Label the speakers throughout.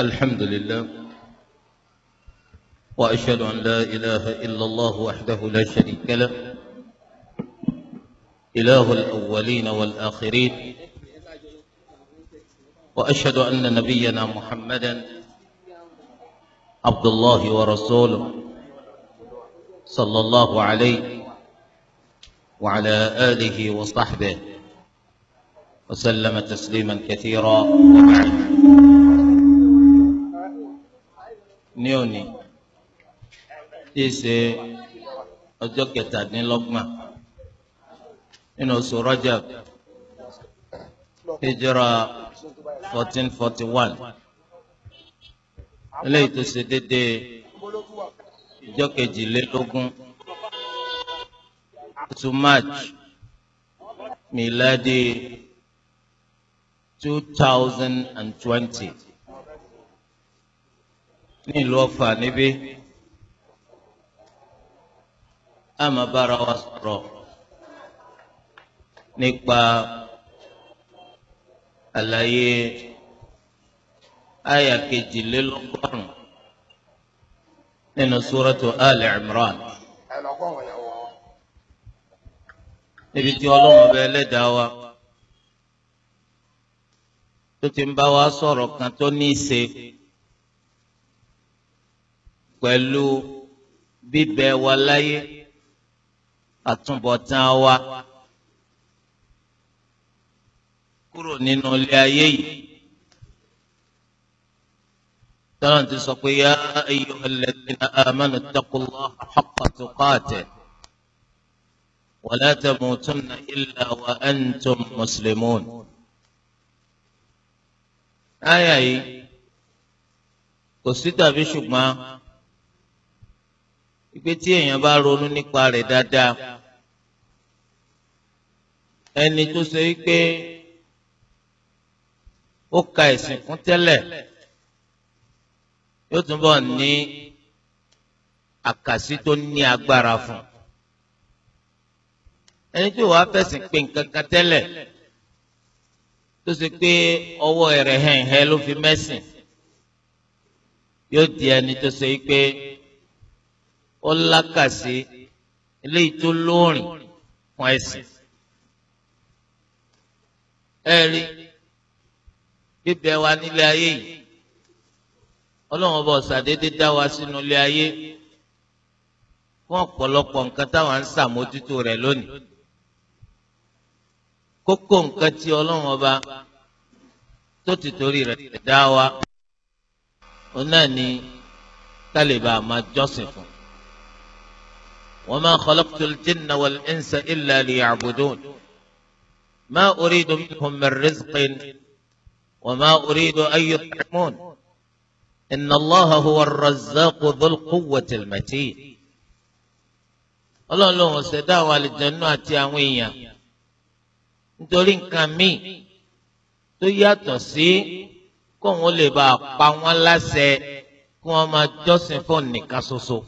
Speaker 1: الحمد لله وأشهد أن لا إله إلا الله وحده لا شريك له إله الأولين والآخرين وأشهد أن نبينا محمدا عبد الله ورسوله صلى الله عليه وعلى آله وصحبه وسلم تسليما كثيرا وبعد ní òní tí í ṣe ọjọ́ kẹtàdínlọ́gbọ̀n nínú oṣù Rajab hijra fourteen forty one eléyìí tó ṣe déédéé ọjọ́ kejìlélógún oṣù March miladi two thousand and twenty. nílùú Ọ̀fà níbí a máa bára wa sọ̀rọ̀ nípa àlàyé àyà kejìlélọ́gọ́rùn nínú súrọ́tù Ali Imran níbi tí ọlọ́run ọba ẹlẹ́dàá wa tó ti ń bá wa kan tó ní pẹ̀lú bíbẹ wa láyé àtúbọ̀tán wa kúrò nínú ilé ayé yìí. ترى انت يا ايها الذين امنوا اتقوا الله حق تقاته ولا تموتن الا وانتم مسلمون آية kò sí tàbí ṣùgbọ́n ìpè tí èèyàn bá ronú nípa rẹ̀ dáadáa ẹni tó ṣe wípé ó ka ẹ̀sìn kún tẹ́lẹ̀ yóò túnbọ̀ ní àkàsí tó ní agbára fún un ẹni tí wàá fẹ̀sìn pé nǹkan kan tẹ́lẹ̀ tó ṣe pé ọwọ́ rẹ̀ hẹ̀hẹ̀ ló fi mẹ́sìn yóò di ẹni tó ṣe wípé ọlákàsí eléyìí tó lóòrìn fún ẹsìn ẹ rí bíbẹ wa nílé ayé yìí ọlọ́run ọba ọ̀sàdédé dá wa sínú ilé ayé fún ọ̀pọ̀lọpọ̀ nǹkan táwa ń ṣàmójútó rẹ̀ lónìí kókó nǹkan tí ọlọ́run ọba tó ti torí rẹ̀ dá wa òun náà ni tálíbà máa jọ́sìn fún وما خلقت الجن والإنس إلا ليعبدون ما أريد منهم من رزق وما أريد أن يطعمون إن الله هو الرزاق ذو القوة المتين الله لو سداوى للجنة أتياوية نتولين كامي تويا تسي كون ولبا باوان لسي كون ما جوسن فون نكاسوسو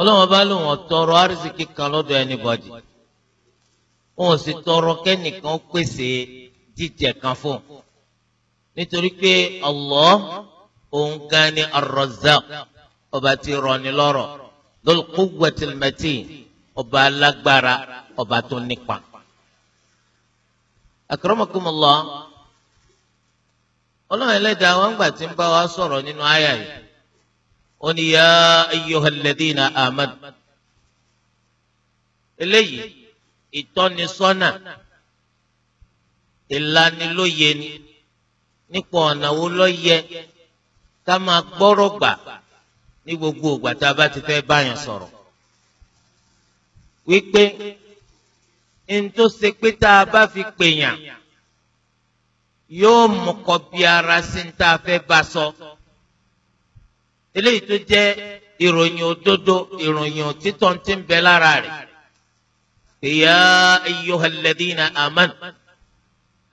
Speaker 1: ọlọ́wọ́n bá lòun ọ̀tọ́rọ àrísìkí kan lọ́dọ̀ ẹnìbọ̀dì òun sì tọrọ kẹ́nìkan pèsè jíjẹ kan fún un nítorí pé Allah òun gan ni Ar-Razzaq ọba tí rọni lọ́rọ̀ Dhul Quwwatil Matin ọba alágbára ọba tó nípa. Akramakumullah ọlọ́run ẹlẹ́dàá wọn gbà tí ń bá wa sọ̀rọ̀ nínú àyà yìí ó ní yá ayyuhalladhina amanu eléyìí ìtọ́nisọ́nà ìlanilóye ni nípa ọ̀nà wo ló yẹ ká máa gbọ́rọ̀ gbà ní gbogbo ìgbà tá a bá ti fẹ́ báyàn sọ̀rọ̀ wípé n pé tá a bá fi pèèyàn yóò mú bí ara sí ní tá a fẹ́ bá sọ. So eléyìí tó jẹ́ ìròyìn òdodo ìròyìn òtítọ́ ti ń bẹ lára rẹ̀ ìyá ayyuhalladhina amanu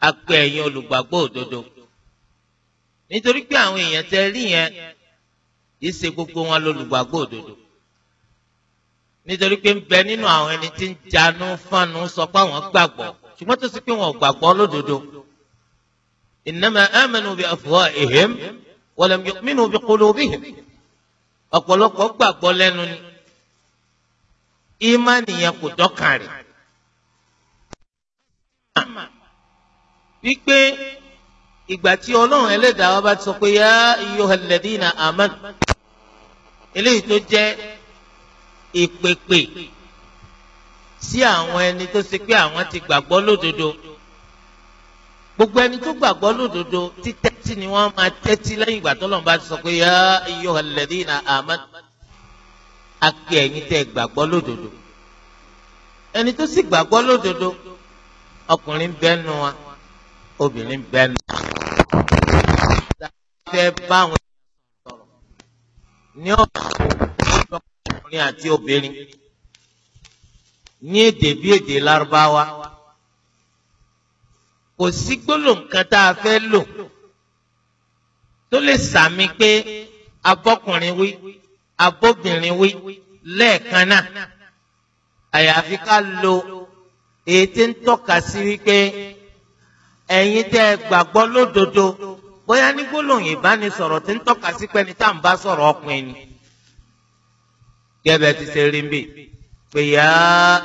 Speaker 1: apẹ ẹ̀yin olùgbàgbọ́ òdodo nítorí pé àwọn èèyàn tẹ rí yẹn yìí ṣe gbogbo wọn lólùgbàgbọ́ òdodo nítorí pé ń bẹ nínú àwọn ẹni tí ń janú fánu sọ pé àwọn gbàgbọ́ ṣùgbọ́n tó sì pé wọn ò gbàgbọ́ lódodo innama amanu bi afwahihim wa lam yu'minu bi qulubihim ọ̀pọ̀lọpọ̀ gbàgbọ́ lẹ́nu ni ìmánì yẹn kò dọ́kàn rẹ̀. wípé ìgbà tí ọlọ́run ẹlẹ́dàá wa bá sọ pé yá ayyuhal ladina amanu eléyìí tó jẹ́ ìpèpè sí àwọn ẹni tó ṣe pé àwọn ti gbàgbọ́ lódodo gbogbo ẹni tó gbàgbọ́ lódodo títẹ́tí ni wọ́n máa tẹ́tí lẹ́yìn ìgbà tó lọ́nba sọ pé yá ayyuhal ladhina amanu akpé ẹ̀yin tẹ́ gbàgbọ́ lódodo ẹni tó sì gbàgbọ́ lódodo ọkùnrin bẹ́nu wa obìnrin bẹ́nu wa fẹ́ bá àwọn sọ̀rọ̀ ní ọ̀pọ̀ ọkùnrin àti obìnrin ní èdè bí èdè lárúbáwá kò sí gbólóhùn kan tá a fẹ́ lò tó lè sàmì pé abọ́kùnrin wí abóbìnrin wí lẹ́ẹ̀kan náà àyàfi ká lo èyí tí ń tọ́ka sí wípé ẹ̀yin tẹ́ ẹ gbàgbọ́ lódodo bóyá ní gbólóhùn ìbánisọ̀rọ̀ tí ń tọ́ka sí pé ní tá sọ̀rọ̀ ọkùnrin ni. gẹ́gẹ́ bí ti ṣe rí mi pé yá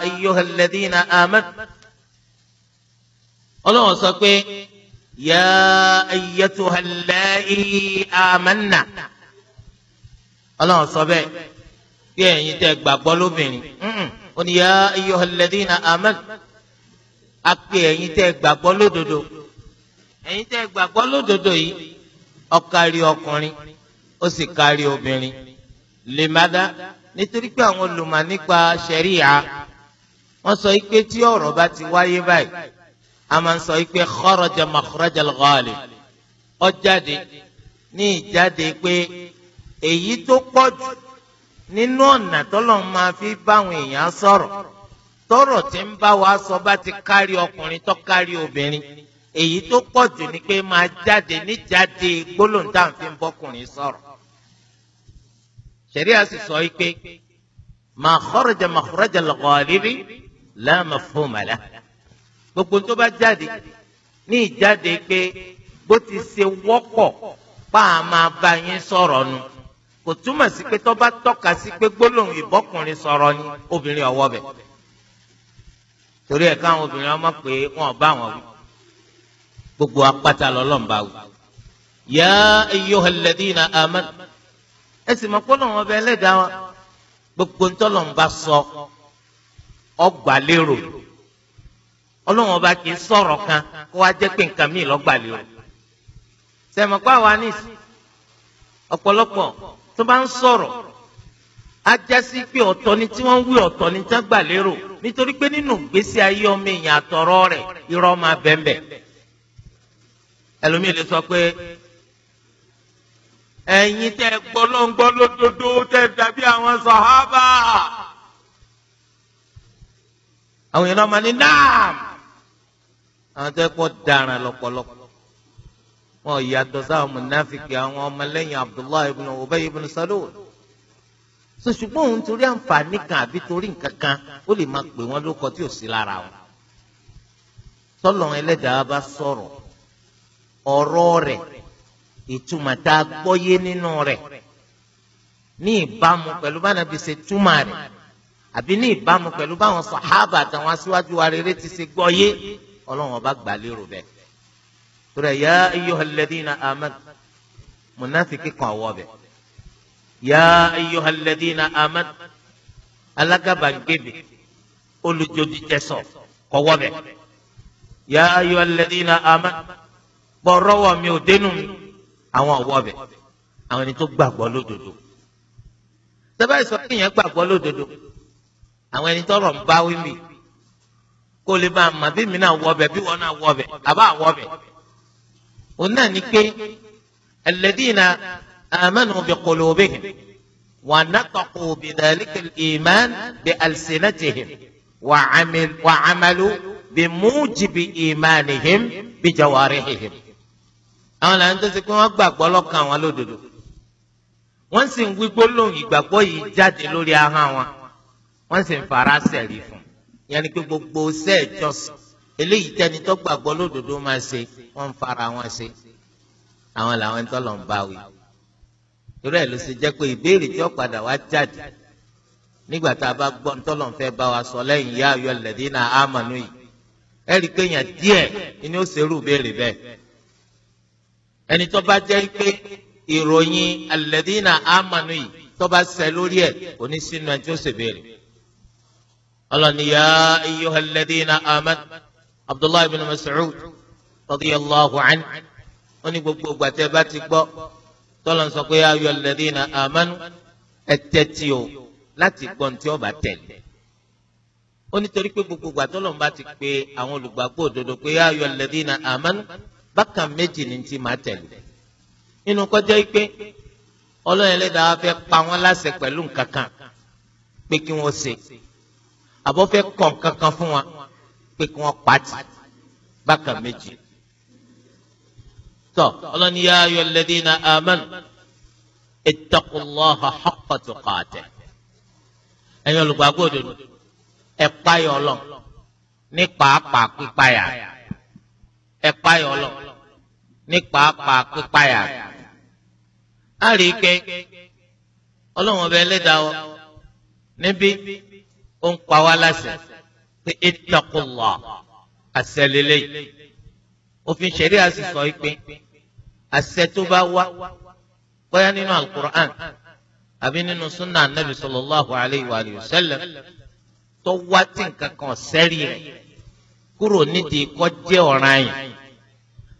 Speaker 1: ayyuhal ladhina ọlọ́run sọ pé yā ayyatuhal lā'ī āmannā ọlọ́run sọ bẹ́ẹ̀ bí ẹ̀yin tẹ́ gbàgbọ́ lóbìnrin ó ní yā ayyuhal ladhīna āmanū á pé ẹ̀yin tẹ́ gbàgbọ́ lódodo ẹ̀yin tẹ́ gbàgbọ́ lódodo yìí ó kárí ọkùnrin ó sì kárí obìnrin lè má dá nítorí pé àwọn olùmọ̀ nípa ṣẹ̀ríyà wọ́n sọ pé tí ọ̀rọ̀ bá ti wáyé báyìí a máa ń sọ pé kharaja makhrajal ghalib ó jáde ní ìjáde pé èyí tó pọ̀ jù nínú ọ̀nà tọ́lọ̀ máa fi báwọn èèyàn sọ̀rọ̀ tọ́rọ̀ tí ń bá wa sọ bá ti kárí ọkùnrin tó kárí obìnrin èyí tó pọ̀ ni pé máa jáde níjáde gbólóhùn tá fi bọ́kùnrin sọ̀rọ̀ ṣẹ̀ríà sì sọ pé ma kharaja makhraja al-ghalibi la mafhuma lahu gbogbo tó bá jáde ní ìjáde pé bó ti ṣe wọ́pọ̀ pa á máa bá yín sọ̀rọ̀ nu kò túmọ̀ sí pé tó bá tọ́ka sí pé gbólóhùn ìbọ́kùnrin sọ̀rọ̀ ni obìnrin ọ̀wọ́ bẹ̀ torí ẹ̀ káwọn obìnrin ọmọ pé wọn ò bá wọn wí gbogbo apáta lọ́lọ́mbà wí. yá ayyuhal ladina aman ẹ sì mọ̀ pọ́nà wọn bẹ ẹlẹ́dàá wa gbogbo ntọ́lọ́mbà sọ ọgbà lérò. ọlọ́run ọba kì í sọ̀rọ̀ kan kó wá jẹ́ pé nǹkan míì lọ́gbàlè o wa ní ọ̀pọ̀lọpọ̀ tó bá ń sọ̀rọ̀ á pé ọ̀tọ̀ ni tí wọ́n ń wí ọ̀tọ̀ ni gbà lérò nítorí pé nínú ìgbésí ayé ọmọ èèyàn àtọ̀rọ̀ sọ pé ẹ̀yin tẹ́ gbọ́lọ́ngbọ́ lódodo tẹ́ dàbí àwọn àwọn èèyàn náà máa ní àwọn tó kọ́ daran lọ́pọ̀lọpọ̀ wọn yàtọ̀ sáwọn mùnáfíkì àwọn ọmọlẹ́yìn abdullahi ibn ubay ibn salul so ṣùgbọ́n òun torí àǹfààní kan àbí torí nǹkan kan ó lè máa pè wọ́n lóko tí ò sí lára wọn tọ́lọ̀ ẹlẹ́dàá bá sọ̀rọ̀ ọ̀rọ̀ rẹ̀ ìtumọ̀ tá a gbọ́yé nínú rẹ̀ ní ìbámu pẹ̀lú bá nàbí ṣe túmọ̀ rẹ̀ àbí ní ìbámu pẹ̀lú báwọn sàhábà àtàwọn aṣíwájú wa rere ti ṣe gbọ́yé ọlọ́run ọba gbà lérò bẹ́ẹ̀ torí ya ayyuhal ladina amanu munafiki kan wọ bẹ́ẹ̀ ya ayyuhal ladina amanu alágàbàgebè olùjòjìjẹsọ kọ wọ bẹ́ẹ̀ ya ayyuhal ladina amanu bọ̀rọ̀wọ̀ mi ò dénú mi àwọn ọ̀wọ́ bẹ̀ àwọn ẹni tó gbàgbọ́ lódodo sábà ìsọ gbàgbọ́ lódodo àwọn ẹni tọrọ ń bá wí mi kó lè bá a mọ̀ bí mi náà wọ ọbẹ̀ bí wọn náà wọ ọbẹ̀ àbá wọ ọbẹ̀. òun náà ni pé alladhina amanu bi qulubihim wa nataqu bi dhalika al-iman bi alsinatihim wa amalu bi mujibi imanihim bi jawarihihim. àwọn làwọn tó ṣe pé wọ́n gbàgbọ́ lọ́kàn wọn lódodo wọ́n sì ń wí gbólóhùn ìgbàgbọ́ yìí jáde lórí ahọ́n wọn wọ́n sì ń fara sẹ̀rí fún yẹn ni pé gbogbo sẹ́ ìjọsìn eléyìí tẹni tó gbàgbọ́ lódodo máa ṣe wọ́n ń fara wọn ṣe àwọn làwọn tó lọ ń bá wí. irú ẹ̀ ló ṣe jẹ́ pé ìbéèrè tí ó padà wá jáde nígbà tá a bá gbọ́ ń tọ́lọ̀ ń fẹ́ bá wa sọ lẹ́yìn ya ayyuha alladhina amanu yìí ẹ rí i pé yẹn díẹ̀ ni ó ṣerú béèrè bẹ́ẹ̀. ẹni tó bá jẹ́ pé ìròyìn alladhina amanu yìí tó bá ṣẹ lórí ẹ̀ kò ní sínú ẹni tó ṣèbéèrè ọlọ́ni yá ayyuhal ladhina amanu abdullahi ibn mas'ud radiyallahu anhu wọ́n ní gbogbo gbàtẹ́ bá ti gbọ́ tọ́lọ̀ ń sọ pé ya ayyuhal ladhina amanu ẹ tẹ́tí o láti gbọ́ ní tí ọba tẹ̀lé ó nítorí pé gbogbo gbàtọ́ lọ́nba ti pe àwọn olùgbàgbọ́ òdodo pé ya ayyuhal ladhina amanu bákan méjì ni ti máa tẹ̀lé nínú kọjá pé ọlọ́run ẹlẹ́dàá fẹ́ pa wọ́n láṣẹ pẹ̀lú nǹkan kan pé kí wọ́n ṣe àbọ̀fẹ́ kọ̀ kankan fún wa pé kí wọ́n pàtì bákan méjì. tọ́ ọlọ́ni yá ayọ̀ lẹ́dínà amẹ́nu ìtàkùnlọ́hà hàkọ́tù kàtẹ́. ẹ̀yin olùgbàgbọ́ òdodo ẹ̀ páyọ̀ ọlọ́ ní pàápàá pípáyà ẹ̀ páyọ̀ ọlọ́ ní pàápàá pípáyà. a rí i pé ọlọ́wọ́n bẹ ẹlẹ́dàá ọ níbí ó ń pa wá láṣẹ pé ittaqullah àṣẹ lélẹ́yìí òfin ṣẹ̀ríà sì sọ pé àṣẹ tó bá wá bóyá nínú alukur'an àbí nínú sunna anabi sallallahu alayhi wa sallam tó wá tí nǹkan kan sẹ́rí rẹ̀ kúrò nídìí kọ́ ọ̀ràn yẹn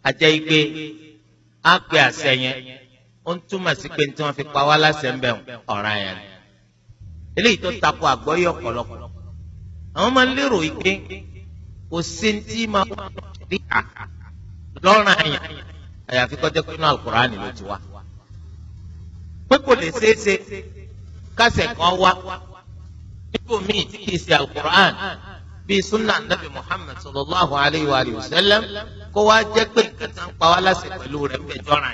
Speaker 1: àjẹ́ igbe á pe àṣẹ yẹn ó ń túmọ̀ sí pé tí wọ́n fi pa wá láṣẹ ń bẹ̀ ọ̀ràn yẹn eléyìí tó takò àgbọ́yé ọ̀pọ̀lọpọ̀ àwọn máa ń lérò ike kò sí ti máa wà ní à lọ́rùn àyàn àyàfi kọjá pé inú alukur'ani ló ti wá pé kò lè ṣeéṣe kásẹ̀ kan wá níbo míì tí kì í ṣe alukur'an bíi sunna nabi muhammad sallallahu alayhi wa sallam kó wá jẹ́ pé nǹkan tá ń pa wá láṣẹ pẹ̀lú rẹ̀ ń jọ́ra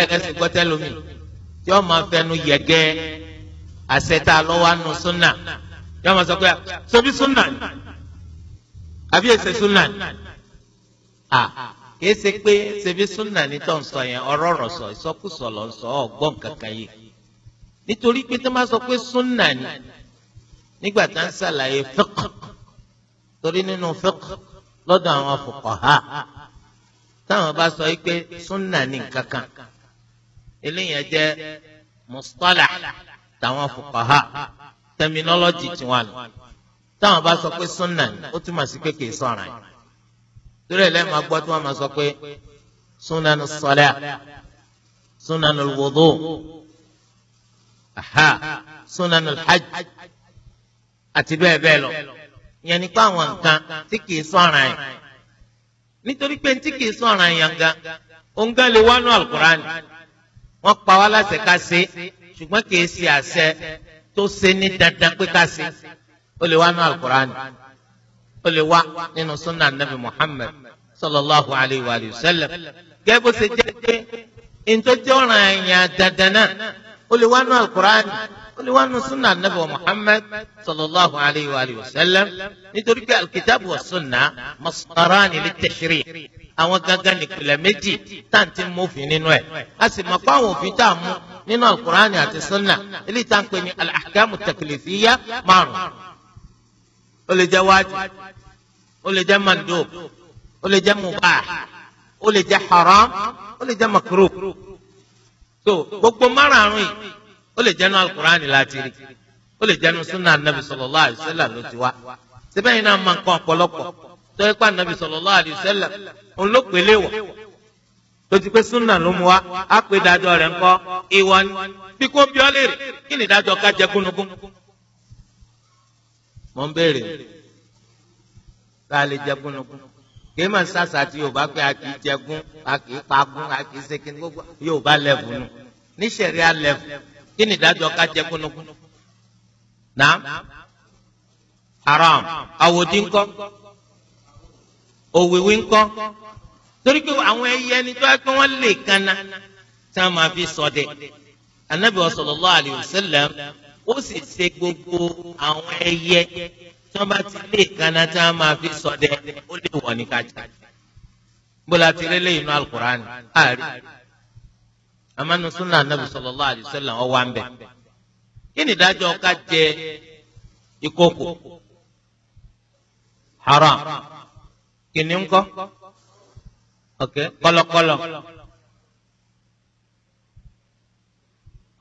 Speaker 1: yìí torí gbọ́tẹ́ lómi tí ó máa fẹnu yẹgẹ́ àṣẹ tá a lọ wá nu sọ pé sobi súnà ni àbí èsè súnà ni à kìí ṣe pé ṣebí súnà ni tó ń sọ yẹn ọ̀rọ̀ ọ̀rọ̀ sọ ìsọkúsọ lọ sọ ọgbọ́n kankan yìí nítorí pé tó máa sọ pé súnà ni nígbà tá ń ṣàlàyé fiqh torí nínú fiqh lọ́dọ̀ àwọn fuqaha táwọn bá sọ yìí pé súnà ni kankan eléyìí jẹ́ mustalah àtàwọn fuqaha tẹminọ́lọ́jì tiwọn nù táwọn bá sọ pé sunna ni ó túmọ̀ sí pé kìí sọ̀ràn yìí torí ẹ̀ lẹ́ẹ̀ máa gbọ́ tí wọ́n máa sọ pé sunanu salah sunanu wudu aha sunanu hajj àti bẹ́ẹ̀ bẹ́ẹ̀ lọ ìyẹn nípa àwọn nǹkan tí kìí sọ̀ràn yìí nítorí pé tí kìí sọ̀ràn yìí yàn gan òun gan lè wá nù alukurani wọ́n pa wá láṣẹ ká ṣe ṣùgbọ́n kì í ṣe àṣẹ tó ṣe ní dandan pé ká ṣe ó lè wá nínú alukur'an ó lè wá nínú sunnah nabi muhammad sallallahu alayhi wa sallam gẹ́gẹ́ bó ṣe jẹ́ pé ntọ́jú ọ̀ràn ẹ̀yàn dandan náà ó lè wá nínú alukur'an ó lè wá nínú sunnah nabi muhammad sallallahu alayhi wa sallam nítorí pé alkitabu wa sunnah masdarani lit-tashri' àwọn gangan nìpìlẹ̀ méjì táǹtì mọ́fin nínú ẹ̀ a sì mọ̀ pé àwọn òfin tá a mú nínú alukur'ani àti sunna eléyìí tá à ń pè ní al-ahkamu taklifiyya márùn ó lè jẹ́ wájib ó lè jẹ́ mandub ó lè jẹ́ mubah ó lè jẹ́ haram ó lè jẹ́ makruh so gbogbo márùn-ún yìí ó lè jẹ́ nu alukur'ani láti rí ó lè jẹ́ nu sunna anabi sallallahu alaihi wasallam ló ti wá síbẹ̀ yìí náà máa ń kọ́ ọ̀pọ̀lọpọ̀ tọ́yẹ́ pa nàbì sallallahu alayhi wa sallam òun súnà ló mu wa á pè dájọ́ rẹ̀ ńkọ́ ìwọ ni bí kò bí ọ léèrè kí ni dájọ́ ká jẹ gúnugún. mo ń béèrè ká lè jẹ gúnugún kìí máa ń sàṣà tí yorùbá pé a kìí jẹgún a kìí pagún a kìí ṣe kíni gbogbo yorùbá lẹ́bù nù ní sẹ̀ríà lẹ́bù kí ni dájọ́ ká jẹ gúnugún. naam haram àwòdì òwìwí ńkọ́ torí pé àwọn ẹyẹ ẹni tó yẹ kí wọ́n lè kanna tá a máa fi ṣọdẹ anabi sallallahu alayhi wa sallam ó sì ṣe gbogbo àwọn ẹyẹ tí wọ́n bá ti lè kanna tá a máa fi ṣọdẹ ó lè wọ̀ ní kájà bóla ti rélé inú alukur'an àárí amánu anabi sallallahu alayhi wa sallam ọwọ́ àmbẹ kí ni ìdájọ́ ká jẹ ìkókò haram. haram kìnní ńkọ́ ok kọlọkọlọ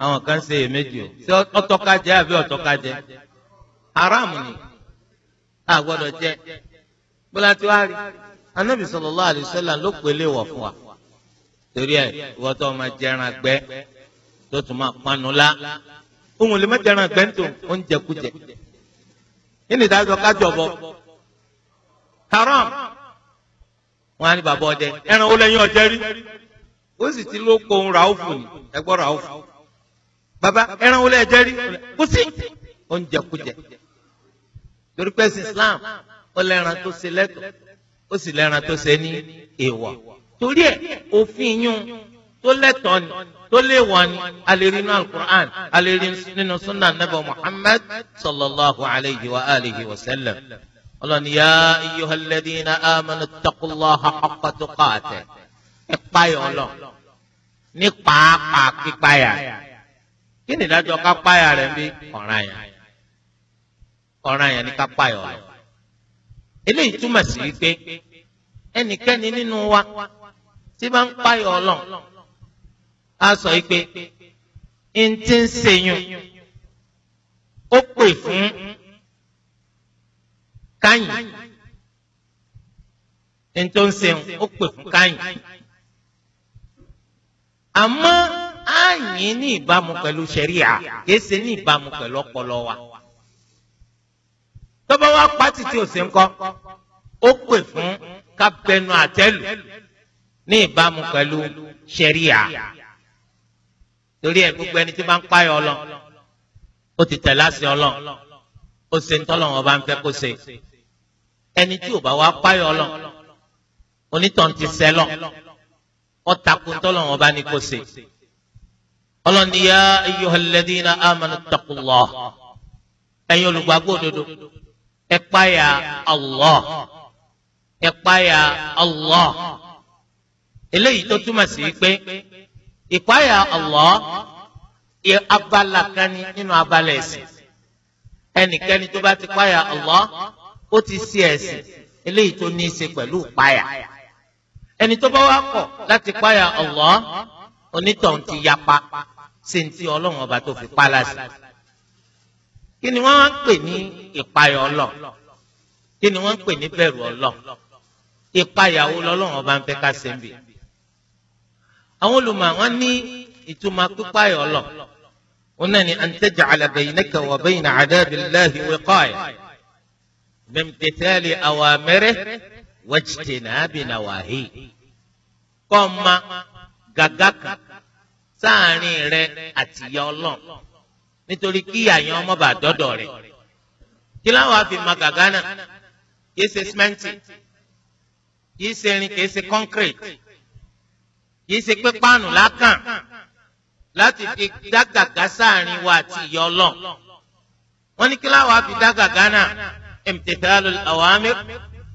Speaker 1: àwọn kan ṣe èméjì o ṣé ọtọkajẹ àbí ọtọkajẹ haram ni a gbọ́dọ̀ jẹ bọlá tí wàá rí anabi sallallahu alaihi wasallam ló pèlè wọ fún wa torí ẹ ìwọ tó máa jẹran gbẹ tó tún máa panu la òun lè má jẹran gbẹ tó ń jẹkújẹ yìí ni ìdájọ́ kájọ bọ haram. haram wọn á ní bàbá ọdẹ ẹran ó lẹ́yìn ọdẹ rí ó sì ti ló pohùn ràófù ni ẹgbọ́ ràófù bàbá ẹran ó lẹ́yìn ọdẹ rí kò sí oúnjẹ kújẹ torí pé sí Islam ó lẹ́ran tó ṣe lẹ́tọ̀ ó sì lẹ́ran tó ṣe ní èèwọ̀ torí ẹ̀ òfin yún tó lẹ́tọ̀ ni tó léèwọ̀ ni a lè rí alukur'an a lè rí nínú Muhammad sallallahu alayhi wa alihi wa sallam ọlọ́ni yá ayyuhal ladhina amanu taqullaha haqqa tuqatih ẹ páyọ̀ ọlọ́ ní pàápàá pípáyà kí ni ìdájọ́ ká páyà rẹ̀ bí ọ̀ràn yẹn ọ̀ràn yẹn ni ká páyọ̀ ọlọ́ eléyìí túmọ̀ sí wípé ẹnikẹ́ni nínú wa tí bá ń páyọ̀ ọlọ́ á sọ wípé n ti ń seyún ó pè fún káyìn ní tó ń sẹ́wọ̀n ó pè fún káyìn àmọ́ àyìn ní ìbámu pẹ̀lú ṣẹ̀ríà kìí ṣe ní ìbámu pẹ̀lú ọpọlọ wa tọ́ba wa pàtì tí ò sí ń kọ́ ó pè fún kábẹ́nu àtẹ́lù ní ìbámu pẹ̀lú ṣẹ̀ríà torí ẹ̀ gbogbo ẹni tí bá ń pààyàn ọlọ́ ó ti tẹ̀ láti ọlọ́ ó ṣe ń tọ́lọ̀ wọn bá ń fẹ́ kó ṣe ẹni tí ò bá wá páyọ̀ lọ onítàn ti sẹ́lọ̀ ọ̀tàkùntọ́ lọ́wọ́ bá ní kó ṣe. ọlọ́ni ya ayyuhal ladhina amanu taqullah ẹ̀yin olùgbàgbọ́ òdodo ẹ páyà Allah ẹ páyà Allah eléyìí tó túmọ̀ sí pé ìpáyà Allah abala kan nínú abala ẹ̀sìn ẹnikẹ́ni tó bá ti páyà Allah ó ti ṣe ẹ̀sìn eléyìí tó ní í ṣe pẹ̀lú ìpayà ẹni tó bá wá kọ̀ láti páyà Allah onítọ̀hún ti yapa sí ti ọlọ́run ọba tó fi pálá sí kí ni wọ́n wá ń pè ní ìpayà ọlọ́ kí ni wọ́n ń pè ní bẹ̀rù ọlọ́ ìpayà wo lọ́lọ́run ọba ń fẹ́ ká ṣe ń bì àwọn olùmọ̀ àwọn ní ìtumọ̀ pípáyà ọlọ́ wọn náà ni an taj'ala baynaka wa bayna 'adabillahi wiqaya. من awamere wajitinabi nawahi kọ́ma gàgà kan sáàrin rẹ àtìyá ọlọ́n nítorí kí àyàn ọmọ bá dọ́dọ̀ rẹ̀ kí láwọn àfi ma gàgà náà kìí ṣe simẹ́ǹtì kìí kọ́ńkírẹ́tì kìí ṣe pé lákàn láti fi dágàgà sáàrin wa àti ìyá ọlọ́n wọ́n ní kí láwọn àfi dágàgà náà imtithalu al-awamir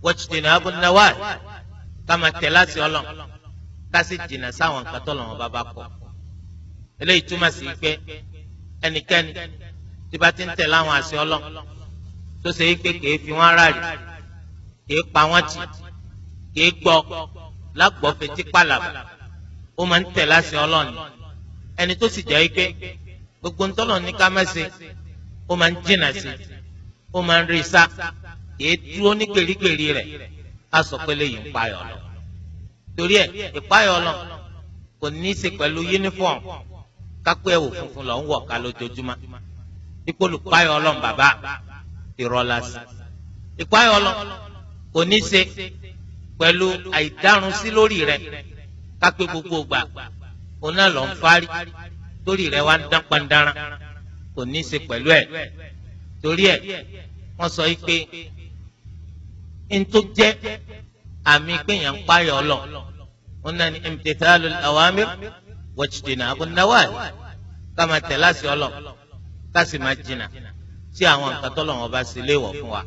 Speaker 1: wa ijtinabu an-nawahi kama tẹ̀lá sí ọlọ́n kásì jìnnà sáwọn nǹkan tó lọ́wọ́ bàbá kọ̀ eléyìí túmọ̀ sí pé ẹnikẹ́ni tí bá ti ń tẹ̀lé àwọn àṣẹ ọlọ́n tó ṣe é pé kèé fi wọ́n ráàlì kèé pa wọ́n tì kèé gbọ́ lágbọ́ fetí pàlàbà ó máa ń rí sá èé dúró ní gbèrígbèrí rẹ̀ á sọ pé léyìí ń payọ̀ lọ. torí ẹ̀ ìpayọ̀ lọ kò ní í ṣe pẹ̀lú yúnífọ̀m kápẹ́ ẹ̀wò funfun lọ ń wọ̀ ká lójoojúmọ́ dípò olùpayọ̀ lọ bàbá ìrọ̀lá sí. ìpayọ̀ lọ kò ní í ṣe pẹ̀lú àìdárun sí lórí rẹ̀ kápẹ́ gbogbo gbà òun náà lọ ń fárí lórí rẹ̀ wá ń dán pandára kò ní í ṣe pẹ̀lú ẹ̀ torí ẹ̀ wọ́n sọ yìí pé ntó jẹ́ àmì péyàn ń páyọ̀ ọlọ wọn náà ní imtithalu al-awamir wajtinabu an-nawahi ká máa tẹ̀ láti ọlọ ká sì máa jìnnà sí àwọn nǹkan tó bá sí léèwọ̀ fún wa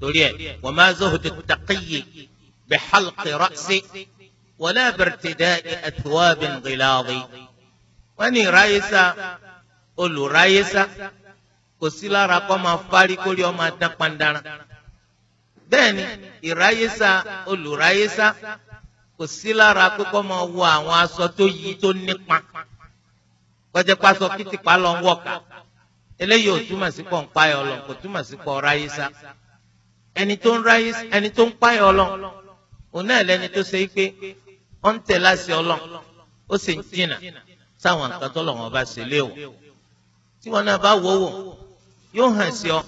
Speaker 1: torí ẹ̀ wa ma zuhdu at-taqiyyi bi halqi ra'si wala bi irtida'i athwabin ghiladi wọ́n ní ìráyésá olùráyésá kò sí lára kọ́ máa fárí kórí ọmọ adán pandara bẹ́ẹ̀ ni ìráyésá olùráyésá kò sí lára pé kọ́ máa wọ àwọn aṣọ tó yí tó nípa kọjá pásọ kìtìpá lọ ń wọ̀ka eléyìí ò túmọ̀ sí pọ̀ ń páyọ̀ lọ kò túmọ̀ sí pọ̀ ráyésá ẹni tó ń ráyésá ẹni tó ń páyọ̀ lọ òun náà lẹni tó ṣe pé ó ń tẹ̀ láṣẹ ọlọ́ ó sì ń jìnnà sáwọn nǹkan tó bá ṣe léèwọ̀ tí wọn náà bá wọ́wọ́ yóò hàn sí ọ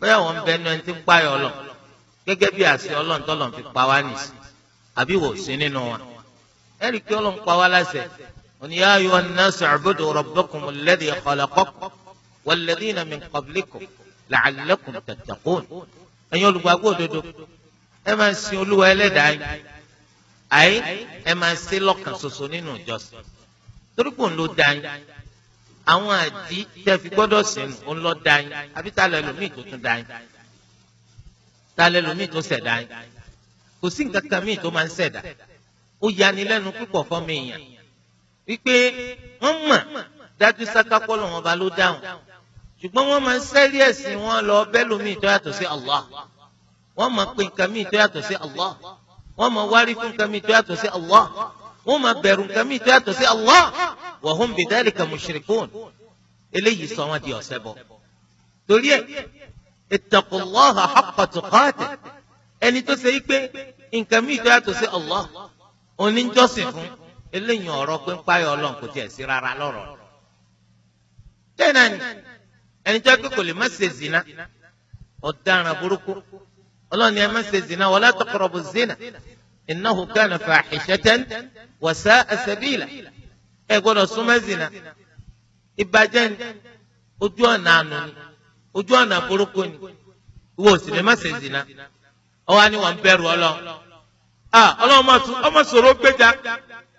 Speaker 1: bóyá wọn bẹ ẹnu ẹni tí ń páyọ lọ gẹ́gẹ́ bí àṣẹ Ọlọ́run tó lọ́n fi pa wá nìsí àbí wò sí nínú wa ẹ rí i pé Ọlọ́run pa wá láṣẹ òní yá ayọ an-nāsu i'budu rabbakum alladhī khalaqakum walladhīna min qablikum la'allakum ẹ̀yin olùgbàgbọ́ òdodo ẹ máa sin Olúwa Ẹlẹ́dàá yín àyè ẹ máa sin lọ́kàn ṣoṣo nínú ìjọsìn torí pò ń lo àwọn àdí tẹ fi gbọ́dọ̀ sínú ó ń lọ da yín àbí ta lẹ lómi tó tún da yín ta lẹ lómi tó ṣẹ̀dá yín kò sí nǹkan kan míì tó máa ń ṣẹ̀dá ó yanilẹ́nu púpọ̀ fọ́mọ èèyàn wípé wọ́n mọ̀ dájú sákápọ̀ lọ́wọ́n ba ló dáhùn ṣùgbọ́n wọ́n máa ń sẹ́rí ẹ̀sìn wọn lọ bẹ́ẹ̀ lómi tó yàtọ̀ sí Allah wọ́n máa pe nǹkan míì tó yàtọ̀ sí Allah wọ́n máa wárí fún nǹkan míì tó yàtọ̀ sí Allah wọ́n máa bẹ̀rù nǹkan mìíràn tó yàtọ̀ sí Allah wa hum bidhalika mushrikun eléyìí sọ wọn di ọ̀ṣẹbọ. torí ẹ ittaqullaha haqqa tuqatih ẹni tó ṣe pé nǹkan mìíràn tó yàtọ̀ sí Allah oníjọ́sìn fún eléyìí ọ̀rọ̀ pé ń páyọ̀ ọlọ́run kò tiẹ̀ sí rárá lọ́rọ̀. bẹ́ẹ̀ ẹni tó yẹ kó lè má ṣe zina ọ̀daràn burúkú ọlọ́run ni ẹ má ṣe zina wala taqrabu zina innahu kana fahishatan wa sa'a sabila ẹ gbọ́dọ̀ súnmọ́ zina ìbàjẹ́ ni ojú ọ̀nà àánú ni ojú ọ̀nà burúkú ni ìwọ òsì lè má ṣe zina ọwọ́ ni wọ́n ń bẹ̀rù ọlọ́run ah ọlọ́run ọmọ sọ̀rọ̀ gbéjà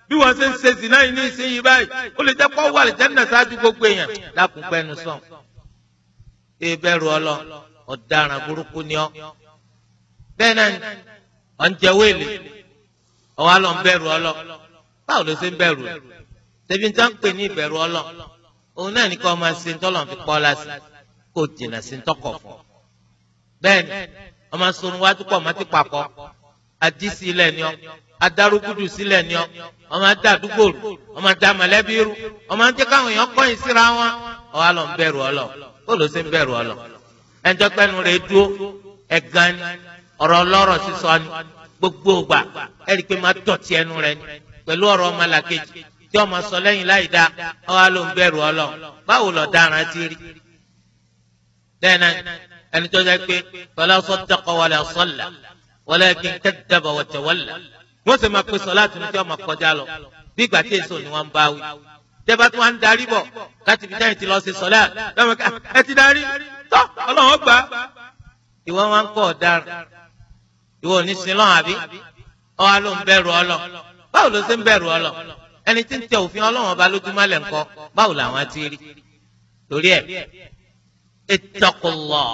Speaker 1: bí wọ́n ṣe ń ṣe zina yìí ní ìsinyìí báyìí ó lè jẹ́ pọ́ wà lè jẹ́nà ṣáájú gbogbo èèyàn lákùnpẹ́nu sàn ẹ bẹ̀rù ọlọ́run ọ̀daràn burúkú ni ọ bẹ́ẹ̀ náà ọ̀ ń ọwọ́ àlọ́ ń bẹ̀rù ọlọ́ báwo ló ṣe ń bẹ̀rù rẹ̀ tẹ̀bí ń tán pè ní ìbẹ̀rù ọlọ́ òun náà ní kọ́ máa ṣe tọ́lọ̀ fi pọ́ lásì kò jìnnà sí tọkọ̀ fún ọ. bẹ́ẹ̀ni ọmọ sorun wájú pọ̀ mọ́ ti papọ̀ adí sílẹ̀ ni ọ adarúgúdù sílẹ̀ ni ọ ọmọ adá àdúgbò rù ọmọ adá mọ̀lẹ́bí rù ọmọ adé káwọn èèyàn kọ́yìn síra wọn ọwọ́ àlọ́ ń bẹ̀rù ọlọ́ bó ló ṣe ń bẹ̀rù ọlọ́ ẹnjọ́ rẹ̀ dúró ẹ̀gán ọ̀rọ̀ ọlọ́rọ̀ sísọ ni gbogbo gbà ẹ̀rí pé máa dọ̀tí ẹnu rẹ ni pẹ̀lú ọ̀rọ̀ ọmọlàkejì tí ọmọ sọ lẹ́yìn láì dá ọwọ́ ló ń bẹ̀rù ọ lọ báwo lọ dáran ti rí. lẹ́nà ẹni tó jẹ́ pé fala saddaqa wala salla walakin kaddaba wa tawalla wọ́n sì máa pè sọ láti ní tí ọmọ kọjá lọ bí ìgbà tí èso ni wọ́n ń bá wí. tẹ́bá tí wọ́n ń darí bọ̀ láti fi táyì ti lọ sí sọ́lá ẹ ti darí tọ́ ọlọ́run gbà. ìwọ wọn kọ́ ọ̀daràn ìwọ ò ní sin lọ́hùn àbí ọ wá ló ń bẹ̀rù ọlọ báwo ló ṣe ń bẹ̀rù ọlọ ẹni tí ń tẹ òfin ọlọ́wọ́n ọba lójúmọ́lẹ̀ ńkọ báwo làwọn ti rí torí ẹ ittaqullah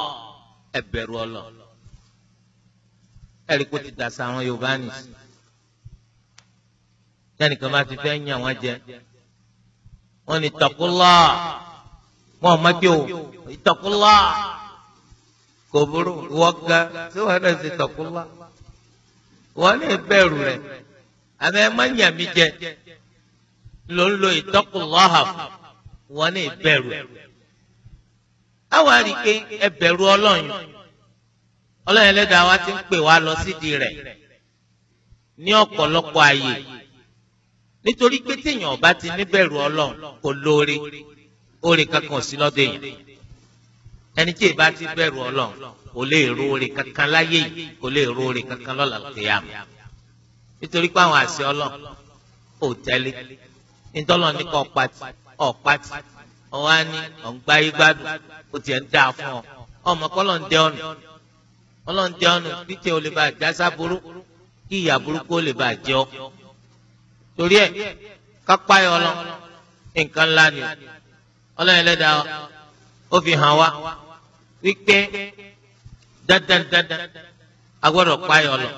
Speaker 1: ẹ ọlọ ẹ̀rí kó ti dàsá àwọn yorùbá nìyí tẹnìkan bá ti fẹ́ yàn wọ́n jẹ wọ́n ní ittaqullah wọ́n mọ́ kí o ittaqullah kò burú wọ́n ga tí wọ́n náà ṣe tọ̀kúnlá wọ́n lè bẹ̀rù rẹ̀ àmọ́ ẹ má yàn mí jẹ ló ń lo ìtọ́kùnláhà wọ́n lè bẹ̀rù rẹ̀. àwọn àríkè ẹ bẹ̀rù ọlọ́run ọlọ́run ẹlẹ́dàá wa ti ń pè wá lọ sídìí rẹ̀ ní ọ̀pọ̀lọpọ̀ ààyè nítorí pé téèyàn ọba ti níbẹ̀rù ọlọ́run kò lóore oore kankan sí lọ́dọ̀ èèyàn ẹni tí ìbá ti bẹ̀rù ọlọ́run kò lè róore kankan láyé yìí kò lè róore kankan lọ́la kìyàmù nítorí pé àwọn àṣẹ ọlọ́run ò tẹ́lẹ̀ nítọ́lọ́ ní kọ́ pati ọ̀ pati ọ̀wá ní ọ̀ǹgbáyé gbádùn ó tiẹ̀ ń dáa fún ọ ọmọ kọ́ lọ́n dẹ ọ̀nà ọlọ́n dẹ ọ̀nà bí tiẹ̀ ò lè bá a já kí ìyà burúkú ó lè bá jẹ ọ́ torí ẹ̀ kápáyọ̀ ọlọ́run nǹkan ńlá ni ọlọ́run ẹlẹ́dàá ó fi hàn wá wípé dandan dandan agbọ́dọ̀ payọ lọ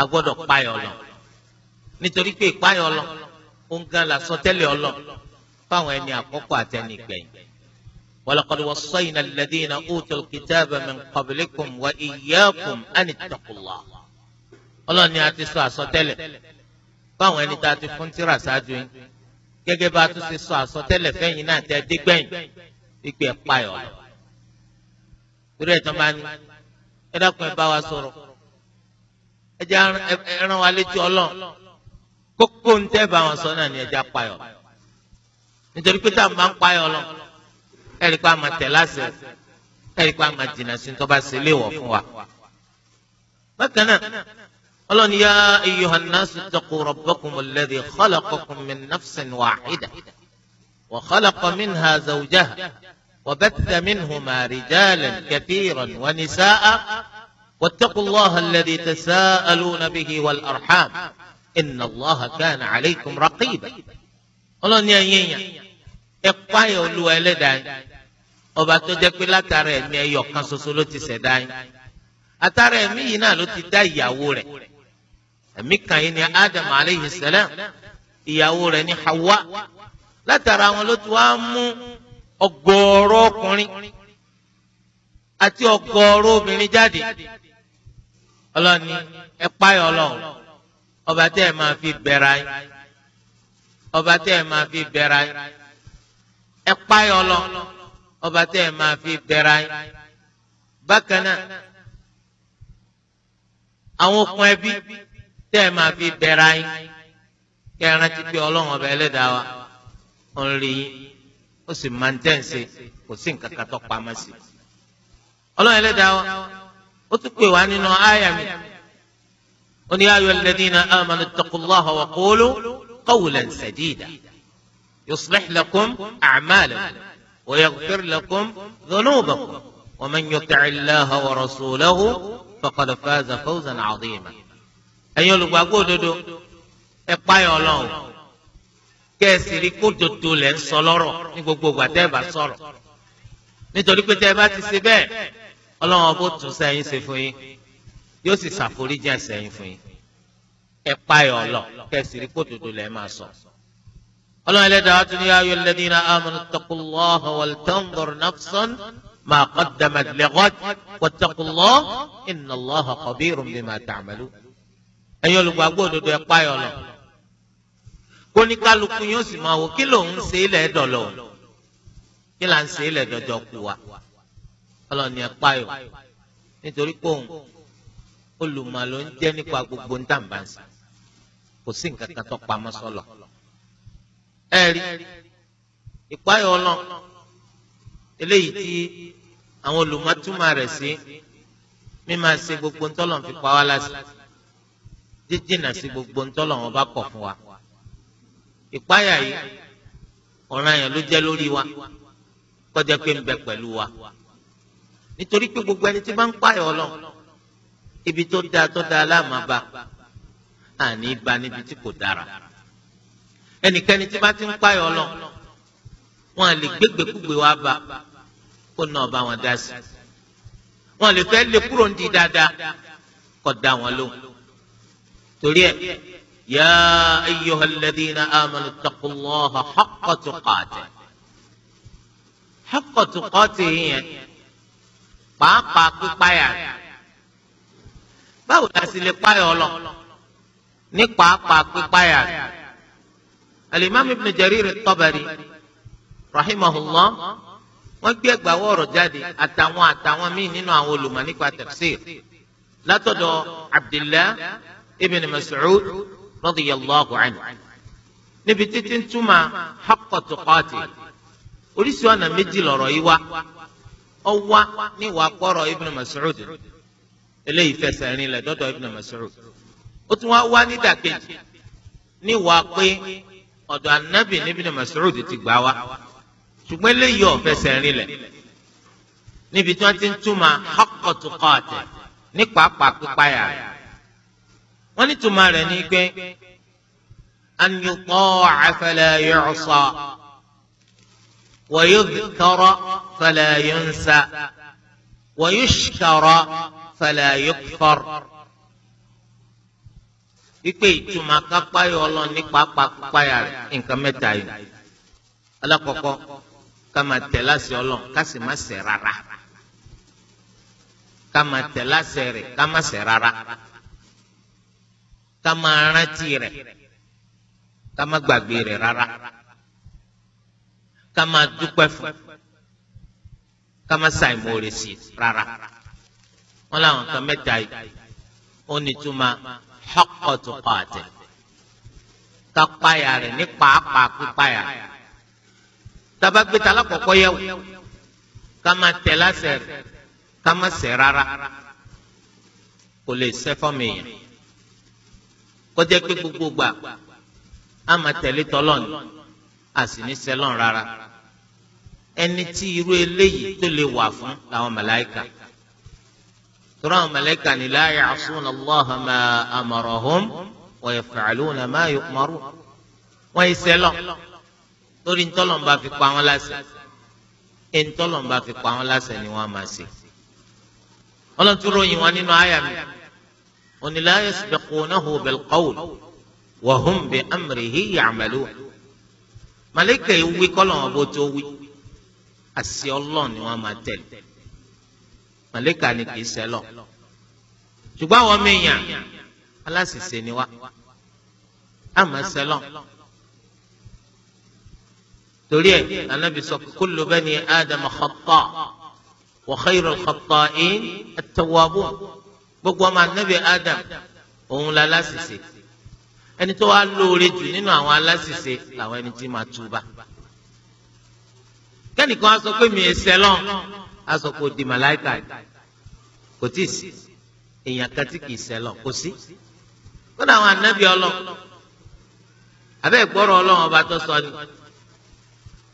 Speaker 1: agbọ́dọ̀ payọ lọ nítorí pé ìpayọ lọ ó ń gan la sọtẹ́lẹ̀ ọlọ fáwọn ẹni àkọ́kọ́ àtẹni gbẹ̀yìn. ولقد وصينا الذين أوتوا الكتاب من قبلكم وإياكم أن اتقوا الله Ọlọ́run ni a ti sọ àsọtẹ́lẹ̀ fáwọn ẹni tá a ti fún tírà ṣáájú yín gẹ́gẹ́ bá a tún ti sọ àsọtẹ́lẹ̀ fẹ́yìn náà tẹ́ dígbẹ̀yìn ìpè ẹ̀pá ẹ̀ torí ẹ̀ tán bá ní ẹ dákun ẹ bá wa sọ̀rọ̀ ẹ jẹ́ ẹran wa létí ọlọ́run kókó ń tẹ́ bá wọn sọ náà ni ẹ jẹ́ apayọ̀ nítorí pé táwọn máa ń payọ̀ lọ ẹ rí i pé a máa tẹ̀ láṣẹ ẹ rí i pé a máa jìnnà sí tó bá ṣe léèwọ̀ fún wa. bákan náà ọlọ́run yá ayyuhan nasu taqu rabbakumul ladhi khalaqakum min nafsin wahida wa khalaqa minha zawjaha. وبث منهما رجالا كثيرا ونساء واتقوا الله الذي تساءلون به والارحام ان الله كان عليكم رقيبا قلنا يا يا اقوا يولو الدان اوبا تو جي بي ايو كان سوسو لو تي سداي اتار امي نا داي يا ري امي كان ني ادم عليه السلام يا ري ني حواء لاتار اون لو تو ọ̀gọ̀ọ̀rọ̀ ọkùnrin àti ọ̀gọ̀ọ̀rọ̀ obìnrin jáde ọlọ́ni ẹ páyọ̀ ọlọ́run ọba tẹ́ ẹ máa fi bẹ̀rẹ̀ ayé ọba tẹ́ ẹ máa fi bẹ̀rẹ̀ ayé ẹ páyọ̀ ọlọ́run ọba tẹ́ ẹ máa fi bẹ̀rẹ̀ ayé bákan náà àwọn okùn ẹbí tẹ́ ẹ máa fi bẹ̀rẹ̀ ayé kẹ́ ẹ rántí pé ọlọ́run ọba ẹlẹ́dàá wa ń rí yín. ó sì máa ń tẹ̀sí kò sí nǹkan kan tó pamọ́ sí i. ọlọ́run ẹlẹ́dàá wa ó tún pè wá nínú àyà mi ó ní ayọ̀ alladhina amanu ittaqullaha wa qulu qawlan sadida yuslih lakum a'malakum wa yaghfir lakum dhunubakum wa man yuti'illaha wa rasulahu faqad faza fawzan 'azima. ẹ̀yin olùgbàgbọ́ òdodo ẹ páyọ̀ ọlọ́run kẹ́ẹ̀sì rí kódodo lẹ̀ ń sọ lọ́rọ̀ ní gbogbo ìgbà tẹ́ ẹ bá sọ̀rọ̀ nítorí pé tẹ́ ẹ bá ti ṣe bẹ́ẹ̀ ọlọ́run ọbọ̀ tún sẹ́yìn ṣe fún yín yóò sì ṣàforíjì ẹ̀sẹ̀yìn fún yín ẹ páyọ̀ ọ̀lọ̀ kẹ́ẹ̀sì rí kódodo lẹ̀ máa sọ. ọlọ́run ẹlẹ́dàá tún ní ayọ̀ alladhina amanu ittaqullaha wal tanzur nafsan ma qaddamat lighad wattaqullaha innallaha khabirun bima ta'malun ẹ̀yin olùgbàgbọ́ òdodo ẹ páyọ̀ ọ̀lọ̀ kó ní kálukú yóò sì máa wò kí lòun ń ṣe ilẹ̀ dọ̀lọ̀ kí là ń ṣe ilẹ̀ dọ̀jọ̀ kù wa ọlọ́ni ẹ̀ páyọ̀ nítorí pé òun olùmọ̀ ló ń jẹ́ nípa gbogbo ntàǹbàǹsì kò sí nǹkan kan tó pamọ́ sọ́lọ̀ ẹ rí ìpáyọ̀ ọlọ́n eléyìí tí àwọn olùmọ̀ túmọ̀ rẹ̀ sí mímá ṣe gbogbo ntọ́lọ̀ fi pa wá láti jíjìnà sí gbogbo ntọ́lọ̀ wọn bá kọ̀ fún wa ìpáyà yìí ọ̀ràn yẹn ló jẹ́ lórí wa kọjá pé ń bẹ pẹ̀lú wa nítorí pé gbogbo ẹni tí bá ń páyà ọlọ́run ibi tó dáa tó dáa láàmàbà àní ba níbi tí kò dára ẹnikẹ́ni tí bá ti ń páyà ọlọ́run wọn lè gbégbékúgbé wa bá kó náà bá wọn dá sí wọn lè fẹ́ lé kúrò ń di dáadáa kó dá wọn lóhùn torí ẹ. يا أيها الذين آمنوا اتقوا الله حق تقاته حق تقاته yẹn pàápàá pípáyà báwo la sì lè páyà ọlọ ní pàápàá pípáyà alimami ibn jarir at-tabari rahimahullah wọn gbé ẹgbàá wọrọ jáde àtàwọn àtàwọn míì nínú àwọn olùmọ̀ nípa tafsir látọ̀dọ̀ abdillah ibn mas'ud radiyallahu anhu níbi títí ń túmọ̀ haqqa tuqati oríṣi ọ̀nà méjì lọ̀rọ̀ yìí wá ọ wá níwàá kọ́rọ̀ ibn Mas'ud eléyìí fẹsẹ̀ rin lẹ̀ dọ́dọ̀ ibn Mas'ud ó tún wá wá nídàkejì níwàá pé ọ̀dọ̀ anabi ní ibn Mas'ud ti gbà wá ṣùgbọ́n eléyìí ò fẹsẹ̀ rin lẹ̀ níbi tí wọ́n ti ń túmọ̀ haqqa tuqati ní pàápàá pípáyà rẹ̀ wọ́n ní tuma rẹ̀ ní pé an yuta'a fala yu'sa wa yudhkara fala yunsa wa yushkara fala yukfar wípé ìtumọ̀ kápáyọ̀ ọlọ́run nípa pàpáyà rẹ̀ nǹkan mẹ́ta yìí alákọ̀ọ́kọ́ ká máa tẹ̀ láṣẹ ọlọ́run ká sì má ṣẹ̀ rárá ká máa tẹ̀ láṣẹ rẹ̀ ká má ká máa rántí rẹ̀ ká má gbàgbé rẹ̀ rárá ká máa dúpẹ́ fún ká má ṣàìmoore sí rárá wọn làwọn kan mẹ́ta yìí ó ní túmọ̀ haqqa tuqati ká páyà rẹ̀ ní pàápàá pípáyà tàbá gbé ta lákòókò yẹ wò ká má tẹ̀ lásẹ̀ rẹ̀ ká má ṣẹ̀ rárá kò lè ṣẹ́ fọ́ kọjá pé gbogbo gbà á máa tẹ̀lé tọ́lọ̀ ni a sì ní sẹ́lọ̀n rárá ẹni tí irú eléyìí tó lè wà fún làwọn màláíkà tọ́lá àwọn màláíkà ni la ya'suna Allaha ma amarahum wa yaf'aluna ma yu'marun wọ́n yìí sẹ́lọ̀n lórí ntọ́lọ̀ bá fi pa wọn láṣẹ ntọ́lọ̀ bá fi pa wọn láṣẹ ni wọ́n á máa ṣe ọlọ́tún ròyìn wọn nínú àyà mi oni la yasbiqunahu bil qawl wa hum bi amrihi ya'malun màlẹ́kà ewé kọ́lọ́wọ́n bó tó wí àṣẹ ọlọ́run ni wọ́n máa tẹ̀lé màlẹ́kà ni kì í sẹ́lọ̀ ṣùgbọ́n àwọn mẹ́yàn aláṣìṣe ni wá àmọ́ sẹ́lọ̀ torí ẹ̀ anabi sọ kullu bani adama khata wa khayrul khata'in at-tawwabun gbogbo ọmọ anabi adam òun la láṣìṣe ẹni tó wá lóore jù nínú àwọn aláṣìṣe làwọn ẹni tí máa túbà kẹ́nìkan á sọ pé mi ẹsẹ̀ lọ́n á sọ pé òdì màláìkà kò tí ì sí èèyàn kan tí kì í sẹ́ kò sí kódà àwọn anabi ọlọ abẹ́ ìgbọ́rọ̀ ọlọ́run ọba tó sọ ni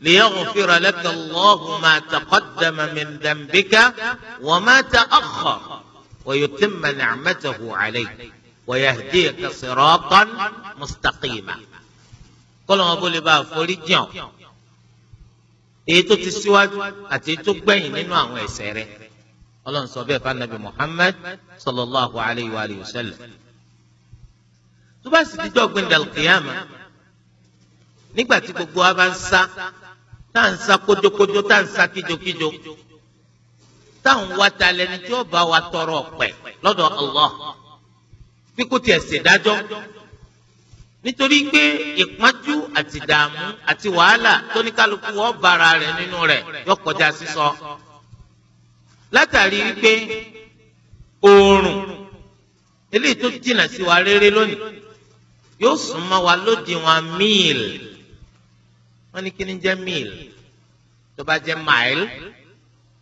Speaker 1: liyaghfira laka Allahu ma taqaddama min dhanbika wa ma ta'akhkhara. ويتم نعمته عليك ويهديك صراطا مستقيما kọlọ́wọ́n bó lè bá àforíjì ọ̀ èyí tó ti síwájú àti èyí tó gbẹ̀yìn nínú àwọn ẹ̀ṣẹ̀ rẹ̀ ọlọ́run sọ bẹ́ẹ̀ fanabi muhammed sallallahu alayhi wa alihi wa sallam tó bá sì dídọ́ gbẹ̀ndàl kìyàmà nígbà tí gbogbo wa bá ń sá tá à ń sá kójókójó tá à ń sá kíjokíjo. Kíjo táwọn wa ta lẹni tí ó bá wa tọrọ ọpẹ́ lọ́dọ̀ Allah bí kò tiẹ̀ ṣèdájọ́ nítorí pé ìpọ́njú àti dààmú àti wàhálà tó ní kálukú wọ́n bára rẹ̀ nínú rẹ̀ yóò kọjá sísọ látàrí wípé oòrùn eléyìí tó jìnnà sí wa rere lónìí yóò sún mọ́ wa lódiwọ̀n míìl wọ́n ní kí ni jẹ́ míìl tó bá jẹ́ máìl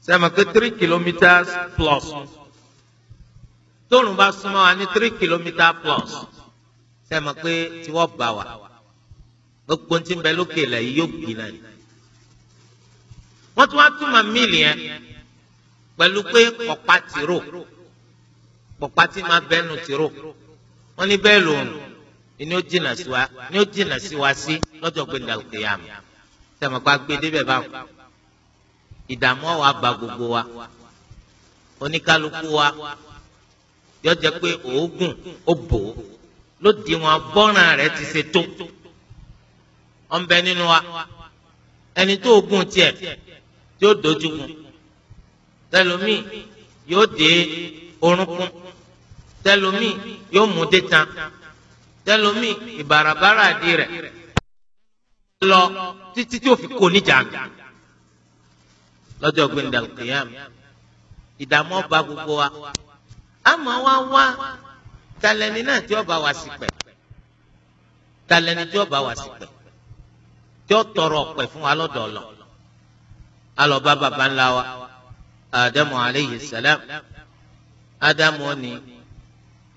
Speaker 1: sẹ́mi pé three kilometres plus tóun bá súnmọ́ wa ní three kilometres plus sẹ́mi pé tí wọ́n bá wa gbogbo ti ń bẹ lókè là yìí yóò gbin náà ni. wọ́n tún wá túmọ̀ míìlì yẹn pẹ̀lú pé ọ̀pá tìró ọ̀pá tí máa bẹ́nu tìró wọ́n ní bẹ́ẹ̀ lòun ni ó jìnnà sí wa ni ó jìnnà sí wa sí lọ́jọ́ gbẹ̀ndàlùkè yàmù sẹ́mi agbẹ́dẹ́bẹ̀ báwọn ìdààmú ọ̀wà bá gbogbo wa oníkálukú wa yóò jẹ́ pé òógùn ó bò ó ló di wọn bọ́ràn rẹ̀ ti ṣe tó ọ̀nbẹ nínú wa ẹni tó ogun tiẹ̀ tí ó dojú kun tẹlomi yóò dé orúnkún tẹlomi yóò mú dé tẹlomi ìbarabara di rẹ̀ lọ títí tí ó fi kó níjà lọ́jọ́ gbẹ̀ndàl kìyàm ìdààmú ọba gbogbo wa àmọ́ wá wá talẹni náà tí ọba wa sì pẹ̀ talẹni tí ọba wa sì pẹ̀ tí ó tọrọ ọ̀pẹ̀ fún wa lọ́dọ̀ ọ̀lọ́ alọba baba ńlá wa adamu aleyhi salam adamu ni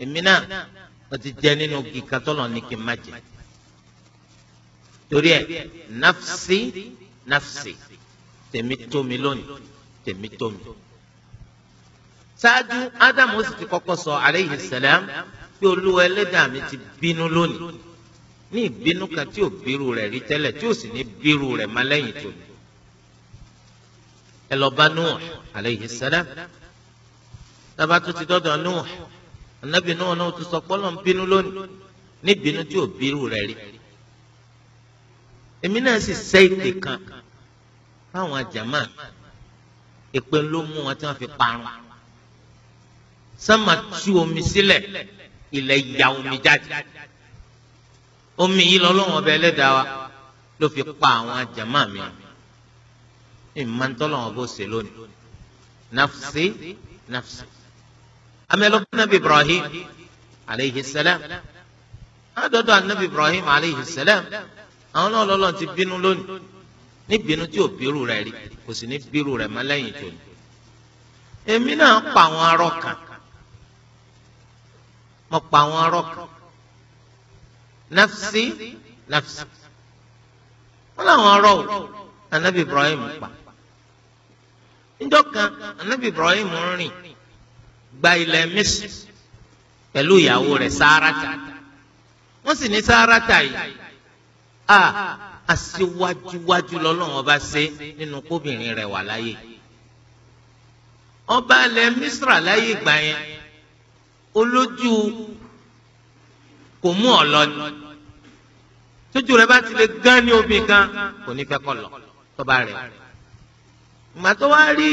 Speaker 1: èmi náà wọ́n ti jẹ nínú kíkà tọ́lọ̀ ní kí n má jẹ torí ẹ̀ nafsi nafsi. nafsi tèmi tó mi lónìí tèmi tó mi. ṣáájú ádámù sì ti kọ́kọ́ sọ alayhi salam pé olúwa ẹlẹ́dàá mi ti bínú lónìí ní ìbínú kan tí ò bírú rẹ̀ rí tẹ́lẹ̀ tí ò sì ní bírú rẹ̀ má lẹ́yìn tó ẹ lọ bá Nuh alayhi salam tábà tó ti dọ́dọ̀ Nuh anabi Nuh náà tó sọ pé Ọlọ́run bínú lónìí ní ìbínú tí ò bírú rẹ̀ rí èmi náà sì sẹ́ ìpè kan fáwọn jama èpè ló mú wọn tí wọ́n fi parun sánmà tú omi sílẹ̀ ilẹ̀ ya omi jáde omi yìí lọ́lọ́wọ́n ọba ẹlẹ́dàá wa ló fi pa àwọn jama mi ìmọ̀ ntọ́lọ́wọ́n bó ṣe lónìí nafsi nafsi amẹ́lọ́kọ́ nàbí Ibrahim aleyhi salam adọ́dọ̀ anabi Ibrahim aleyhi salam àwọn náà ti bínú lónìí níbínú tí ò bírù rẹ̀ rí kò sì ní bírù rẹ̀ mọ́ lẹ́yìn tòní. èmi náà pa àwọn arọ kan mo pa àwọn arọ kan nafsi nafsi wọn làwọn arọ o anabi ibrahim pa níjọ́ kan anabi ibrahim rìn gba ilẹ̀ Misr pẹ̀lú ìyàwó rẹ̀ sáárátà wọ́n sì ní sáárátà yìí a. Ah aṣíwájúwájú lọ́lọ́run ọba ṣe nínú kóbìnrin rẹ̀ wà láyé ọba alẹ misra láyé ìgbà yẹn olójú kò mú ọ lọ ni tójú rẹ̀ bá ti lè gán ní obìnrin kan kò ní fẹ́ kọ lọ tọba rẹ̀ ìgbà tó wá rí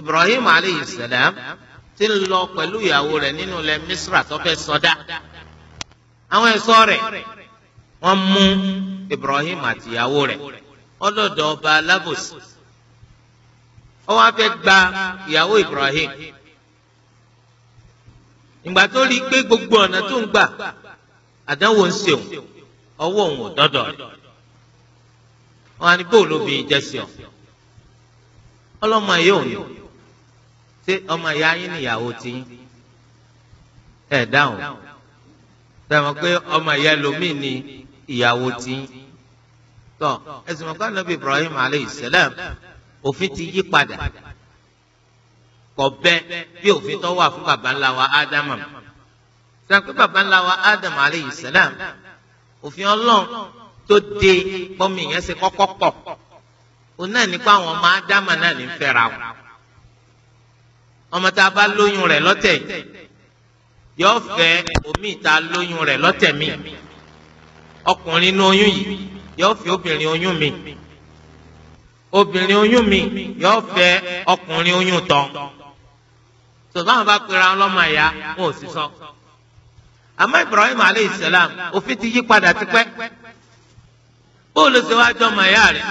Speaker 1: ibrahim aleyhi salam ti ń lọ pẹ̀lú ìyàwó rẹ̀ nínú ilẹ̀ misra tó fẹ́ sọdá àwọn ẹ̀ṣọ́ rẹ̀ wọ́n mú Ibrahim àtìyàwó rẹ̀ ọlọ́dọ̀ ọba alábòsí ó wá fẹ́ gba ìyàwó Ibrahim ìgbà tó rí i pé gbogbo ọ̀nà tó ń gbà àdánwò ń ṣeun ọwọ́ òun ò dọ́dọ̀ rẹ̀ wọn á ní bóòlù obìnrin jẹ́ sí ọ ọlọ́mọ yìí ò ní ṣé ọmọ ìyá yín nìyàwó ti yín ẹ̀ dáhùn dáhùn pé ọmọ ìyá ẹlòmíì ni ìyàwó tí ń tọ ẹsìn mọ̀ká nàbí Ibrahim aleyhi salam òfin ti yí padà kọ bẹ bí òfin tó wà fún baba ńlá wa Ádámù sàpé baba ńlá wa Ádámù aleyhi salam òfin Ọlọ́run tó de pọ́nmi yẹn ṣe kọ́kọ́ pọ̀ òun náà nípa àwọn ọmọ Ádámù náà ní fẹ́ra wọn ọmọ tá a bá lóyún rẹ̀ lọ́tẹ̀
Speaker 2: yìí
Speaker 1: yọ fẹ́ omi ìta lóyún rẹ̀ lọ́tẹ̀ míì ọkùnrin inú oyún yìí yóò fi obìnrin oyún mi obìnrin oyún mi yóò fẹ́ ọkùnrin oyún tán sọláwọn bá pera ọlọ́mọ ẹ̀yà wọn ò sì sọ. àmọ́ Ibrahim aleyhi salam òfin ti yí padà tipẹ́ bóòlù ṣe wáá jọmọ ẹ̀yà rẹ̀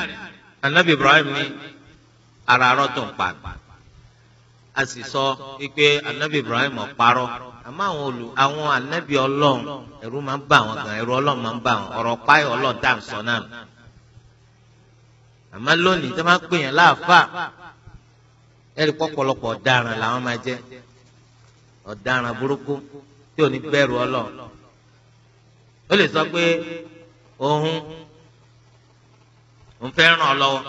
Speaker 1: anabi Ibrahim ni ara arọ́ tó ń pa a sì sọ wípé anabi Ibrahim ọ̀parọ́ àmọ́ àwọn olù àwọn ànábì Ọlọ́run ẹ̀rù máa ń bà wọ́n gan ẹ̀rù Ọlọ́run máa ń bà wọ́n ọ̀rọ̀ páyọ Ọlọ́run tá à ń sọ náà àmọ́ lónìí tó máa ń pè yàn láàfà ẹ̀rí pọ̀pọ̀lọpọ̀ ọ̀daràn làwọn máa jẹ́ ọ̀daràn burúkú tí ò ní bẹ̀rù Ọlọ́run ó lè sọ pé òun òun fẹ́ ràn ọ́ lọ́wọ́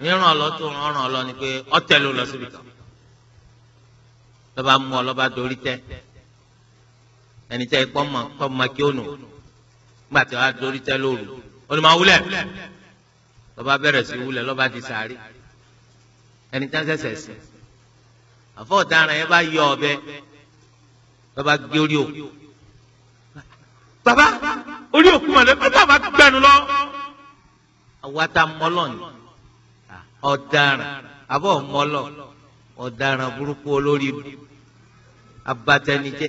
Speaker 1: ní ràn ọ́ lọ́wọ́ tó ràn ọ́ lọ́wọ́ ni pé ọ́ tẹ̀ ló lọ síbi kan lọ́ba mú ọ lọ́ba dorí tẹ́ ẹni tẹ́ ikpọ́ mọ kọ́ mọ kí ó nù nígbà tí wàá dorí tẹ́ lóru ó ní ma wúlẹ̀ lọ́ba sí wúlẹ̀ lọ́ba di sàárì ẹni tẹ́ sẹ̀sẹ̀ sí àfọ̀ ọ̀daràn yẹn bá yọ ọbẹ̀ lọ́ba gé orí òkú baba orí òkú mọ̀ lẹ́gbẹ́ tá gbẹnu lọ. àwa ta mọ́lọ̀ ni ọ̀daràn àbọ̀ mọ́lọ̀ ọ̀daràn burúkú olórí abatẹnijẹ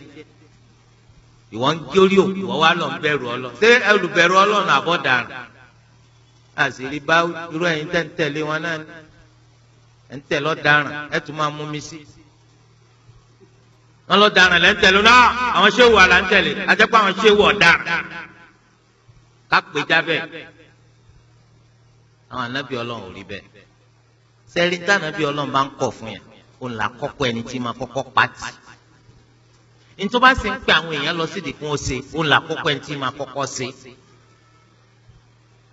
Speaker 1: ìwọ ń jórí òkú ọ wá lọ ń bẹ̀rù Ọlọ́run ṣé olùbẹ̀rù Ọlọ́run àbọ dàrún àṣírí bá irú ẹ̀yin tẹ ń tẹ̀lé wọn náà ẹ ń tẹlọ dàrún ẹ tún máa mú mi sí wọn lọ dàrún lẹ ń tẹ̀lé náà àwọn ṣé wà là ń tẹ̀lé àjẹpọ àwọn ṣé wọ dàrún kápẹ jábẹ àwọn anábì Ọlọ́run ò rí bẹ́ẹ̀ sẹrí tánábì Ọlọ́run bá ń kọ fún yẹn òun là kọ́kọ́ ẹni tí máa kọ́kọ́ pàtì nítorí bá sì ń pe àwọn èèyàn lọ sídìí kún ó ṣe òun là kókó ẹni tí máa kọ́kọ́ ṣe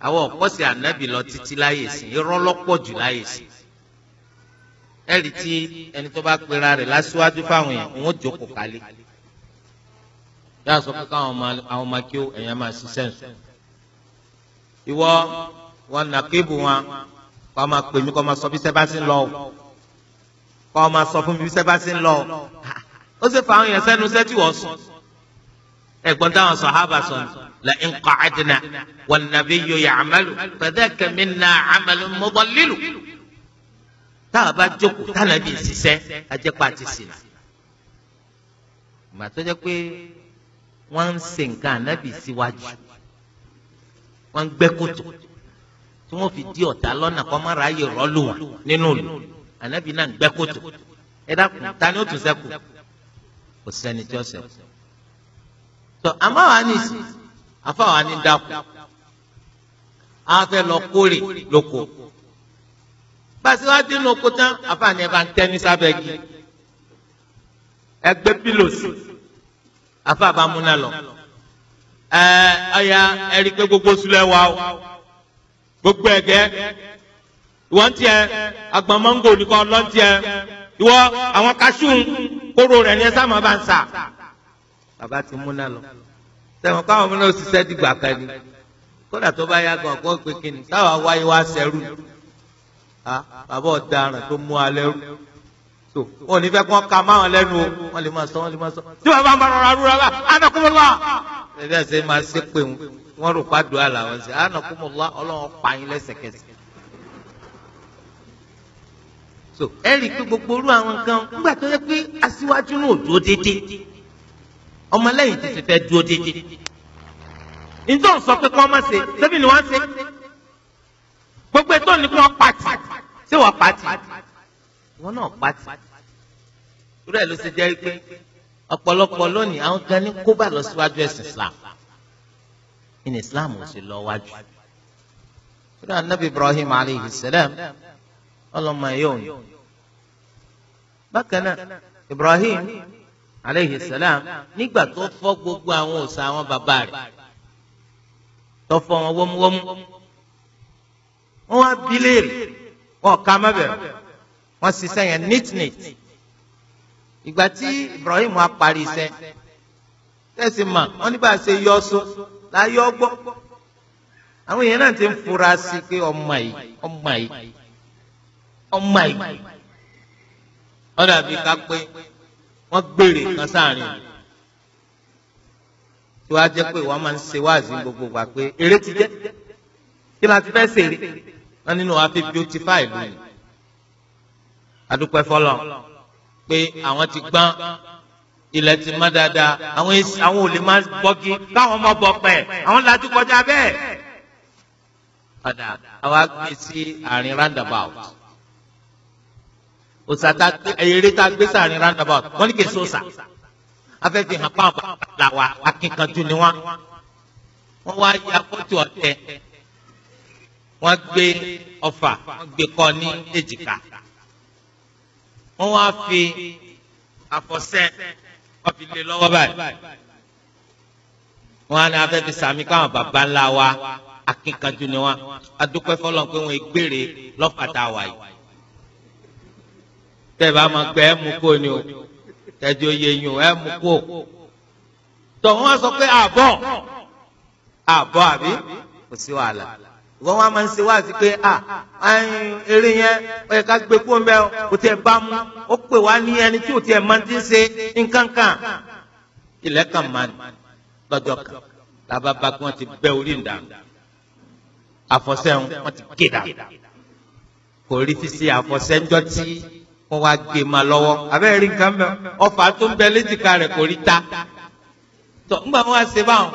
Speaker 1: àwọn ọ̀pọ̀sẹ̀ ànábì lọ títí láyè sí irọ́ lọ́pọ̀ jù láyè sí ẹ̀rí tí ẹni tó bá pera rẹ̀ lásìwájú fáwọn èèyàn òun ó jókòó kalẹ̀ yóò sọ pé káwọn ọmọ kí ẹ̀yàn máa ṣiṣẹ́ nsọ ìwọ wọn nà kébù wọn kọ́ máa pè mí kọ́ máa sọ bí sẹ́bá sí ń lọ kọ́ máa sọ fún mi bí sẹ́bá sí ń lọ ó sì fa àwọn yẹn sẹ́nu sẹ́tì wọ́n sùn ẹ̀gbọ́n táwọn sọ̀hábà sọ la in qa'adna wan nabiyyu ya'malu fadhaka minna 'amalun mudallil táwọn bá jókòó tánàbí ṣiṣẹ́ ajẹ́pá ti sìn ìgbà tó jẹ́ pé wọ́n ń ṣe nǹkan ànábì síwájú wọ́n ń gbẹ́ kòtò tí wọ́n fi di ọ̀tá lọ́nà kọ́ má ráàyè rọ́ọ̀lù wọn nínú ìlú ànábì náà ń gbẹ́ kòtò ẹ dákun ta ni ó tún ṣẹ́kù kò sẹ́ni tí ó sẹ́kù tọ́ àmọ́ àwa ní ìsìn àfàwa ní dákú a fẹ́ lọ kórè lóko pàṣíwájú ní oko tán àfààní ẹ bá ń tẹ́ni sábẹ́ gi ẹgbẹ́ pílòsì àfàà bá múná lọ ẹ ọ̀ya ẹ̀rí pé gbogbo sulẹ̀ wà o gbogbo ẹ̀gẹ́ ìwọ́n tiẹ̀ agbọ̀n mọ́ngò nìkan lọ́n tiẹ̀ ìwọ́ àwọn kaṣú kóró rẹ̀ ní ẹ sáà máa bá ń sà bàbá ti múná lọ sẹ̀wọ̀n káwọn ọmọ náà ṣiṣẹ́ dìgbà kan ni kódà tó bá yá gan kó pé kí ni táwa wáyé wá sẹ́rù bàbá ọ̀daràn tó mú alẹ́ rù tó wọn ò ní fẹ́ kí wọ́n ka máwọn lẹ́nu o wọ́n lè máa sọ wọ́n lè máa sọ tí bàbá ń bá rọra rúra bá anakumọlá ẹgbẹ́ ṣe máa ṣe pé wọn rò pàdùn àlà wọn ṣe so ẹ rí i pé gbogbo orú àwọn nǹkan nígbà tó yẹ pé aṣíwájú náà dúró dédé ọmọlẹ́yìn ti ti fẹ́ dúró dédé nítorí wọn sọ pé kí wọn má ṣe sẹ́bí ni wọ́n ṣe gbogbo ètò ní kí wọ́n pàtì ṣé wọ́n pàtì wọn náà pàtì rẹ̀ ló ṣe jẹ́ pé ọ̀pọ̀lọpọ̀ lónìí àwọn kan ní kóbá lọ síwájú ẹ̀sìn Islam in Islam ò sì lọ wájú. sọ́dọ̀ anabi Ibrahim alayhi salam ọlọ́mọ ẹ̀yọ́ òun. bákan náà Ibrahim aleyhi salam nígbà tó fọ́ gbogbo àwọn òòṣà àwọn bàbá rẹ̀ tó fọ́ wọn wọ́múwọ́mú wọ́n wá bí léèrè wọ́n ká má bẹ̀rẹ̀ wọ́n ṣiṣẹ́ yẹn nítìnít ìgbà tí Ibrahim wá parí iṣẹ́ tẹ̀sí mà wọ́n nígbà ṣe yọ ọsọ láyọ̀ ọgbọ́ àwọn èèyàn náà ti ń fura sí pé ọmọ yìí ọmọ yìí ọmọ ìgbà ọ̀dà bíi ká pé wọ́n gbèrè kan sáàrin tí wàá jẹ́ pé wọ́n máa ń ṣe wáàzí gbogbo gbà pé eré ti jẹ́ kí la ti fẹ́ ṣeré wọ́n nínú wa fi beautify ìlú yìí adúpẹ́ fọlọ́ pé àwọn ti gbọ́n ilẹ̀ ti mọ́ dáadáa àwọn àwọn ò lè máa bọ́gi káwọn ọmọ bọ̀ pẹ̀ àwọn lajú kọjá bẹ́ẹ̀. ọ̀dà àwa gbé sí àárín roundabout òsà tá eré tá gbé sàárín roundabout wọ́n ní kì í sòsà afẹ́fẹ́ hàn pàǹpà làwà akínkanjú ni wọ́n wọ́n wá yí akọ́tù ọ̀tẹ̀ wọ́n gbé ọfà wọ́n gbé kọ́ ní èjìká wọ́n wá fi àfọ̀sẹ́ wọ́n fi lé lọ́wọ́ báyìí wọ́n á ní afẹ́fẹ́ sàmì káwọn bàbá ńlá wa akínkanjú ni wọ́n adúpẹ́ fọlọ́n pé wọ́n gbére lọ́fàtà wà tẹ́ bá máa gbẹ ẹ mú kó ni o tẹ̀dí oyè yùn ẹ mú kó tọ̀ wọ́n sọ pé àbọ̀ àbọ̀ àbí kò sí wàhálà wọ́n wá máa ń ṣe wáàsí pé à eré yẹn ó yẹ ká gbé kó mbẹ́ kò tiẹ̀ bá mú ó pè wá ní ẹni tí ò tiẹ̀ máa ti ń ṣe nǹkankan ilẹ̀ kan máa ní lọ́jọ́ kan lábàbá kí wọ́n ti bẹ́ orí ìdáná àfọ̀sẹ́ wọn ti kéda kò rí fi ṣe àfọ̀sẹ́ ńjọ́ tí kọ́ wa gbé ma lọ́wọ́ abẹ́ rí nǹkan mẹ́ ọfà tó ń bẹ léjìká rẹ̀ kò rí ta tọ́ ń bá wọn ṣe báwọn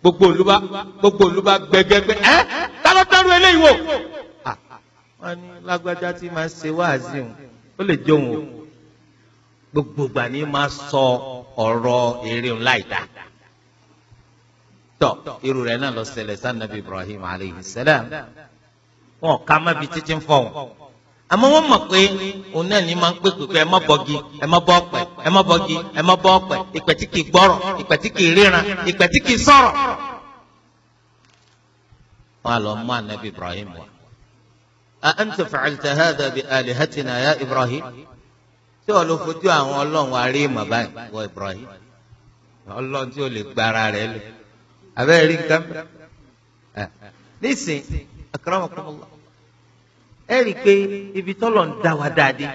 Speaker 1: gbogbo olúba gbogbo olúba gbẹgbẹgbẹ ẹ tálọ́tàrú eléyìí wò wọn ní lágbájá tí máa ṣe wáàzì òun ó lè jẹun o gbogbo gbà ní máa sọ ọ̀rọ̀ eré òun láì dá tọ irú rẹ̀ náà lọ ṣẹlẹ̀ sanabi Ibrahim aleyhi salam wọn kà má bi títí ń fọ wọn àmọ́ wọ́n mọ̀ pé òun náà ní máa ń pèpè pé ẹ má bọ́gi ẹ má bọ́ ọ̀pẹ ẹ má bọ́gi ẹ má bọ́ ọ̀pẹ ìpẹ́ tí kìí gbọ́rọ̀ ìpẹ́ tí kìí ríran ìpẹ́ tí kìí sọ̀rọ̀. wọn lọ mú anabi ibrahim wa a anta fa'alta hadha bi alihatina ya ibrahim tí wọn lọ fojú àwọn ọlọ́run wa rí ìmọ̀ báyìí wọ ibrahim ọlọ́run tí ó lè gbára rẹ̀ lẹ̀ abẹ́rẹ́ rí nǹkan nísìn akramakumullah ẹ rí i pé ibi tọ́lọ̀ ń dá wa dáadé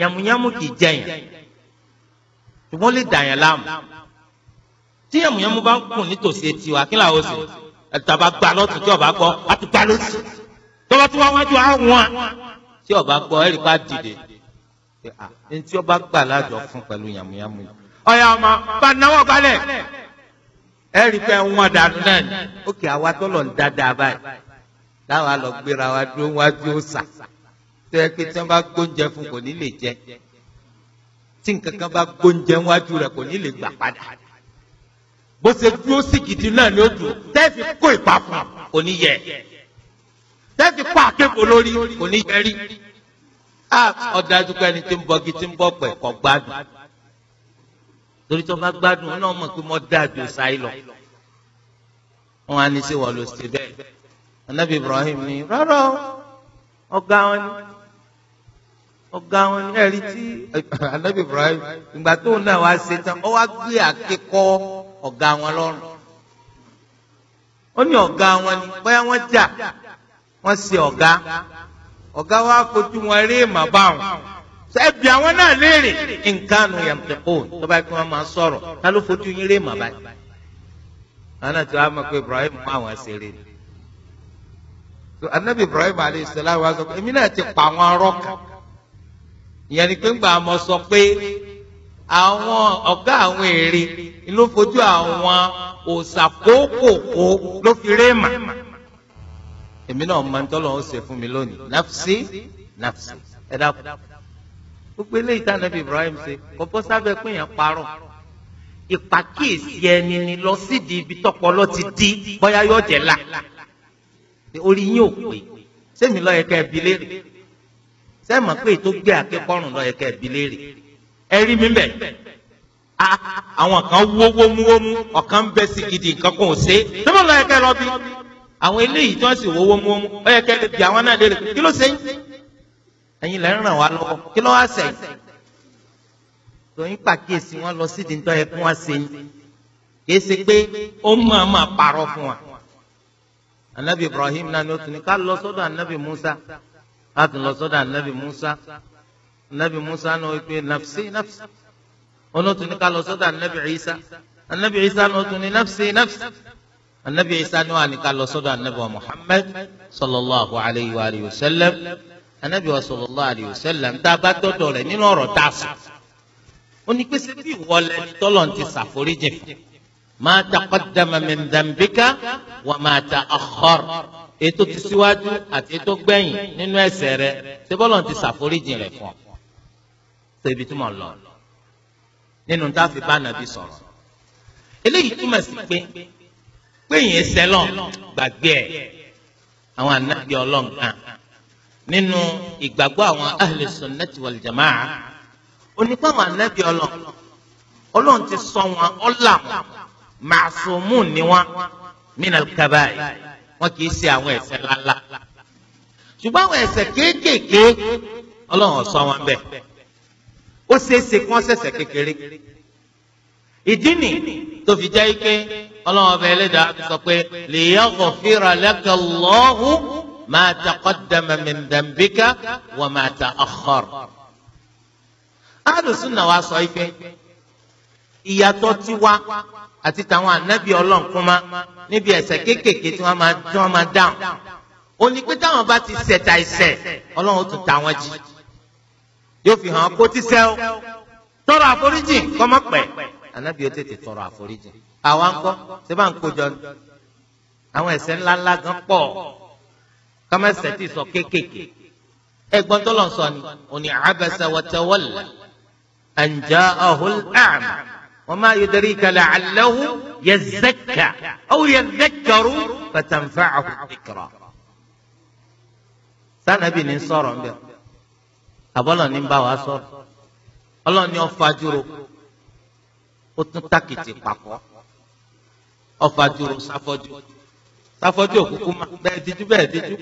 Speaker 1: yàmùyàmù kì í jẹyàn ṣùgbọ́n lè dàyàn láàmú tí yàmùyàmù bá ń kùn nítòsí etí wa kí làwọn sì ẹ̀tàbà gbà lọ́tún tí ọba gbọ́ àti gbà lọ́tún tọ́wọ́ tí wọ́n wájú àwọn tí ọba gbọ́ ẹ̀rí bá dìde ntí ọba gbà lájọ fún pẹ̀lú yàmùyàmù yìí. ọ̀yà ọmọ bá náwó kalẹ̀ ẹ̀rí pé wọ́n dànù náà ni ó kì í àwa tọ́lọ̀ ń dáadáa báyìí láwọn àlọ́ gbéra wa dúró wájú òòsà tó yẹ pé tí wọ́n bá gbóúnjẹ fún kò ní lè jẹ tí nǹkan kan bá gbóúnjẹ wájú rẹ̀ kò ní lè gbà padà bó ṣe dúró sí náà ni ó dùn tẹ́ẹ̀fì kó ìpa fún kò ní yẹ tẹ́ẹ̀fì kó àkẹ́kọ̀ọ́ lórí kò ní yẹ rí ọ̀dájú pé ẹni tí ń bọ́gi tí ń bọ́ pẹ̀ kọ́ gbádùn torí tí wọ́n bá gbádùn náà mọ̀ pé mo dáa sáyé lọ wọ́n á ní sí wọ́n lọ sí bẹ́ẹ̀ anabi ibrahim ni rárá o ọ̀gá wọn ni ọ̀gá wọn ni ẹ̀rí tí anabi ibrahim ìgbà tó náà wá ṣe tán ọ wá gbé àkẹ́kọ̀ ọ̀gá wọn lọ́rùn ó ní ọ̀gá wọn ni bóyá wọ́n jà wọ́n ṣe ọ̀gá ọ̀gá wa fojú wọn rí ìmọ̀ báwọn ẹbí àwọn náà léèrè nǹkan nu yàtọ̀kọ́ tó bá kí wọ́n máa sọ̀rọ̀ ta ló fojú yín rí ìmọ̀ báyìí. àwọn náà ti wá mọ̀ pé ibrahim mú àwọn ṣeré ni anabi ibrahim aleyhisselam wa sọ pé èmi náà ti pa àwọn arọ kan ìyẹn ni pé ńgbà mọ sọ pé àwọn ọ̀gá àwọn èrè ló fojú àwọn òsàkókòkò ló fi réèmà èmi náà máa ń tọ́lọ̀ ó ṣe fún mi lónìí nafsi nafsi ẹ dákun gbogbo eléyìí tá anabi ibrahim ṣe kò bọ́ sábẹ́ pé èèyàn parọ́ ìpàkíyèsí ẹni ni lọ sídìí ibi tọpọlọ ti di bóyá yóò jẹ́ là orí yín ò pé sẹ́mi lọ́ọ́ yẹ ká ẹbí léèrè sẹ́mi pé tó gbé akẹ́kọ̀ọ́rùn lọ́ọ́ yẹ ká ẹbí léèrè ẹ rí mi bẹ̀ àwọn kan wó wómúwómú ọ̀kan bẹ́ sí gidi nǹkan kò ṣe é sẹ́mi lọ́ọ́ yẹ ká ẹ lọ bí àwọn eléyìí tí wọ́n sì wó wómúwómú ọ yẹ ká ẹ bí àwọn náà léèrè kí ló ṣe é ẹ̀yin lẹ́ ń ràn wá lọ́wọ́ kí ló wá sẹ́yìn tòyìn pàkíyèsí wọn lọ sídìí ń tọ́ yẹ ṣe é kì anabi ibrahim náà ni ó tún ní ká lọ sọ́dọ̀ anabi musa á tún lọ sọ́dọ̀ anabi musa anabi musa náà wípé nafsi nafsi ó náà tún ní ká lọ sọ́dọ̀ anabi isa anabi isa náà tún ní nafsi nafsi anabi isa náà ni ká lọ sọ́dọ̀ anabi wa muhammad sallallahu alayhi wa alihi wa sallam anabi wa sallallahu alayhi wa sallam tá a bá dọdọ rẹ nínú ọ̀rọ̀ tá a sọ ó ní ti ṣàforíjì fún ma taqaddama min dhanbika wa ma ta'akhkhar ètò ti síwájú àti ètò gbẹ̀yìn nínú ẹ̀ṣẹ̀ rẹ ṣé bọ́lọ̀ ti ṣàforíjì rẹ̀ fún ọ ṣe ibi tí mo lọ nínú tá a fi bá nàbí sọ̀rọ̀ eléyìí túmọ̀ sí pé péyìn ẹsẹ̀ lọ gbàgbé ẹ̀ àwọn ànábì ọlọ́ǹkan nínú ìgbàgbọ́ àwọn ahli sunnati jamaa onípàwọn ànábì ọlọ́ǹkan ọlọ́ǹ ti sọ wọn ọ̀là màsùmùn ni wọ́n minal kabai wọ́n kì í ṣe àwọn ẹ̀ṣẹ̀ ńláńlá ṣùgbọ́n àwọn ẹ̀ṣẹ̀ kéékèèké ọlọ́run sọ wọn bẹ́ẹ̀ ó ṣeéṣe kí wọ́n ṣẹ̀ṣẹ̀ kékeré ìdí nì tó fi jẹ́ ike ọlọ́run ọba ẹlẹ́dàá sọ pé liyaghfira laka Allahu ma taqaddama min dhanbika wa ma ta'akhkhar. alùsùn náà wá sọ ife ìyàtọ̀ tiwa àti tàwọn ànábì ọlọ́nkúnmá níbi ẹ̀ṣẹ̀ kéékèèké tí wọ́n máa dán máa dáhùn ó ní pé táwọn bá ti ṣẹ̀ta ẹ̀ṣẹ̀ ọlọ́run ó tún ta wọn jì yóò fi hàn kó ti sẹ́ ó tọrọ àforíjì kọ́mọ́ pẹ̀ ànábì ó tètè tọrọ àforíjì àwa ń kọ́ ṣé bá ń kójọ ni àwọn ẹ̀ṣẹ̀ ńláńlá gan pọ̀ kọ́mẹ́sẹ̀ ti sọ kéékèèké ẹgbọ́n tó lọ sọ ni òní abasa wa tawalla an ja'ahul a'ma وما يدريك لعله يزكى أو يذكر فتنفعه الذكرى sanabi ni sọ̀rọ̀ nbẹ abọlọ ni bá wa sọ̀rọ̀ ọlọni ọfajuro ó tún takìtì papọ̀ ọfajuro sáfọjú sáfọjú òkúkú ma bẹ́ẹ̀ díjú bẹ́ẹ̀ díjú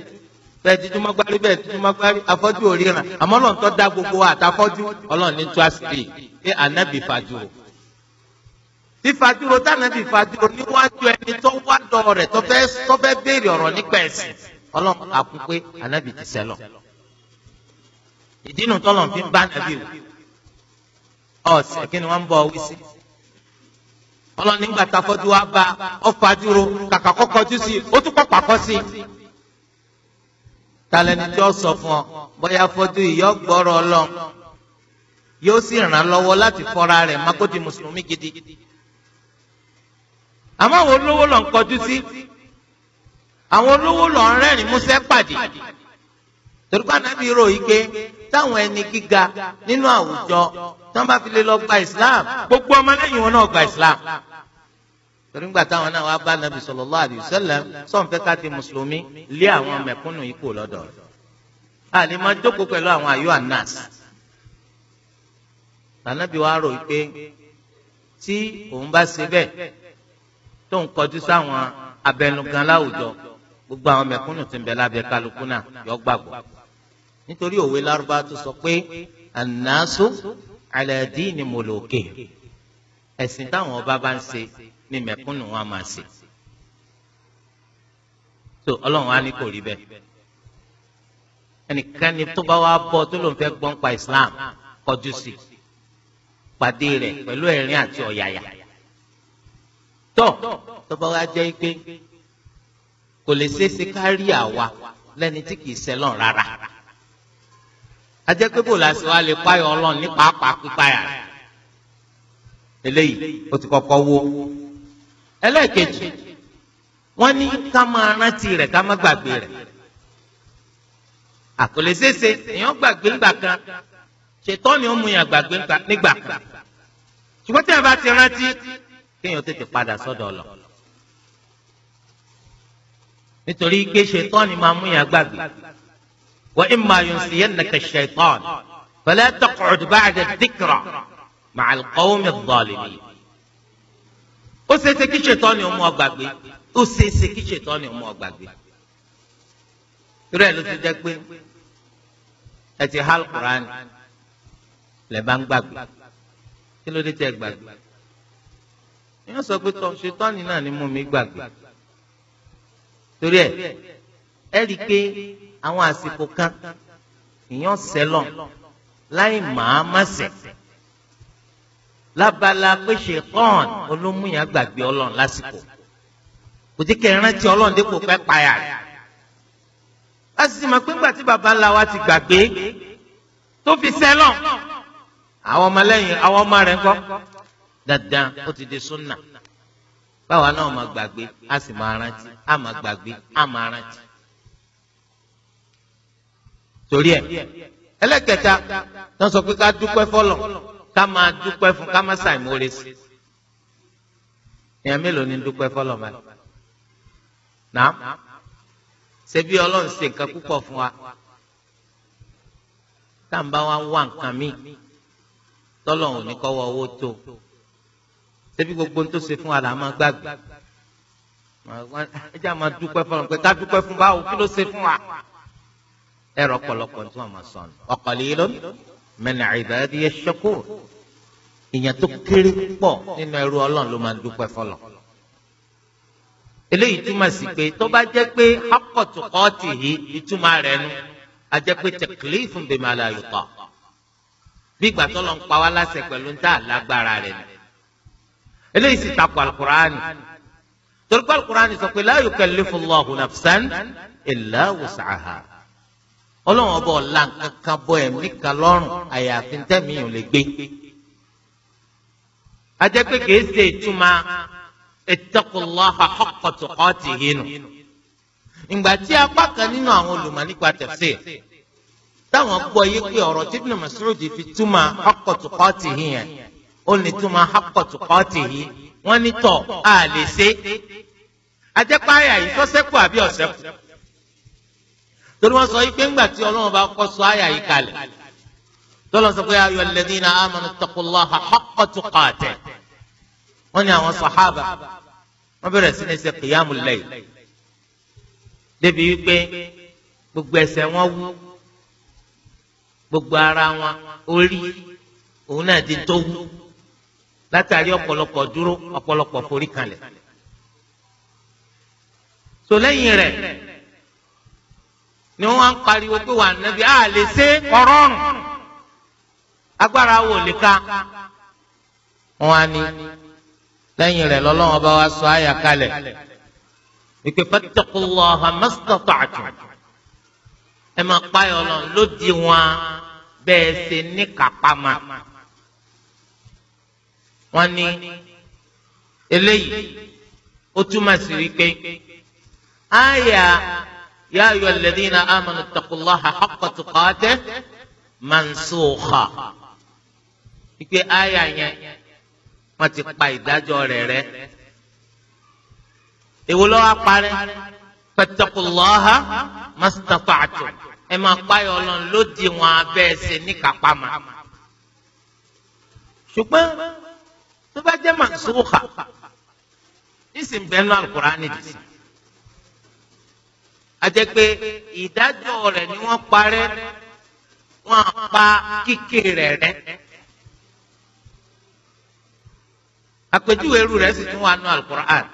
Speaker 1: bẹ́ẹ̀ díjú magbárí bẹ́ẹ̀ díjú magbárí afọjú òríran àmọ́ lọ́ntọ́ dá gbogbo àtàfọ́jú ọlọ́ni tó a sì rí pé anabi fajuro fífajúro tánàbí fajúro níwájú ẹni tó wá dọ̀ rẹ̀ tó fẹ́ tó fẹ́ béèrè ọ̀rọ̀ nípa ẹ̀sìn ọlọ́run àkú pé ànábì ti sẹ́lọ̀ ìdínú tọ́lọ̀ fi ń bá ànábì wò ọ̀sẹ̀ kí ni wọ́n ń bọ̀ wí sí ọlọ́run nígbà takọ́jú wa bá ọ̀fajúro kàkà kọ́kọ́jú sí ó tún pàpà kọ́ sí talẹ́ni tí fún ọ bóyá fọ́jú ìyọ́ gbọ́rọ̀ ọlọ́run yóò sì ràn án lọ́wọ́ láti fọ́ra rẹ̀ mákòtì mùsùlùmí gidi àmọ́ àwọn olówó lọ ń kọjú sí àwọn olówó lọ ń rẹ́rìn músẹ́ pàdé torí pé rò yí pé táwọn ẹni gíga nínú àwùjọ tí wọ́n bá fi lè lọ gba Islam gbogbo ọmọ lẹ́yìn wọn náà gba Islam torí gbà táwọn náà wàá bá nàbì sallallahu alaihi wasallam sọǹfẹ ká ti mùsùlùmí lé àwọn mẹ̀kúnnù yìí kò lọ́dọ̀ rẹ̀ àní máa jókòó pẹ̀lú àwọn àyọ anas ànábì wàá rò pé tí òun bá ṣe bẹ́ẹ̀ tó ń kọjú sáwọn abẹnugan láwùjọ gbogbo àwọn mẹ̀kúnnù tí ń bẹ lábẹ́ kálukú náà yọ gbàgbọ́ nítorí òwe lárúbá tó sọ pé ànásù àlàdí ni mòlòkè ẹ̀sìn táwọn ọba bá ń ṣe ni mẹ̀kúnnù wọn máa ṣe tó ọlọ́run á ní kò rí bẹ́ẹ̀ ẹnìkan ni tó bá wá bọ́ tó ló ń fẹ́ gbọ́n Islam kọjú sí pàdé rẹ̀ pẹ̀lú ẹ̀rín àti ọ̀yàyà tọ́ tọ́ba wa jẹ́ pé kò lè ṣeéṣe ká rí àwa lẹ́ni tí kìí sẹ́lọ̀ rárá a jẹ́ pé bò láti wá lè páyọ̀ ọlọ́run ní pàápàá pípáyà rẹ̀ eléyìí ó ti kọ́kọ́ wó ẹlẹ́ẹ̀kejì wọ́n ní ká máa rántí rẹ̀ ká má gbàgbé rẹ̀ àkọlé ṣeéṣe èèyàn gbàgbé ńgbà kan ṣètọ́ ni ó mú yàn gbàgbé nígbà kan ṣùgbọ́n tí a bá ti rántí kéèyàn tètè padà sọ́dọ̀ lọ. nítorí pé ṣètọ́ni máa mú yàn gbàgbé wa imma yunsiyannaka ash-shaytan fala taq'ud ba'da adh-dhikra ma'a al-qawmi adh-dhalimin. ó ṣeéṣe kí ṣètọ́ni ó mú ọ gbàgbé ó ṣeéṣe kí ṣètọ́ni ó mú ọ gbàgbé. irú ló ti jẹ́ pé ẹ ti hal lẹ́ bá ń gbàgbé kí ló dé tẹ́ gbàgbé èèyàn sọ pé tọ ṣetọ́ni náà ni mú mi gbàgbé torí ẹ ẹ rí i pé àwọn àsìkò kan èèyàn sẹlọ láì màá má ṣe lábala pé ṣetọ́n olómúyàn gbàgbé ọlọ́run lásìkò kò tí kẹrin rántí ọlọ́run dípò pẹ́ payà rẹ̀ a pé ńgbà tí baba ńlá wa ti gbàgbé tó fi sẹ́lọ̀ àwọn ọmọ lẹ́yìn àwọn ọmọ rẹ̀ ńkọ́ dandan ó ti di súnà báwa náà máa gbàgbé a sì máa rántí a máa gbàgbé a máa rántí. torí ẹ ẹlẹ́kẹta náà sọ pé ká dúpẹ́ fọlọ̀ ká máa dúpẹ́ fún ká máa ṣàìmóore sí èèyàn mélòó ni dúpẹ́ fọlọ̀ báyìí náà ṣe bí ọlọ́run ṣe nǹkan púpọ̀ fún wa tá à bá wa wá nǹkan míì tọ́lọ̀ ò ní kọ́wọ́ owó tó ṣebí gbogbo ń tó ṣe fún wa là máa gbàgbé ẹjẹ àmà dúpẹ́ fọlọ́n pé ká dúpẹ́ fún báwo kí ló ṣe fún wa. ẹ̀rọ ọ̀pọ̀lọpọ̀ tí wọ́n máa sọ ọ́nà ọ̀pọ̀lẹ́lọ́n min ibadiya shakur ìyẹn tó kéré pọ̀ nínú ẹrú ọlọ́run ló máa dúpẹ́ fọlọ́n. eléyìí túmọ̀ sí pé tó bá jẹ́ pé akọ̀tù kọ́ọ̀tì yìí ìtumọ̀ rẹ̀ nu a jẹ́ pé taklifun bima la yuta bí ìgbà tó lọ ń pa wá láṣẹ pẹ̀lú ń tà lágbára rẹ̀ ni eléyìí sì takò alukur'ani torí pé alukur'ani sọ pé la yukallifu Allahu nafsan illa wus'aha ọlọ́run ọba ọ̀la nǹkan kan bọ ẹ̀mí kan lọ́rùn àyàfi tẹ́mi ò lè gbé ajẹ́ pé kìí ṣe ìtumọ̀ ittaqullaha haqqa tuqatihi nù ìgbà tí apá kan nínú àwọn olùmọ̀ nípa tafsir táwọn gbọ́ yé pé ọ̀rọ̀ tí Ibn Mas'ud fi túmọ̀ haqqa tuqatihi yẹn ó ní túmọ̀ akọ̀tùkọ́tì yìí wọ́n ní tọ̀ á lè ṣe ajẹ́páyà yìí sọ́sẹ́kù àbí ọ̀sẹ́kù torí wọ́n sọ wípé ńgbà tí ọlọ́run bá kọ́ sọ àyà yìí kalẹ̀ tọ́lọ́ sọ pé ayọ̀ alladhina amanu taqullaha haqqa tuqatih wọ́n ní àwọn sàhábà wọ́n bẹ̀rẹ̀ sí ní ṣe qiyamul layl débi wípé gbogbo ẹsẹ̀ wọn wú gbogbo ara wọn orí òun náà di tó wú látàrí ọ̀pọ̀lọpọ̀ dúró ọ̀pọ̀lọpọ̀ forí kalẹ̀ so lẹ́yìn rẹ̀ ni wọ́n ń pariwo pé wà nàbí a lè ṣe kọ́rọ́rùn agbára wò lè ka wọ́n á ní lẹ́yìn rẹ̀ lọ́lọ́wọ́n bá wa sọ àyà kalẹ̀ ìpè fattaqullaha mastata'tum ẹ máa payọ̀ lọ lódiwọ̀n bẹ́ẹ̀ ṣe ní kápá wọ́n ní eléyìí ó túmọ̀ sí wípé àyà ya ayyuha alladhina amanu ittaqullaha haqqa tuqatihi mansukha wípé àyà yẹn wọ́n ti pa ìdájọ́ rẹ̀ rẹ́ èwo ló wá parẹ́ fattaqullaha mastata'tum ẹ máa páyọ Ọlọ́run ló di wọn abẹ́ ẹsẹ̀ níkàpá ṣùgbọ́n tó bá jẹ́ mansukha ìsìn bẹ́ẹ̀ nù alukurani dì sí. àti pé ìdájọ́ rẹ̀ ni wọ́n parẹ́ wọ́n pa kíkè rẹ̀ rẹ́. àpèjúwe irú rẹ̀ sì tún wà nù alukurani.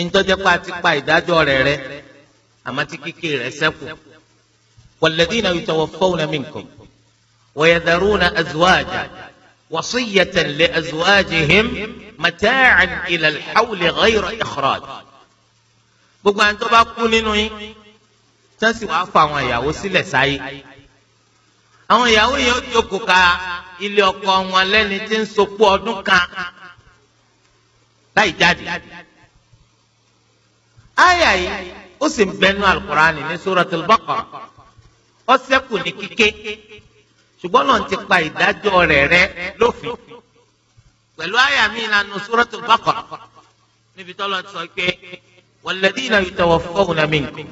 Speaker 1: ìjọjẹ́ pa ti pa ìdájọ́ rẹ̀ rẹ́ àmọ́ tí kíkè rẹ̀ sẹ́kù. walladhina yutawaffawna minkum wa yadharuna azwaja. وصية لأزواجهم متاعا إلى الحول غير إخراج gbogbo àwọn tó bá kú nínú yín tó sì wáá fa àwọn ìyàwó sílẹ̀ sáyé àwọn ìyàwó yẹn ó jókòó ka ilé ọkọ wọn lẹ́ni tí ń sopó ọdún kan láì jáde àyà yìí ó sì ń bẹnu al ní Suratul Baqarah ó ṣẹ́kù ní kíké ṣùgbọ́n náà ti pa ìdájọ́ rẹ̀ rẹ́ lófin pẹ̀lú àyà mi ìlànà Suratul Baqara níbi tọ́lọ́ ti sọ pé walladhina yutawaffawna minkum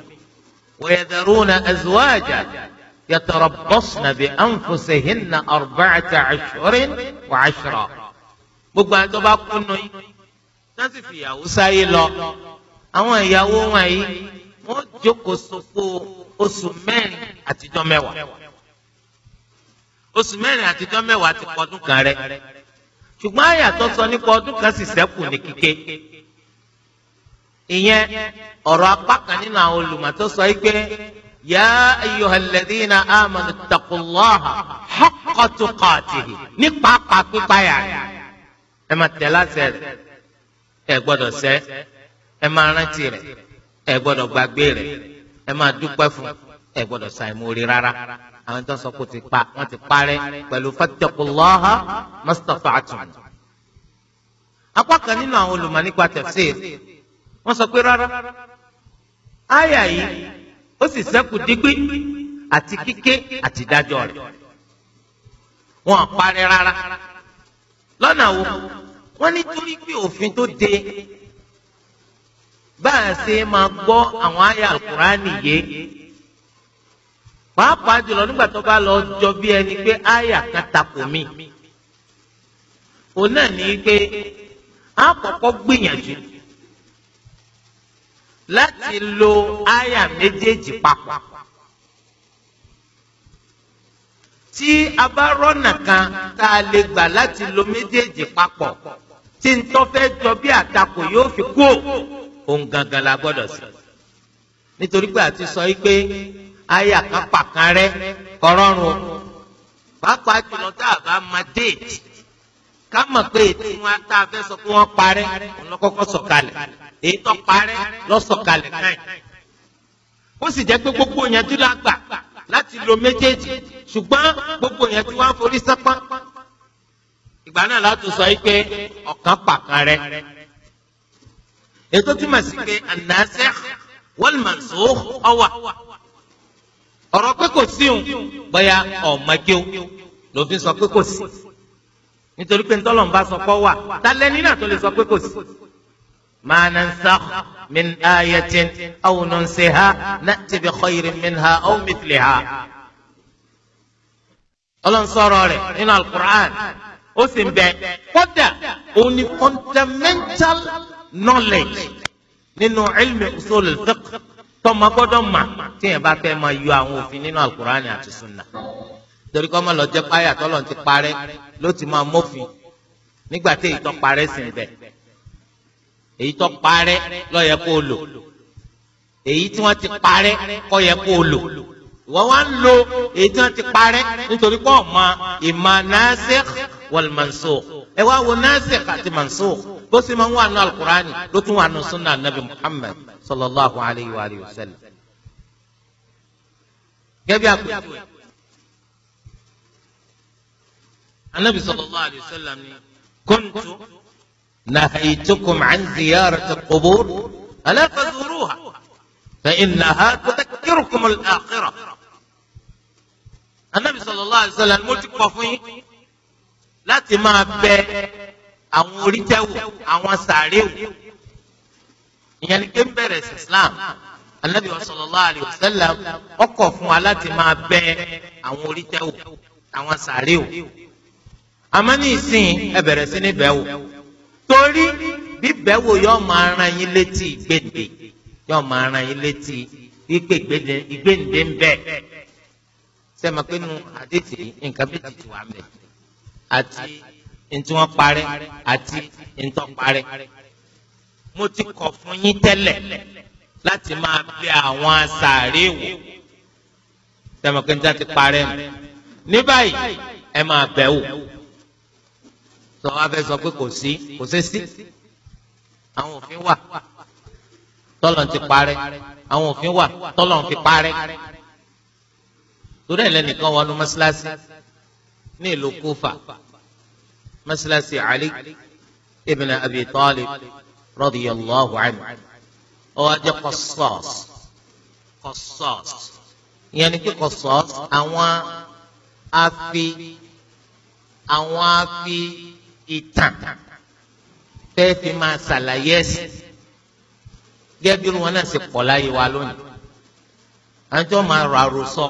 Speaker 1: wa yadharuna azwaja yatarabbasna bi anfusihinna arba'ata ashhurin wa 'ashra gbogbo àwọn tó bá kúnnú yín náà sì fìyàwó sáyé lọ àwọn ìyàwó wọn yìí wọ́n jókòó sopó oṣù mẹ́rin àtijọ́ mẹ́wàá oṣù mẹ́rin àti tán mẹ́wàá ti pọdún kan rẹ ṣùgbọ́n àyà tó sọ nípa ọdún kan sì ṣẹ́kù ní kíké ìyẹn ọ̀rọ̀ apá kan nínú àwọn olùmọ̀ tó sọ yìí pé yá ayyuhal ladhina amanu taqullaha haqqa tuqatihi ní pàápàá pípáyà ẹ máa tẹ̀ láṣẹ ẹ gbọ́dọ̀ ṣẹ̀ ẹ máa rántí rẹ̀ ẹ gbọ́dọ̀ gbàgbé rẹ̀ ẹ máa dúpẹ́ fún ẹ gbọ́dọ̀ ṣàìmórí rárá àwọn tó ń sọ pé ó ti pa wọ́n ti parẹ́ pẹ̀lú fattaqullaha mastata'tum. apá kan nínú àwọn olùmọ̀ nípa tafsir wọ́n sọ pé rárá àyà yìí ó sì sẹ́kù dígbí àti kíké àti dájọ́ rẹ̀ wọ́n parẹ́ rárá lọ́nà wo wọ́n nítorí pé òfin tó de bá a ṣe máa gbọ́ àwọn àyà Al-Qur'ani yìí pàápàá jùlọ nígbà tó bá lọ jọ bí ẹni pé àyà kan takò mí òun náà ní pé a kọ́kọ́ gbìyànjú láti lo àyà méjèèjì papọ̀ tí a bá rọ́nà kan tá a lè gbà láti lo méjèèjì papọ̀ tí n tó fẹ́ jọ bí àtakò yóò fi kú òun gangan la gbọ́dọ̀ sí nítorí pé àti sọ yìí pé àyà kan pàkan rẹ kọrọrùn o pàápàá jùlọ tá a bá ma déètì ká mọ̀ pé ètò wọn tá a fẹ́ sọ pé wọ́n parẹ́ ọlọ́kọ́kọ́ sọ̀kalẹ̀ èyí tó parẹ́ lọ́sọ̀kalẹ̀ káyìn ó sì jẹ́ pé gbogbo yẹn tí la gbà láti lo méjèèjì ṣùgbọ́n gbogbo yẹn tí wọ́n forí sápá ìgbà náà látò sọ yìí pé ọ̀kan pàkan rẹ ètò túmọ̀ sí pé an-nasikh wal-mansukh ó wà ọ̀rọ̀ pé kò síhun bóyá ọ̀mọ́gíw ló fi sọ pé kò sí nítorí pé ntọ́lọ́n bá sọ pọ́ wà tálẹ́ni náà tó lè sọ pé kò sí. ma nansakh min ayatin aw nunsiha na'ti bi khayrin minha aw mithliha. ọlọ́run sọ̀rọ̀ rẹ̀ nínú alukur'an ó sì ń bẹ kódà òun ni fundamental knowledge nínú ilmi usul al-fiqh tọmọ ma mà tíyẹn bá fẹ́ máa yọ àwọn òfin nínú alukurani àti sunna torí kọ́ mọ́ lọ jẹ́ páyà tọ́lọ̀ ti parẹ́ ló ti máa mọ́fin nígbà tí èyí tó parẹ́ sì ń bẹ èyí tó parẹ́ ló yẹ kó lò èyí tí wọ́n ti parẹ́ kó yẹ kó lò ìwọ wá ń lo èyí tí wọ́n ti parẹ́ nítorí pé ọ̀ma ìmà nasikh wal mansukh ẹ wá wo nasikh àti mansukh. bó sì máa ń wà nù alukurani ló tún wà nù sunna anabi muhammad sallallahu alayhi wa alihi wa sallam. gẹ́gẹ́ bí a kò anabi sallallahu alayhi wa sallam ni kuntu nahaytukum an ziyarati qubur ala fazuruha fa innaha tudakkirukum al-akhirah. anabi sallallahu alayhi wa sallam mo ti kọ̀ fún yín láti máa bẹ àwọn orítẹ́wò àwọn sàárẹ̀wò ìyẹn ni kéwìn bẹ̀rẹ̀ sí Islam anabi sallallahu alayhi wa sallam ọkọ̀ fún wa láti máa bẹ àwọn orítẹ́wò àwọn sàárẹ̀wò àmọ́ ní ìsìn ẹ bẹ̀rẹ̀ sí ní bẹ̀wò torí bíbẹ̀wò yóò máa ran yín létí gbèǹde yóò máa ran yín létí wípé gbèǹde ń bẹ sẹ́mi pé nu àdéhìí nǹkan méjì ti wà mẹ́ àti ntí wọ́n parẹ́ àti ntọ́ parẹ́ mo ti kọ̀ fún yín tẹ́lẹ̀ láti máa bẹ àwọn asàárè wò tẹmọkẹńtà ti parẹ́ mu ní báyìí ẹ máa bẹ̀ wò sọ wá fẹ́ sọ pé kò sí kò sí sí àwọn òfin wà tọ́lọ̀ ti parẹ́ àwọn òfin wà tọ́lọ̀ fi parẹ́ torí ẹ̀ lẹ́nìkan wọnú mọ́ṣáláṣí ní ìlú kófà mọ́sálásí Ali ibn Abi Talib radiyallahu anhu ọwọ́ ajẹ́ Qassas Qassas ìyẹn ni pé Qassas àwọn afi àwọn afi ìtàn fẹ́ẹ́ fi máa ṣàlàyé ẹ̀sìn gẹ́gẹ́ bí wọn náà ṣe pọ̀ láyé wa lónìí àjọ máa rọ àròsọ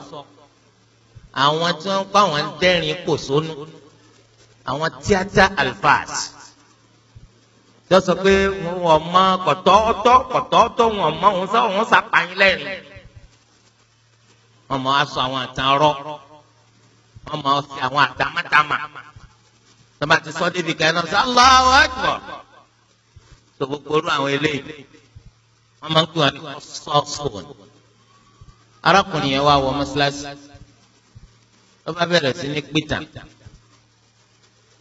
Speaker 1: àwọn tí wọ́n kọ́ àwọn dẹ́rìn-ín pòṣónú àwọn tíátá alfaas yọ sọ pé wọn mọ kọtọọtọ kọtọọtọ wọn mọ wọn sọ wọn sàpàyìn lẹ́rìn wọn mọ aṣọ àwọn àtàrọ wọn mọ ọsẹ àwọn àtàmátàmà tọba ti sọ débi kan náà sọ Allahu Akbar tó gbogbo orú àwọn eléyìí wọn máa ń pè wọn ní kọsọọsọọn arákùnrin yẹn wá wọ mọ́ṣáláṣí wọn bá bẹ̀rẹ̀ sí ní pìtàn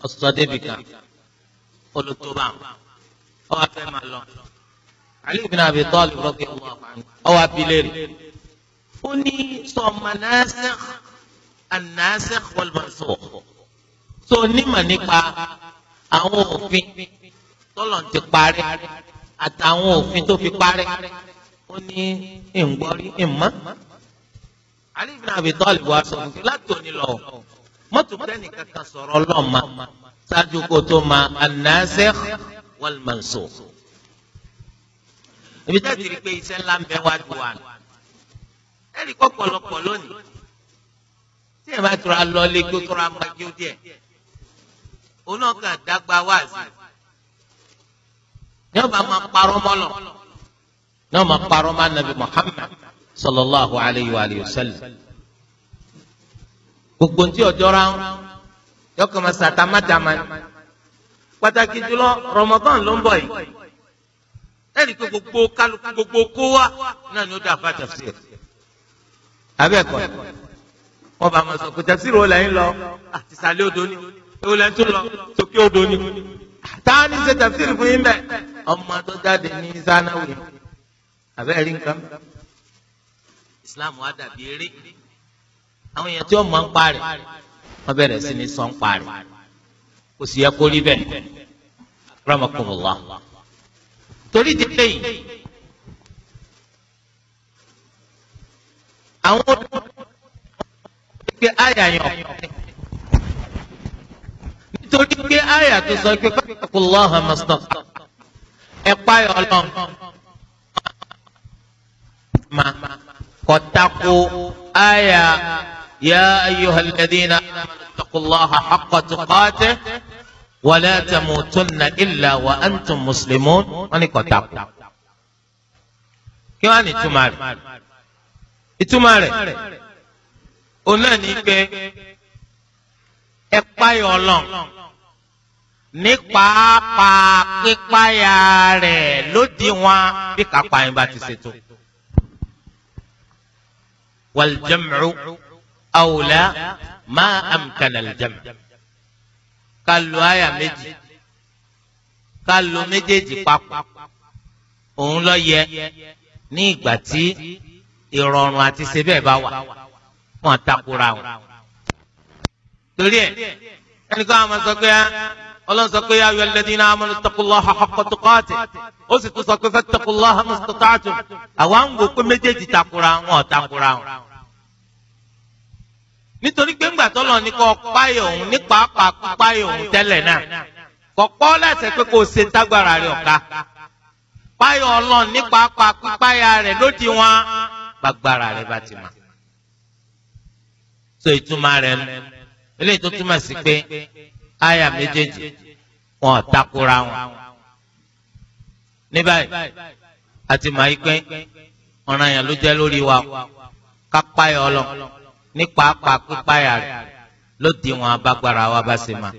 Speaker 1: ọ̀sọ̀ débi kan olùtọ́ba ọwọ́ afẹ́ máa lọ. Ali ibn Abi Talib radiyallahu anhu
Speaker 3: ọwọ́ abilérì.
Speaker 1: ó ní sọ̀mà nasikh an-nasikh wal mansukh. tó onímọ̀ nípa àwọn òfin tọ́lọ̀ ti parí àtàwọn òfin tó fi parí. ó ní ìǹgbọ́rí ìmọ̀. Ali ibn Abi Talib wá sọ fún mi látòní lọ mọ́tò tẹ́nì kankan sọ̀rọ̀ lọ́ọ̀ma ṣáájú kó tó ma an-nasikh wal-mansukh. ibi tẹ́ ti rí pé iṣẹ́ ńlá ń bẹ wájú wa nù. ẹ̀rí kọ́ pọ̀lọpọ̀ lónìí tí ẹ̀ bá tura lọ́lé kí ó tura ma kí ó díẹ̀ òun náà kàn dágba wáàzì ní ọba máa parọ́ mọ́lọ̀ ní ọba máa parọ́ mọ́ anabi Muhammad sallallahu alayhi wa sallam gbogbo ntí ọjọ́ ra yọkàn máa sàtàmátàmá pàtàkì jùlọ Ramadan ló ń bọ̀ yìí ẹnì pé gbogbo kálukú gbogbo kó wa náà ni ó dá àbá tafsir abẹ́ẹ̀kọ́ wọn bá máa sọ kò tafsir wo lẹ́yìn lọ àti ah, sàlẹ̀ odò ni ewu lẹ́yìn tó lọ sókè odò ni ah, táwọn ṣe tafsir fún yín bẹ́ẹ̀ ọmọ tó jáde ní sanawi abẹ́ẹ̀rí nǹkan Islam wa dàbí eré àwọn èèyàn tí ó mọ̀ ń pa rẹ̀ wọ́n bẹ̀rẹ̀ sí ní sọ́n pa rẹ̀ kò sì yẹ kó rí bẹ́ẹ̀ ramakumullah torí délé yìí àwọn olùkọ́ pé àyà yàn nítorí pé àyà tó sọ pé fattaqullaha mustapha ẹ páyọ Ọlọ́run ma kọtako àyà. يا أيها الذين آمنوا اتقوا الله حق تقاته ولا تموتن إلا وأنتم مسلمون أني قتاكم kí wàá ní ìtumọ̀ rẹ̀ ìtumọ̀ rẹ̀ òun náà ní pé ẹ páyọ̀ ọlọ́run ní pàápàá pípáyà rẹ̀ lódiwọ̀n bí kápá yín bá ti ṣètò. wal jam'u àwòlá máa amkana aljama ká lo àyà méjì ká lo méjèèjì papọ̀ òun ló yẹ ní ìgbà tí ìrọ̀rùn àti sebẹ̀ bá wà wọn takora wọn. torí ẹ ẹnì kan àwọn sọ pé ọlọ́run sọ pé ayọ̀ alladhina amanu ittaqullaha haqqa tuqatih ó sì tún sọ pé fattaqullaha mastata'tum àwa ń wò pé méjèèjì takora wọn takora wọn nítorí pé ńgbà tọ́lọ̀ ní kọ́ páyé òun ní pàápàá kú páyé òun tẹ́lẹ̀ náà kọ́ pọ́ láti pé kò ṣe tágbára rẹ̀ ọ̀ka páyé ọlọ́run ní pàápàá kú páyà rẹ̀ lódì wọn gbàgbára rẹ̀ bá ti mọ̀. so ìtumọ̀ rẹ̀ nu eléyìí tó túmọ̀ sí pé àyà méjèèjì wọn ò takora wọn. ní báyìí a ti mọ̀ yí pé ọ̀ràn yẹn ló jẹ́ lórí wa ká páyé ọlọ́run ní pàápàá pípáyà rẹ̀ ló di wọn abágbára wa bá ṣe ma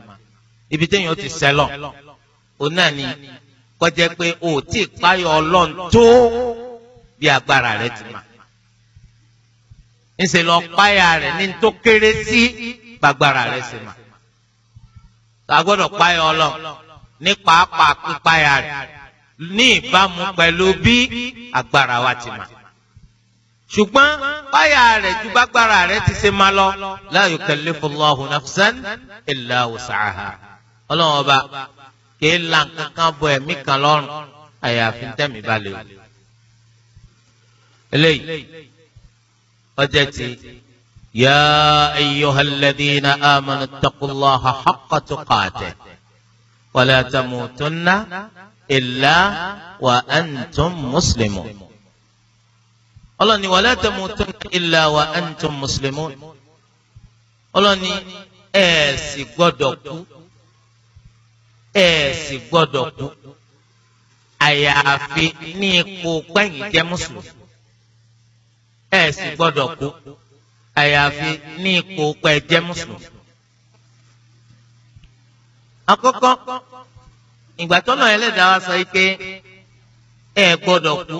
Speaker 1: ibi téèyàn ti sẹ́lọ̀ o náà ni kọjá pé o tí ì páyọ̀ ọlọ́run tó bí agbára rẹ̀ ti ma ńṣe lọ páyà rẹ̀ ní tó kéré sí gbàgbára rẹ̀ ṣe ma a gbọ́dọ̀ páyọ̀ ọlọ́run ní pàápàá pípáyà rẹ̀ ní ìbámu pẹ̀lú bí agbára wa ti ma ṣùgbọ́n báyà rẹ̀ ju bágbára rẹ̀ ti ṣe máa lọ la yukallifu Allahu nafsan illa wus'aha ọlọ́run ọba kìí la nǹkan kan bọ ẹ̀mí kan lọ́rùn àyàfi tẹ̀mí bá lè wò. eléyìí ọjọ́ ti yá ayyuhal ladhina amanu ittaqullaha haqqa tuqatih wa la tamutunna illa wa antum muslimun ọlọ́ni wala tamutunna illa wa antum muslimun ọlọ́ni ẹ̀ sì gbọ́dọ̀ kú ẹ̀ sì gbọ́dọ̀ kú àyàfi ní ipò pẹ́yìn jẹ́ mùsùlùmí ẹ̀ sì gbọ́dọ̀ kú àyàfi ní ipò pẹ́yìn jẹ́ mùsùlùmí. àkọ́kọ́ ìgbà tọ́lọ̀ ẹlẹ́dàá wa sọ yìí pé ẹ̀ gbọ́dọ̀ kú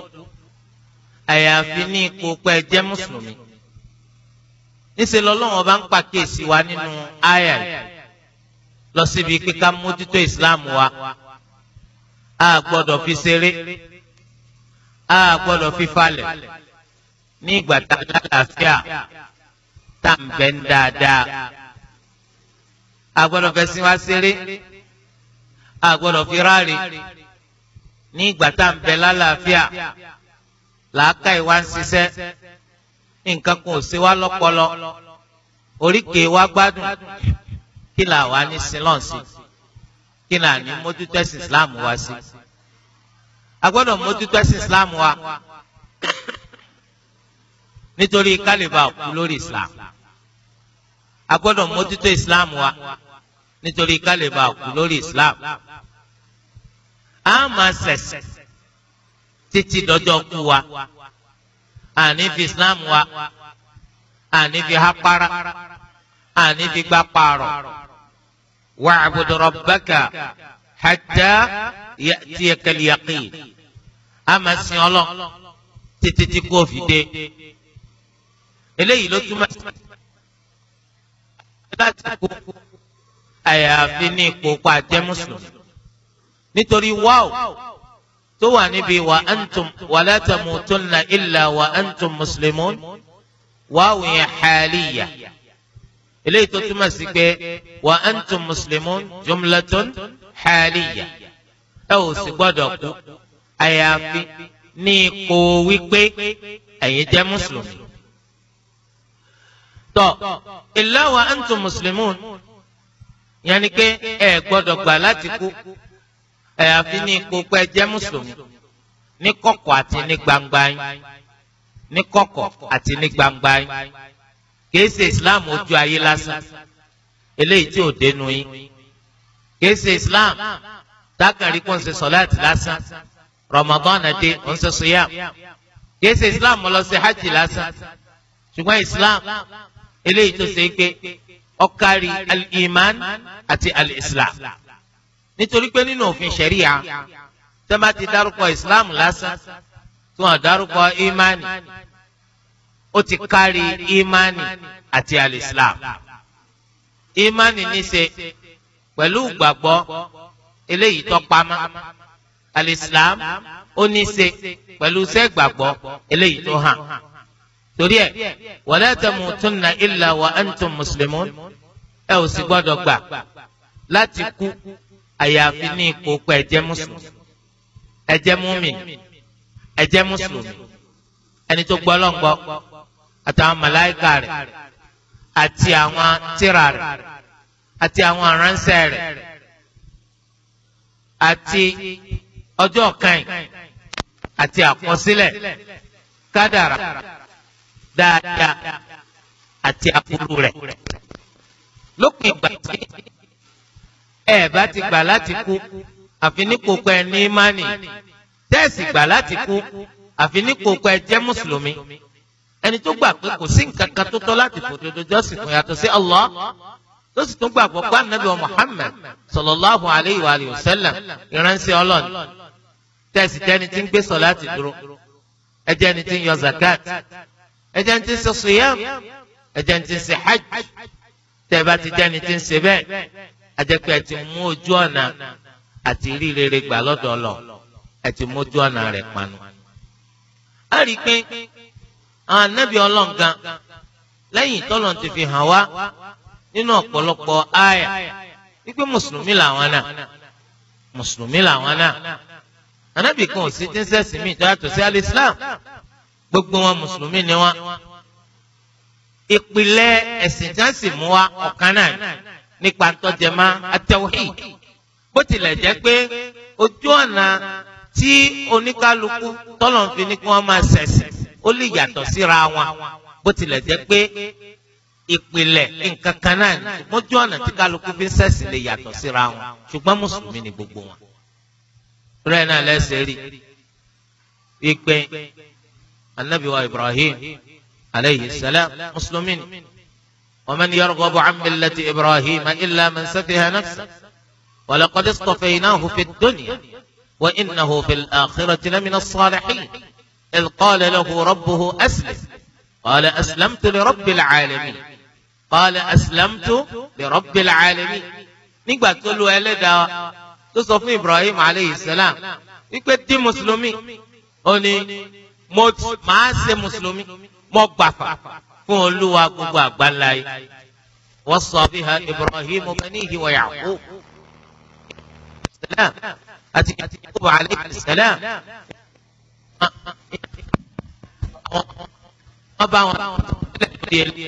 Speaker 1: àyàfi ní ipò pé ẹ jẹ́ mùsùlùmí níṣẹ́ lọ́lọ́wọ́n bá ń pàkíyèsí wa nínú àyà yìí lọ síbi kíkà mójútó islam wa a gbọ́dọ̀ fi ṣeré a gbọ́dọ̀ fi falẹ̀ ní ìgbà tá a lálàáfíà tá à ń bẹ ń dáadáa a gbọ́dọ̀ fẹsí wa ṣeré a gbọ́dọ̀ fi ráre ní ìgbà tá à ń bẹ lálàáfíà làákàyè wa ń ṣiṣẹ́ nǹkan kan ò ṣe wá lọ́pọlọ oríkèé wa gbádùn kí là wá ní sílọ̀n sí kí là ní mójútó ẹ̀sìn Islam wa sí. a gbọ́dọ̀ mójútó ẹ̀sìn Islam wa nítorí kálíbà kú lórí Islam a gbọ́dọ̀ mójútó Islam wa nítorí kálíbà kú lórí Islam a máa ṣẹ̀ṣẹ̀ títí dọjọ́ kú wa àní fi islam wa àní fi hapara àní fi gbà pààrọ̀ wa'budu rabbaka hatta ya'tiyakal yaqin àmà sìn Ọlọ́run títí tí kò fi dé eléyìí ló túmọ̀ láti kú àyàfi ní ipò pa jẹ́ mùsùlùmí nítorí wáò. Wow tó wà níbi wa antum wala tamutunna illa wa antum muslimun wáwù yẹn xaaliya eléyìí tó túmọ̀ sí pé wa antum muslimun jumlatun xaaliya ẹ ò sì gbọ́dọ̀ kú àyàfi
Speaker 2: ní ipò wípé
Speaker 1: ẹ̀yin jẹ́ mùsùlùmí. tọ́ illa wa antum muslimun yẹn ni pé ẹ gbọ́dọ̀ gbà láti kú àyàfi ní ipò pé ẹ jẹ́ mùsùlùmí ní kọ̀kọ̀ àti ní gbangba yín ní kọ̀kọ̀ àti ní gbangba yín kìí ṣe islam ojú ayé lásán eléyìí tí ò dénú yín kìí ṣe islam dákàrí kó ń ṣe sọláàtì lásán ramadan adé ó ń ṣe siyam kìí ṣe islam lọ ṣe hajj lásán ṣùgbọ́n islam eléyìí tó ṣe é pé ó kárí al-iman àti al-islam. al iman àti al islam nítorí pé nínú òfin ṣẹ̀ríya tó bá ti dárúkọ islam lásán tó hàn dárúkọ imani ó ti kárí imani àti alislam imani níṣe pẹ̀lú ìgbàgbọ́ eléyìí tó pamọ́ alislam ó níṣe pẹ̀lú sẹ́gbàgbọ́ eléyìí tó hàn torí ẹ̀ wala tamutunna illa wa antum muslimun ẹ ò sì gbọ́dọ̀ gbà láti kú àyàfi ní ipò pé ẹ jẹ́ mùsùlùmí ẹ jẹ́ múmin ẹ jẹ́ mùsùlùmí ẹni tó gbọ́ lọ́ngbọ́ àtàwọn màláìka rẹ̀ àti àwọn tírà rẹ̀ àti àwọn aránṣẹ́ rẹ̀ àti ọjọ́ kan àti àkọsílẹ̀ kádàrà dáadáa àti àkúrú rẹ̀ lópin ìgbà tí ẹ bá ti gbà láti kú àfi nípò pé ẹ ní mánì tẹ́ẹ̀sì gbà láti kú àfi nípò pé ẹ jẹ́ mùsùlùmí ẹni tó gbà pé kò sí nǹkan kan tó tọ́ láti fòdodo jọ́sìn fún yàtọ̀ sí Allah tó sì tún gbàgbọ́ pé anabi Muhammad sallallahu alayhi wa alihi wa sallam ìránṣẹ́ ọlọ́ni tẹ̀sí jẹ́ni tí ń gbé sọ láti dúró ẹjẹ́ ni tí ń yọ zakat ẹjẹ́ ni tí ń ṣe suyam ẹjẹ́ ni tí ń ṣe hajj tẹ̀ ti jẹ́ni tí ń ṣe bẹ́ẹ̀ ajẹ́pẹ́ ẹ ti mú ojú ọ̀nà àti rí rere gbà lọ́dọ̀ lọ ẹ ti mú ojú ọ̀nà rẹ̀ panu. a rí i pé àwọn anábì ọlọ́ǹgan lẹ́yìn tọ́lọ̀ ti fi hàn wá nínú ọ̀pọ̀lọpọ̀ àyà wípé mùsùlùmí làwọn náà mùsùlùmí làwọn náà anábì kan ò sí tí ń sẹ́sìn mí sí alìsílám gbogbo wọn mùsùlùmí ni wọn ìpìlẹ̀ ẹ̀sìn tí wa ọ̀kan náà nípa ntọ́jẹ̀má at-tawhid bó tilẹ̀ jẹ́ pé ojú ọ̀nà tí oníkálukú tọ́lọ̀nfin ni kí wọ́n máa ṣẹ̀sìn ó lè yàtọ̀ síra wọn bó tilẹ̀ jẹ́ pé ìpìlẹ̀ nǹkan kan náà ni mójú ọ̀nà tí kálukú fi ń ṣẹ̀sìn lè yàtọ̀ síra wọn ṣùgbọ́n mùsùlùmí ni gbogbo wọn. rẹ̀ náà lẹ́sẹ̀ rí wípé anabiwa Ibrahim aleyhi salam mùsùlùmí ni. ومن يرغب عن ملة إبراهيم إلا من سفه نفسه ولقد اصطفيناه في الدنيا وإنه في الآخرة لمن الصالحين إذ قال له ربه أسلم قال أسلمت لرب العالمين قال أسلمت لرب العالمين nígbà tó lu ẹlẹ́dàá tó sọ fún Ibrahim aleyhisselam wípé tí مسلمين ó ní mo máa fún olúwa gbogbo àgbáńlá yìí wọ́n sọ bí ha ibrahim banihi wa yaqub
Speaker 2: salam àti yaqub alayhi salam
Speaker 1: wọ́n bá wọn lẹ́yìn lórí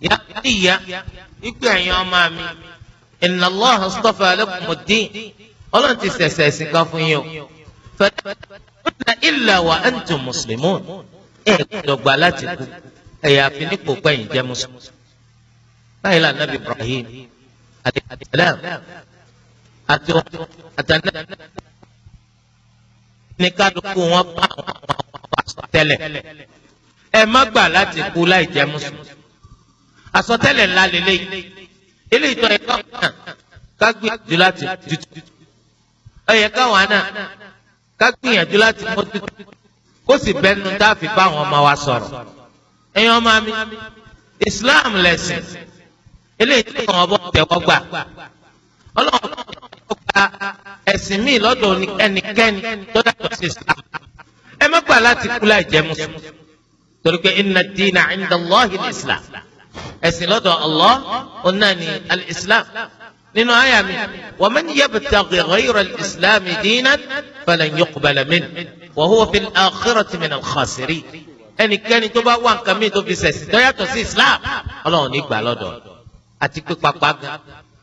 Speaker 1: ya níyà ìgbé ẹ̀yin ọmọ mi inna Allah astafa lakum ọlọ́run ti ṣẹ̀ṣẹ̀ sí kan fún yín o fa la illa wa antum muslimun ẹ gbọ́dọ̀ gbà láti kú ẹ̀yà àfinípò pẹ̀yìn jẹ́ mùsùlùmí. báyìí la nabi ibrahim alayhisalaam àti àtàlẹ́ ní kálukú wọn bá àwọn àsọtẹ́lẹ̀ ẹ má gbà láti kú láì jẹ́ mùsùlùmí. àsọtẹ́lẹ̀ ńlá lélẹ́yìí eléyìí tó ẹ̀ka wọn náà ká gbìyànjú láti mójútó ẹ̀yẹ káwọn náà ká gbìyànjú láti mójútó kó sì bẹnu tá a fi bá àwọn ọmọ wa sọ̀rọ̀ ẹ̀yin ọmọ mi Islam lẹ̀sìn eléyìí tí wọn bọ tẹ́wọ́ gbà Ọlọ́run tó gba ẹ̀sìn míì lọ́dọ̀ ẹnikẹ́ni tó dàtọ̀ sí Islam ẹ má gbà láti kú láì jẹ́ mùsùlùmí torí pé inna ad-dina 'inda Allahi al-Islam ẹ̀sìn lọ́dọ̀ Allah ọ̀nà ni islam nínú àyà mi wa man yabtaghi ghayra al-islam dinan falan yuqbala minhu wa huwa fil akhirati minal khasirin ẹnikẹ́ni tó bá wà nǹkan mi tó fi ṣẹ̀sìn tó yàtọ̀ sí islam ọlọ́run ní gbà lọ́dọ̀ àti pé pápá gan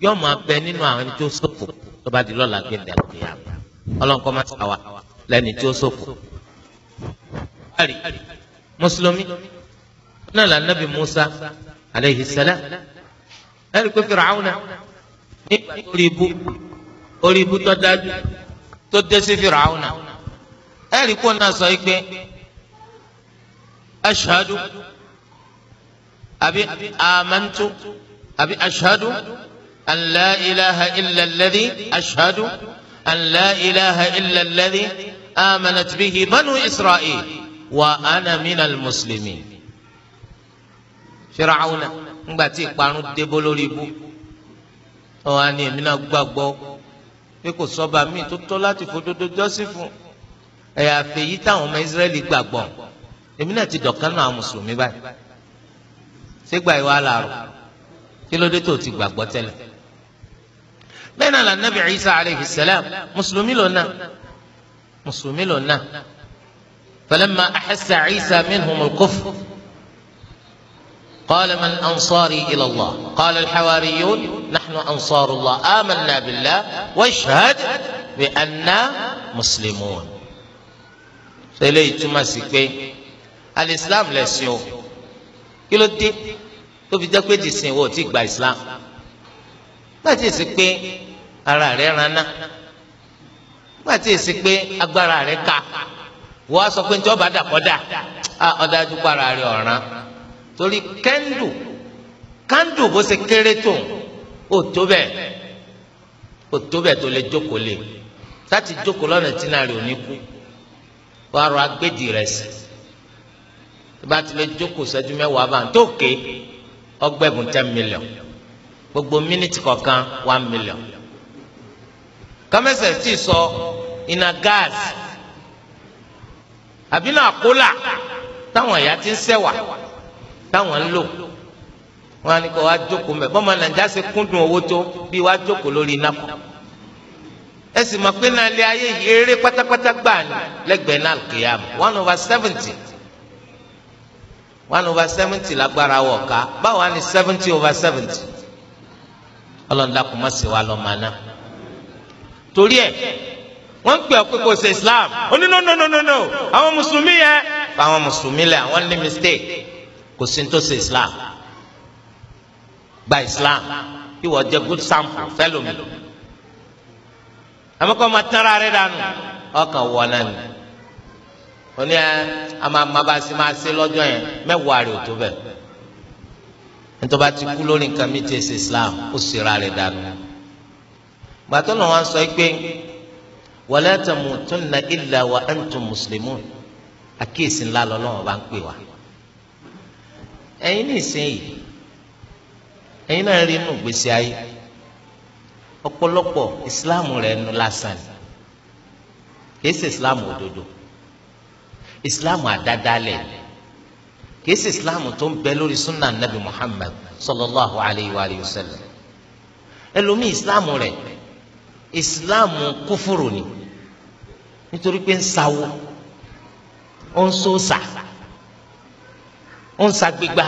Speaker 1: yóò máa bẹ nínú àwọn ẹni tó ṣòfò tó bá di lọ́la gbẹ̀dẹ̀ àgbẹ̀yàmù ọlọ́run kọ́ máa ṣàwà lẹ́ni tó ṣòfò. báyìí mùsùlùmí náà là nàbì Musa alayhi salam ẹ̀rí pé Fir'auna náà. nígbà tó rí ibú orí ibú tó dájú tó dé sí Fìràwùnà ẹ̀rí kó náà sọ pé ashhadu àbí amantu àbí ashhadu an la ilaha illa alladhi ashhadu an la ilaha illa alladhi amanat bihi banu isra'il wa ana minal muslimin Fìràwùnà ńgbà tí ìparun débó lórí ibú. wọn á ní èmi náà gbàgbọ́ pé kò sọ́ba míì tó tọ́ láti fòdodo jọ́sìn fún ẹ̀yà àfẹ̀yí táwọn ọmọ Ísírẹ́lì gbàgbọ́ èmi náà ti dọ̀kan náà mùsùlùmí báyìí ṣégbà ìwà làárọ̀ kí ló dé tó ti gbàgbọ́ tẹ́lẹ̀ bẹ́ẹ̀ náà la Nabi Isa alayhi salam mùsùlùmí lò náà mùsùlùmí lò náà falamma ahassa Isa minhumul kufr قال من أنصاري إلى الله قال الحواريون نحن أنصار الله آمنا بالله واشهد بأننا مسلمون eléyìí túmọ̀ sí pé alìsílám lẹ̀sìn o kí ló dé tó fi jẹ́ pé dìsìn wo ti gba islam gbàtí èsì pé ara rẹ̀ raná gbàtí èsì pé agbára rẹ̀ ká wọ́n á sọ pé njọba dàkọ́dà ọ̀dájú ah, para rẹ̀ ọ̀ràn torí kẹ́ńdù kẹ́ńdù bó ṣe kéré tó ò tó bẹ́ẹ̀ ò tó bẹ́ẹ̀ tó lè jókòó lè láti jókòó lọ́nà tí náà rè òní wàá rọ agbédì rẹ̀ sí tó bá ti lè jókòó sẹ́jú mẹ́wàá bá ń tó ké ọgbẹ́bùn ten million gbogbo mínítì kọ̀ọ̀kan one million kọ́mẹ́sẹ̀ ti sọ iná gáàsì àbí náà kólà táwọn ẹ̀yà ti ń sẹ́wà táwọn ń lò wọn á ní kó wá jókòó mẹ bọ́mọ nàìjíríà ṣe kúndùn owó tó bí wá jókòó lórí iná kù ẹ sì mọ̀ pé náà lé ayé yìí eré pátápátá gbà ní lẹ́gbẹ̀ẹ́ náà kìyàmù one over seventy one over seventy lágbára wọ̀ ká báwa ni seventy over seventy ọlọ́dà kò má ṣe wa lọ́ màá náà torí ẹ̀ wọ́n pè ọ́ pé kò ṣe Islam ó ní no no no no no àwọn mùsùlùmí yẹn àwọn mùsùlùmí lẹ̀ àwọn ní mistake kò sí tó ṣe islam gba islam ìwọ jẹ good sample fẹlómi àmọkọ máa tán ara rẹ dànù ọkàn wọ náà ni oní ẹ eh, àmà mabasi máa ṣe lọ́jọ́ yẹn mẹ́wàá rẹ ò tó bẹ ntọ́ba ti kú lórí nǹkan mi ti ṣe islam ó sì ra rẹ dànù gbàtọ́ náà wọ́n sọ pé wala tamutunna illa wa antum muslimun àkíyèsí ńlá lọ́lọ́wọ́ bá ń pè wá ẹ̀yin ní ìsinyìí ẹ̀yin náà rí inú gbèsè ayé ọ̀pọ̀lọpọ̀ islam rẹ̀ nu lásán kìí ṣe islam òdodo islam àdádálẹ̀ kìí ṣe islam tó ń bẹ lórí sunna nabi muhammad sallallahu alayhi wa alihi wa sallam ẹlòmíì islam rẹ̀ islam kúfùrù ni nítorí pé ń sawó ó ń sọ sàá ń sagbegba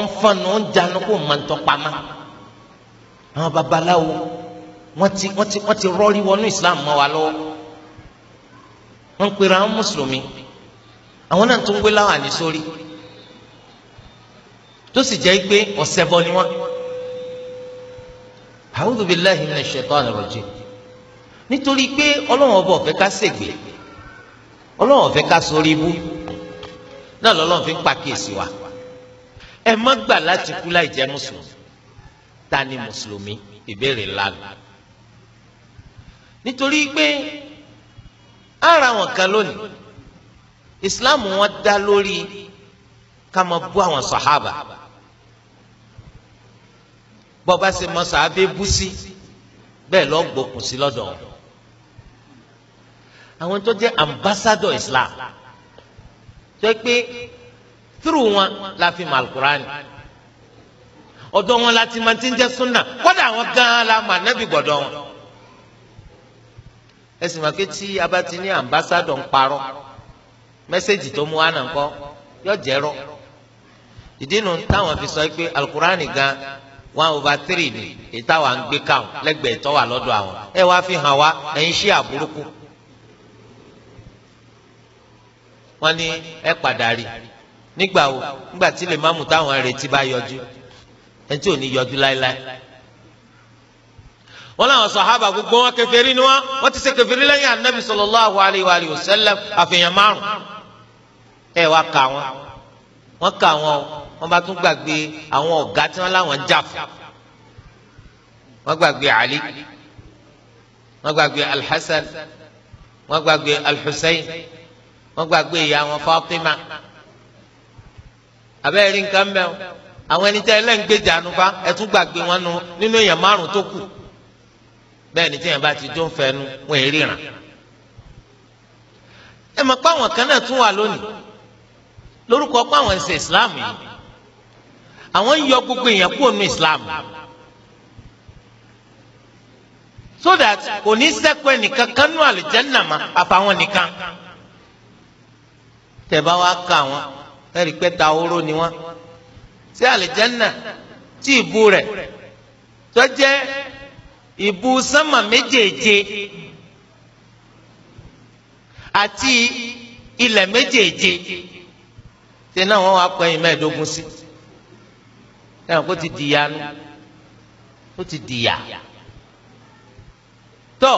Speaker 1: ń fọnù ń janu kó máa ń tọpamọ àwọn babaláwo wọn ti wọn ti wọn ti rọrí wọnú islam mọ wa lọ́wọ́ wọn pera àwọn mùsùlùmí àwọn náà tún gbé láwọn àní sórí tó sì jẹ́ pé ọ̀sẹ̀ bọ ni wọn. a'udhu billahi minash shaitani rajim nítorí pé ọlọ́run ọba ọ̀fẹ́ ká ṣègbè ọlọ́run ọ̀fẹ́ ká sórí ibú náà lọ́lọ́run fi ń pàkíyèsí wa ẹ má gbà láti kú láì jẹ́ mùsùlùmí ta ni mùsùlùmí ìbéèrè lánàá nítorí pé ara wọn kan lónìí islam wọn dá lórí ká máa bú àwọn sàhábà bọba ṣe mọ sàábé bú sí bẹ́ẹ̀ lọ gbókùn sí lọ́dọ̀ àwọn tó jẹ́ ambassador islam. islam sọ pé tírù wọn la fi mọ alukurani ọ̀dọ̀ wọn la ti máa ti ń jẹ súnà kódà àwọn gan la mọ anabi gbọ́dọ̀ wọn ẹsìn máa ké tí a bá ti ní ambassadọ ń parọ́ mẹsẹgì tó mú wa nà ń kọ yọ jẹrọ ìdí nu táwọn fi sọ pé alukurani gan one over three ni èyí táwa ń gbé káwọn lẹ́gbẹ̀ẹ́ tọwà lọ́dọ̀ àwọn ẹ wá fi hàn wá ẹ ń ṣe àbúrúkú. wọ́n ní ẹ padà rí nígbà wo nígbà tí lè má mú táwọn retí bá yọjú ẹni tí ò ní yọjú láéláé wọn làwọn sọhábà gbogbo wọn kèfèrí ni wọn wọn ti ṣe kèfèrí lẹ́yìn anabi sallallahu alayhi wa alihi wa sallam àfihàn márùn ẹ wá kà wọn wọn kà wọn o wọn bá tún gbàgbé àwọn ọ̀gá tí wọn láwọn ń wọn gbàgbé ali wọn gbàgbé alhassan wọn gbàgbé alhussein wọ́n gbàgbé ìyá wọn Fatima abẹ́rẹ́ rí nǹkan mẹ́wọ́ àwọn ẹni tẹ́ ẹlẹ́ǹgbèjà nufa ẹ̀tún gbàgbé wọn nu nínú èèyàn márùn tó kù bẹ́ẹ̀ ni tíyẹn bá ti jó ń wọn èríran ẹ mọ̀ pé àwọn kan náà tún wà lónìí lórúkọ pé àwọn ń Islam yìí àwọn ń yọ gbogbo èèyàn kúrò nínú Islam so that kò ní sẹ́kọ̀ẹ́ nìkan kan nínú àlùjànnà àfàwọn nìkan tẹ̀bá wa kà wọ́n ẹ̀rí pé ta oró ni wọ́n sí àlìjẹ́nà tí ìbú rẹ̀ tó jẹ́ ìbú sánmà méjèèje àti ilẹ̀ méjèèje ṣe náà wọ́n wá pẹ́yìn mẹ́ẹ̀ẹ́dógún sí ẹ̀rọ kó ti dìyà nu ó ti dìyà tó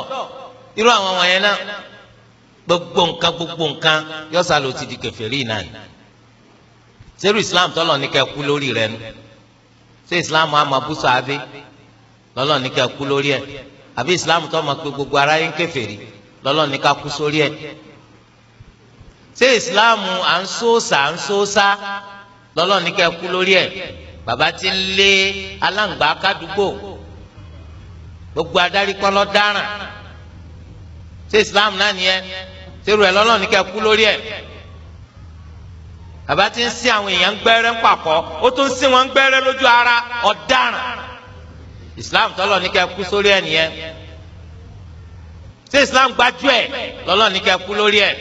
Speaker 1: irú àwọn wọ̀nyẹn náà gbogbo nǹkan gbogbo nǹkan yọ́sà ló ti di kèfèrí náà ni sẹ́rù islam tọ́lọ̀ ní kẹ́ kú lórí rẹ nu ṣé islam àmọ́ abúṣọ abé lọ́lọ́ ní kẹ́ kú lórí ẹ̀ àbí islam tọ́ ma pé gbogbo aráyé ń kèfèrí lọ́lọ́ ní ká kú sórí ẹ̀ ṣé islam à ń sóòsà à ń sóòsà lọ́lọ́ ní kẹ́ kú lórí ẹ̀ bàbá ti ń lé aláǹgbá kádùúgbò gbogbo adarí kọ́ lọ́ dáràn ṣé islam náà nìyẹn ṣé irú ẹ̀ lọ́lọ́run ní kẹ́ kú lórí ẹ̀ bàbá ti ń sin àwọn èèyàn gbẹ́rẹ́ ń pàkọ́ ó tún ń sin wọn gbẹ́rẹ́ lójú ara ọ̀daràn islam tọ́lọ̀ ní kẹ́ kú sórí ẹ̀ nìyẹn ṣé islam gbájú ẹ̀ lọ́lọ́run ní kẹ́ lórí ẹ̀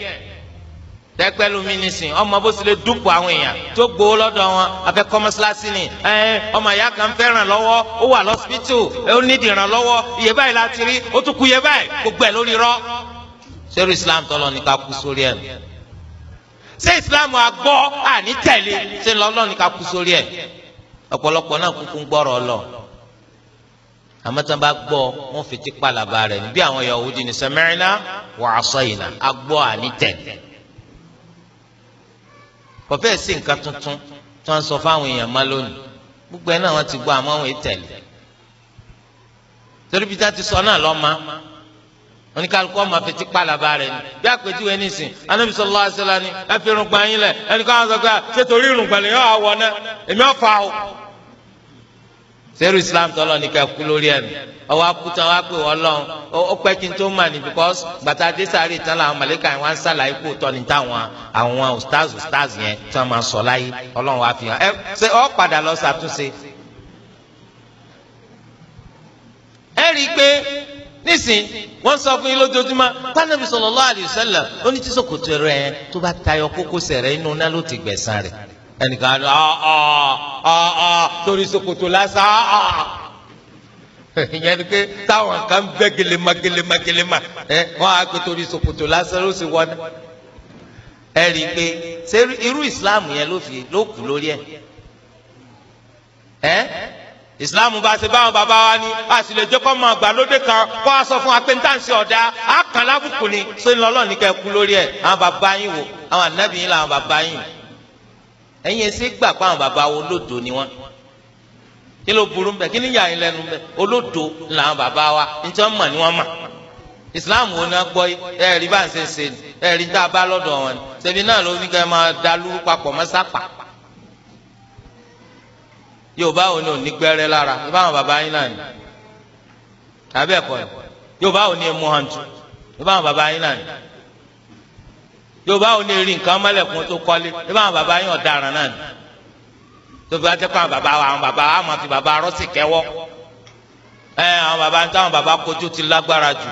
Speaker 1: tẹ́pẹ́ lómi nísìn ọmọ bó sì lè dúpọ̀ àwọn èèyàn tó gbowó lọ́dọ̀ wọn afẹ́ kọ́mọ́síláṣí ni ọmọ ìyá kan fẹ́ràn lọ́wọ́ ó wà lọ́sibítù ó nídìí ràn lọ́wọ́ iye báyìí láti rí ó tún kú iye báyìí gbogbo ẹ̀ lórí rọ́ sẹ́rù islam tọ́lọ́ ní ká kú sórí ẹ̀ ṣé islam àgbọ́ àní tẹ̀lé ṣé lọ́lọ́ ní ká kú sórí ẹ̀ ọ̀pọ̀lọpọ̀ náà kúkú ń gbọ́rọ̀ ọlọ́ àmọ́ tí wọ́n bá gbọ́ wọ́n fi tipa làbá rẹ̀ níbi àwọn Yahudi wa asayna àgbọ́ àní kò fẹ́ẹ̀ sí nǹkan tuntun tí wọ́n sọ fáwọn èèyàn má lónìí gbogbo ẹ̀ náà wọ́n ti gbọ́ àmọ́ àwọn ètẹ̀lé torí bí tá ti sọ náà lọ́ ma oníkálukú ọmọ afetí kpalaba rẹ ni bí àpèjúwe nísìn anabi sallallahu alaihi wasallam ni ẹ fi irun gbanyin lẹ ẹnì kan sọ pé ṣètò orí irun gbanyin yóò wọ náà èmi ọ̀fà o sẹ́rù islam tọ́lọ̀ ní ká kú lórí ẹ̀mí ọwọ́ akútan wá pè wọ́n lọ́n ó pẹ́ kí n tó mà ní because gbàtà dé sáré tán làwọn mọ̀lẹ́kà yẹn wá ń sàlàyé kó tọ́ ní táwọn àwọn ustaz ustaz yẹn tí wọ́n máa sọ láyé ọlọ́run wá fi hàn ẹ ṣe ọ́ padà lọ ṣàtúnṣe. ẹ rí i pé nísìn wọ́n sọ fún yín lójoojúmọ́ pánàbí sallallahu alaihi wasallam ó ní tí sòkòtò rẹ̀ tó bá tayọ kókósẹ̀ rẹ̀ inú náà ló ti gbẹ̀san rẹ̀ ẹnìkan ọ ọ ọ ọ torí ṣòkòtò lásán ọ ah, ọ ah, ah. ìyẹn ni pé táwọn kan bẹ gelema gelema gelema ẹ wọn á pé torí ṣòkòtò lásán ló sì wọná ẹ rí i pé ṣé irú islam yẹn ló fi ló kù lórí ẹ ẹ islam bá ṣe báwọn bàbá wa ni a sì lè jẹ́ kó máa gbà lóde kan kó a sọ fún wa pé n tàǹsì ọ̀dà a kàn lábùkù ni ṣé ńlọ́lọ́ ní kú lórí ẹ àwọn bàbá yín wò àwọn ànábì làwọn bàbá yín wò. ẹ̀yin ẹsẹ̀ gbà pé àwọn baba wo lodo ni wọ́n kí ló burú bẹ́ẹ̀ kí ni yà yín lẹ́nu bẹ́ẹ̀ olódò làwọn wa nítorí wọ́n ni islam wo náà gbọ́ ẹ rí bá ń ṣe ṣe ẹ rí tá a bá lọdọ wọn ni ṣebí náà ló ní kẹ́ máa da yorùbá wo ni ò ní gbẹ́rẹ́ lára ìbáwọn baba yín náà ni tàbí ni hàn yorùbá ò ní rí nǹkan mọ́lẹ̀kùn tó kọ́lé tó bá àwọn bàbá yín ọ̀daràn náà ni tó bá jẹ́ àwọn bàbá àwọn bàbá wa máa fi bàbá arọ́sì kẹ́wọ́ ẹ àwọn bàbá táwọn bàbá kojú ti lágbára jù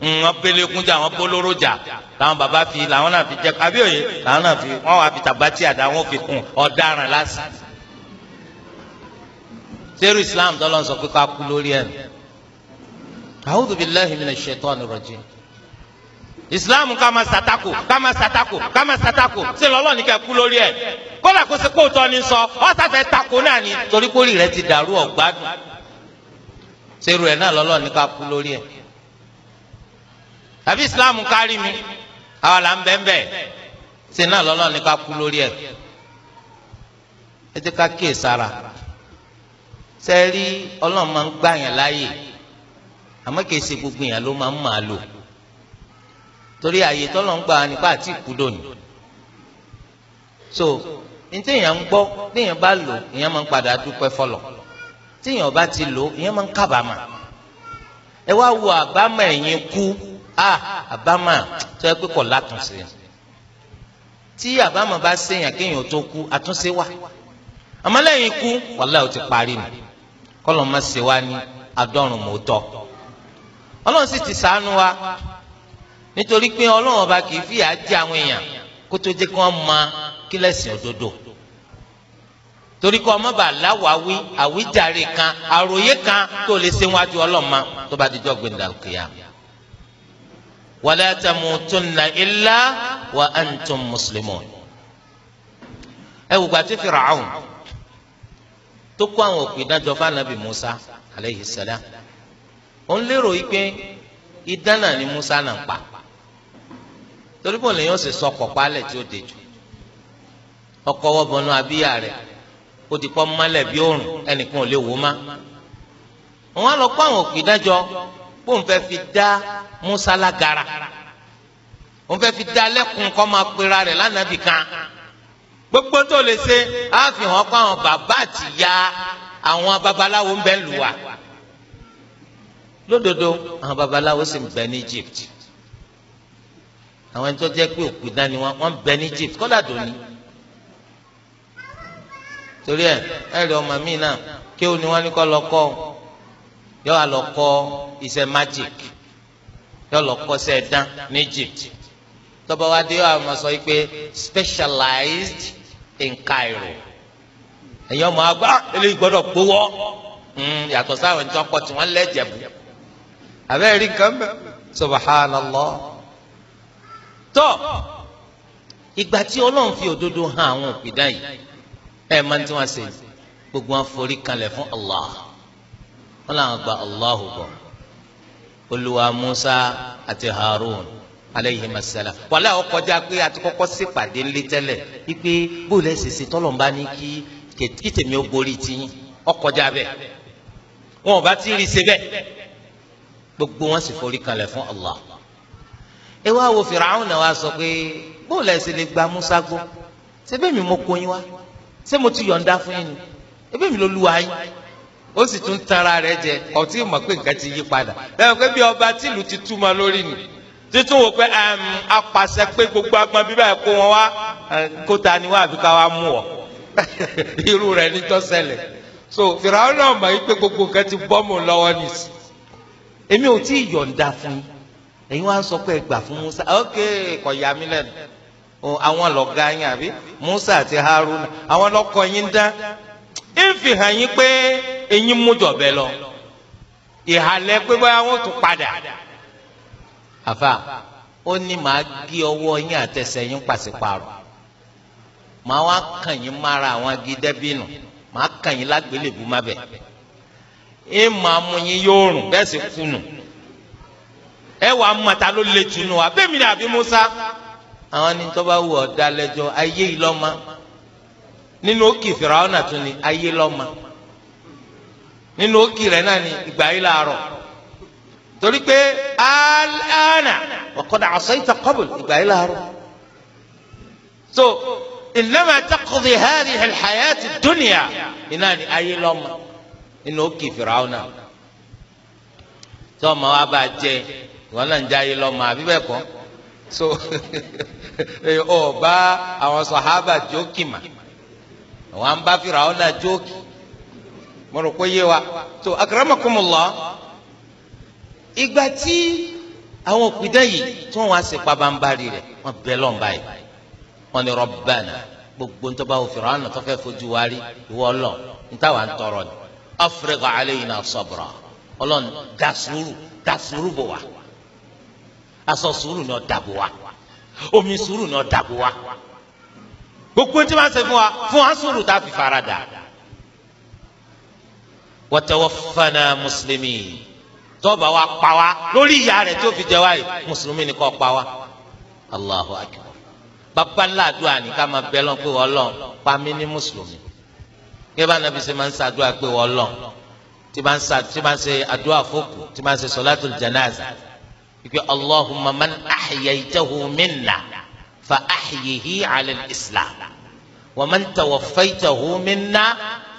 Speaker 1: hmm, wọn pélékún jà wọn polówó jà làwọn bàbá fi làwọn náà fi jẹ àbí òye làwọn náà fi wọn wà fi tàbátì àdá wọn fi kún ọ̀daràn lásán sẹ́rù islam tọ́lọ́ sọ pé ká kú lórí ẹ̀ a'udhu billahi minash shaitani rajim islam ká máa kama ká kama sàtakò ká máa sàtakò ṣe lọ́lọ́ ní kẹ́ kú lórí ẹ̀ kódà kó ṣe kóòtọ́ ní sọ ọ̀sàfẹ́ takò náà ni torí kórì rẹ ti dàrú ọ̀gbádùn ṣerú ẹ̀ náà lọ́lọ́ ní ká kú lórí ẹ̀ àbí islam kárí mi àwọn là ń bẹ́ẹ̀ bẹ́ẹ̀ ṣe náà lọ́lọ́ ní ká kú lórí ẹ̀ ẹ jẹ́ ká kíyè sára ṣe rí ọlọ́run máa ń gbà yẹn láàyè àmọ́ kìí ṣe gbogbo yẹn ló máa ń máa lò torí àyè tọ́lọ̀ ń gbà nípa àti ìkúdò ni so ntẹ̀yàn ń gbọ́ téèyàn bá lò ìyẹn máa ń padà dúpẹ́ fọlọ̀ téèyàn bá ti lò ìyẹn máa ń kábàámà ẹ wá wo àbámà ẹ̀yìn kú a àbámà tó yẹ pé kọ̀ látúnṣe tí àbámà bá ṣèyàn kéèyàn tó kú àtúnṣe wà àmọ́ lẹ́yìn ikú wàhálà ó ti parí ni kọ́lọ́ máa ṣe wá ní adọ́rùn mọ́tọ́ ọlọ́run sì ti ṣàánú wa nítorí pé ọlọ́run ọba kì í fìyà jẹ àwọn èèyàn kó tó jẹ́ kí wọ́n mọ kílẹ̀sìn òdodo torí kọ́ ọmọ bá láwàáwí àwíjàre kan àròyé kan tó lè ṣe wájú ọlọ́mọ tó bá dijọ́ gbẹ̀ndà kìá. wala tamutunna illa wa antum muslimun. ẹ wùgbà tí Fir'aun tó kó àwọn òkú ìdájọ fáànàbì Musa aleyhi salam òun lérò yìí pé idán ni Musa náà pa torí bò lèyìn ó sì sọ ọkọ̀ pálẹ̀ tí ó dejò ọkọ̀ wọ́bọnú abíyá rẹ̀ ó ti pọ́ mọ́lẹ̀ bí òrùn ẹnìkan ò lè wò má wọn á lọ kó àwọn òkú ìdájọ́ pé òun fẹ́ fi dá Musa lágara òun fẹ́ fi dá lẹ́kùn kọ́ máa pera rẹ̀ lánàbì kan gbogbo tó lè ṣe á fi hàn kó àwọn bàbá àti ya àwọn babaláwo ń bẹ lù lódodo àwọn babaláwo sì ń bẹ ní Egypt àwọn ẹni tó jẹ́ pé òkúta ni wọ́n ń bẹ ní Egypt kọ́lá dòní. torí ẹ ẹ rí ọmọ mi náà kí ó ní wọ́n ní kọ́ lọ kọ́ yọ àlọ́ kọ́ iṣẹ́ magic yọ lọ kọ́ sẹ́ dán ní Egypt tọ́ba wa dé yọ àwọn sọ pé specialized in Cairo ẹ̀yin ọmọ àgbà eléyìí gbọ́dọ̀ gbowó hmm, yàtọ̀ sáwọn ẹni tó ń kọ́ tí wọ́n lẹ́jẹ̀ bù abẹ́rẹ́ rí nǹkan bẹ́ẹ̀ subhanallah tọ́ ìgbà tí ọlọ́run fi òdodo hàn àwọn òpìdá yìí ẹ̀ máa ń tí wọ́n ṣe gbogbo wọn forí fún Allah wọn làwọn gba Allahu bọ̀ olúwa Musa àti Harun aleyhi masala wàlẹ́ àwọn kọjá pé àti kọ́kọ́ sípàdé ńlé tẹ́lẹ̀ wípé bóòlù ẹ̀ ṣèṣe tọ́lọ̀mbá ní kí kí tèmi ó borí tiyín ọkọjá bẹ́ẹ̀ wọn ò bá ti rí i ṣe bẹ́ẹ̀ gbogbo wọn sì forí kalẹ̀ fún Allah ẹ wá wo fìràhùn náà wá sọ pé bóòlù ẹ̀sìn lè gba Musa gbọ́ ṣé mi mo kó yín wá mo ti yọ̀ǹda fún yín ni ebí mi ló lu ayín ó sì tún tara rẹ̀ jẹ ọtí mọ̀ pé nǹkan ti yí padà lẹ́yìn pé bí ọba tìlù ti tú ma lórí nù títún wò pé apàṣẹ pé gbogbo agbọn bíbá ẹ̀ kó wọn wá kó ta ni wá àbí ká wá mú ọ irú rẹ̀ ní tó so fìràwọ́n náà mọ̀ yí pé gbogbo nǹkan ti bọ́ mọ̀ lọ́wọ́ nìsí èmi ò tí ì yọ̀ǹda fún yín ẹ̀yin wá ń sọ pé ẹ gbà fún Musa ok kò yà mí lẹ́nu àwọn lọ́gá yín àbí Musa àti Haruna àwọn lọ́kọ yín dán ń fi hàn yín pé ẹ̀yin mú jọ̀bẹ lọ ìhàlẹ̀ pé báyà wọ́n tún padà àfà ó ní màá gé ọwọ́ yín àtẹsẹ̀ yín pàṣípààrọ̀ màá wá kàn yín mára àwọn agídẹ́bìnú màá kàn yín lágbélébùú má ẹ màá mú yín yóò rùn bẹ́ẹ̀ sì kùnù ẹ wà á mọ̀ta ló lè tunu wa bẹ́ẹ̀ mi ni àbí Musa àwọn ni tó bá wù ọ́ dá ayé yìí lọ́mọ nínú òkè Fìràwọ́nà tún ni ayé lọ́mọ nínú òkè rẹ̀ náà ni ìgbà yìí làárọ̀ torí pé alana ọ̀kọ́dà àṣeyìntà kọ́bùl ìgbà yìí làárọ̀ so ìnáma takùdì hàdì ẹ̀lḥayàtì dúnìyà iná ni ayé lọ́mọ nínú òkè Fìràwọ́nà tó ọmọ wa bá jẹ́ wọn náà ń já yìí lọ́mọ àbí bẹ́ẹ̀ kọ́ so ọ bá àwọn sọ̀hábà jókì mà wọn à ń bá fìrà wọn náà jókì mo rò pé yé wa tó akramakumullah ìgbà tí àwọn òpìdán yìí tí wọn wá sí pabambari rẹ wọn bẹ lọ́nba yìí wọn ni Rabbana gbogbo ń tọ́ba òfìrà wọn tó fẹ́ fojú wa ìwọ lọ ń táwa ń tọrọ ni afrigh alayna sabra ọlọ́run dá dasuru dá sùúrù bò wá aṣọ sùúrù ni ọ̀dà bò wá omi sùúrù ni ọ̀dà bò wá gbogbo tí wọ́n ṣe fún wa fún wa sùúrù tá a fi fara dà wa tawaffana mùsùlùmí tọ́ba wa pa wá lórí ìyá rẹ̀ tó fi jẹ wá yìí mùsùlùmí ni kò pa wá Allahu akbar bàbá ńlá àdúrà ní ká máa bẹ lọ́n pé wọ́n lọ́n pa mí ní mùsùlùmí kí bá nàbí ṣe máa ń ṣe pé wọ́n lọ́n tí máa ń ṣe àdúrà fókù tí máa ń ṣe sọ̀látùl jánásà ìpè allahumma man ahyaytahu minna fa ahyihi ala islam wa man tawaffaytahu minna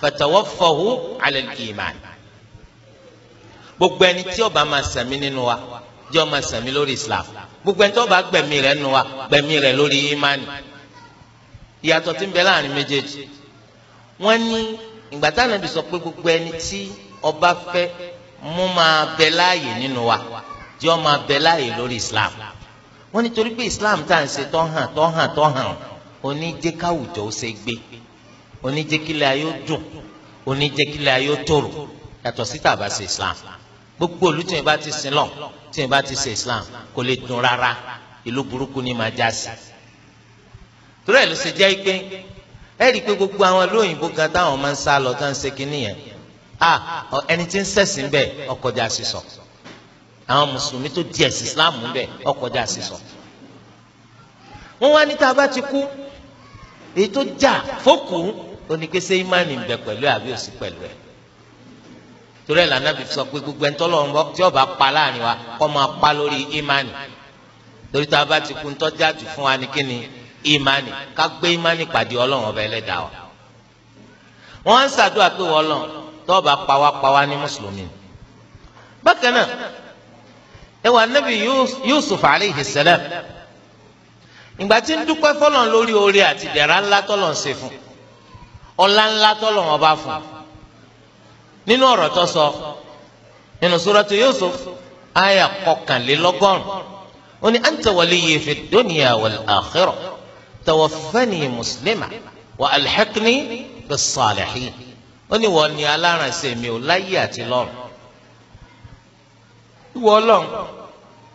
Speaker 1: fa tawaffahu ala iman gbogbo ẹni tí ó bá máa sẹ̀mí nínú wa jẹ́ ó máa sẹ̀mí lórí islam gbogbo ẹni tí ó bá gbẹ̀mí rẹ̀ nínú wa gbẹ̀mí rẹ̀ lórí imani ìyàtọ̀ tí ń bẹ láàrin méjèèjì wọ́n ní ìgbà táwọn ẹbí sọ pé gbogbo ẹni tí ó fẹ́ mú máa bẹ láàyè nínú wa jẹ́ ọmọ abẹ lórí islam wọ́n nítorí pé islam tá à ń ṣe tọ́hàn tọ́hàn tọ́hàn oníjẹ́káwùjọ ó ṣe gbé oníjẹ́kílẹ̀ ayé ó dùn oníjẹ́kílẹ̀ ayé ó tòrò yàtọ̀ sí tàbá ṣe islam gbogbo olú tí wọn ti sin lọ tí ti ṣe islam kò lè dùn rárá ìlú burúkú ni máa já sí. torí ẹ̀ ló ṣe jẹ́ pé ẹ rí i pé gbogbo àwọn lóyìnbó gan táwọn máa ń sá lọ tán ṣe kínní yẹn ah, ẹni tí ń ṣẹ̀sìn bẹ́ẹ̀ ọkọjà sísọ. So àwọn mùsùlùmí tó di ẹ̀sìn islam ń bẹ̀ ọkọjá sísọ. wọ́n wá níta bá ti kú èyí tó jà fókù onígbèsè ìmánì ń bẹ pẹ̀lú àbí òsì pẹ̀lú ẹ̀ torí ẹ̀ lànà fi sọ pé gbogbo ẹni tọ́lọ́run bọ́ tí ọba pa láàrin wa kọ́ máa pa lórí ìmánì torí tá a bá ti kú ń tọ́jà jù fún wa ní kíni ìmánì ká gbé ìmánì pàdé ọlọ́run ọba ẹlẹ́dàá wa wọ́n á ń ṣàdúrà pé wọ́n lọ tọ́ọ̀bà pawápawá ní mùsùlùmí bákan náà ẹ wà nabi yusuf aleyhi salam ìgbà tí ń dúpẹ́ fọlọ́n lórí oore àti ìdẹ̀ra ńlá tọ́lọ̀ ń ṣe fún ọlá ńlá tọ́lọ̀ wọn bá fún nínú ọ̀rọ̀ tó sọ nínú suratu yusuf aya kọkànlélọ́gọ́rùn ó ní anta waliyyi fi dunya wal akhirah tawaffani muslima wa alhiqni bis salihin ó ní wọ́n ní alárànṣẹ́ mi ò láyé àti lọ́run ìwọ ọlọ́run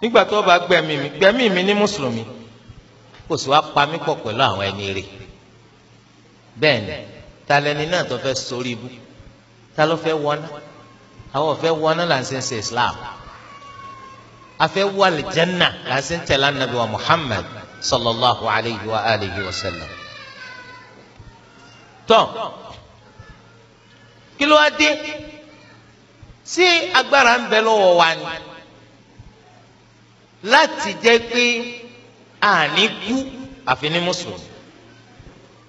Speaker 1: nígbà tó bá gbẹ̀mí mi gbẹ̀mí mi ní mùsùlùmí kò sì wá pa mí pọ̀ pẹ̀lú àwọn ẹni rè bẹ́ẹ̀ ni talẹ́ni náà tó fẹ́ sórí ibú ta ló fẹ́ wọná àwọn fẹ́ wọná là ń sẹ́ sẹ́ Islam afẹ́ wọ alìjẹ́nà là ń sẹ́ ń tẹ̀lé anabi wa Muhammad sallallahu alayhi wa alihi wa sallam tọ́ kí ló wá dé sí agbára ń bẹ lọ́wọ́ wa ni láti jẹ́ pé àní kú àfi ní mùsùlùmí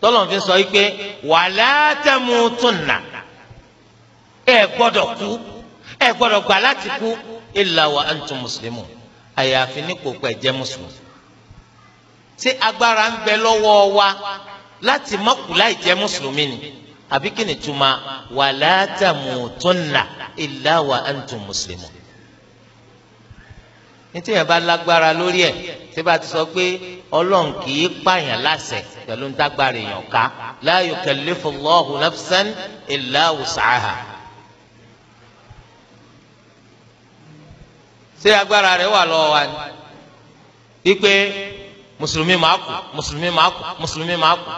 Speaker 1: tọ́lọ̀ fi sọ pé wàlá tamutunna ẹ gbọ́dọ̀ kú ẹ gbọ́dọ̀ gbà láti kú illa wa antum muslimun àyàfi ní kò pẹ́ jẹ́ mùsùlùmí ṣé agbára ń bẹ lọ́wọ́ wa láti má kú láì jẹ́ mùsùlùmí ni àbí kí ni tuma wàlá tamutunna illa wa antum muslimun nítorí yẹn bá lágbára lórí ẹ̀ tí bá ti sọ pé ọlọ́run kì í pààyàn láṣẹ pẹ̀lú ń dágbára èèyàn ká la yukallifullahu nafsan illa wus'aha. ṣé agbára rẹ̀ wà lọ́wọ́ wa ni wípé mùsùlùmí máa kú mùsùlùmí máa kú mùsùlùmí máa kú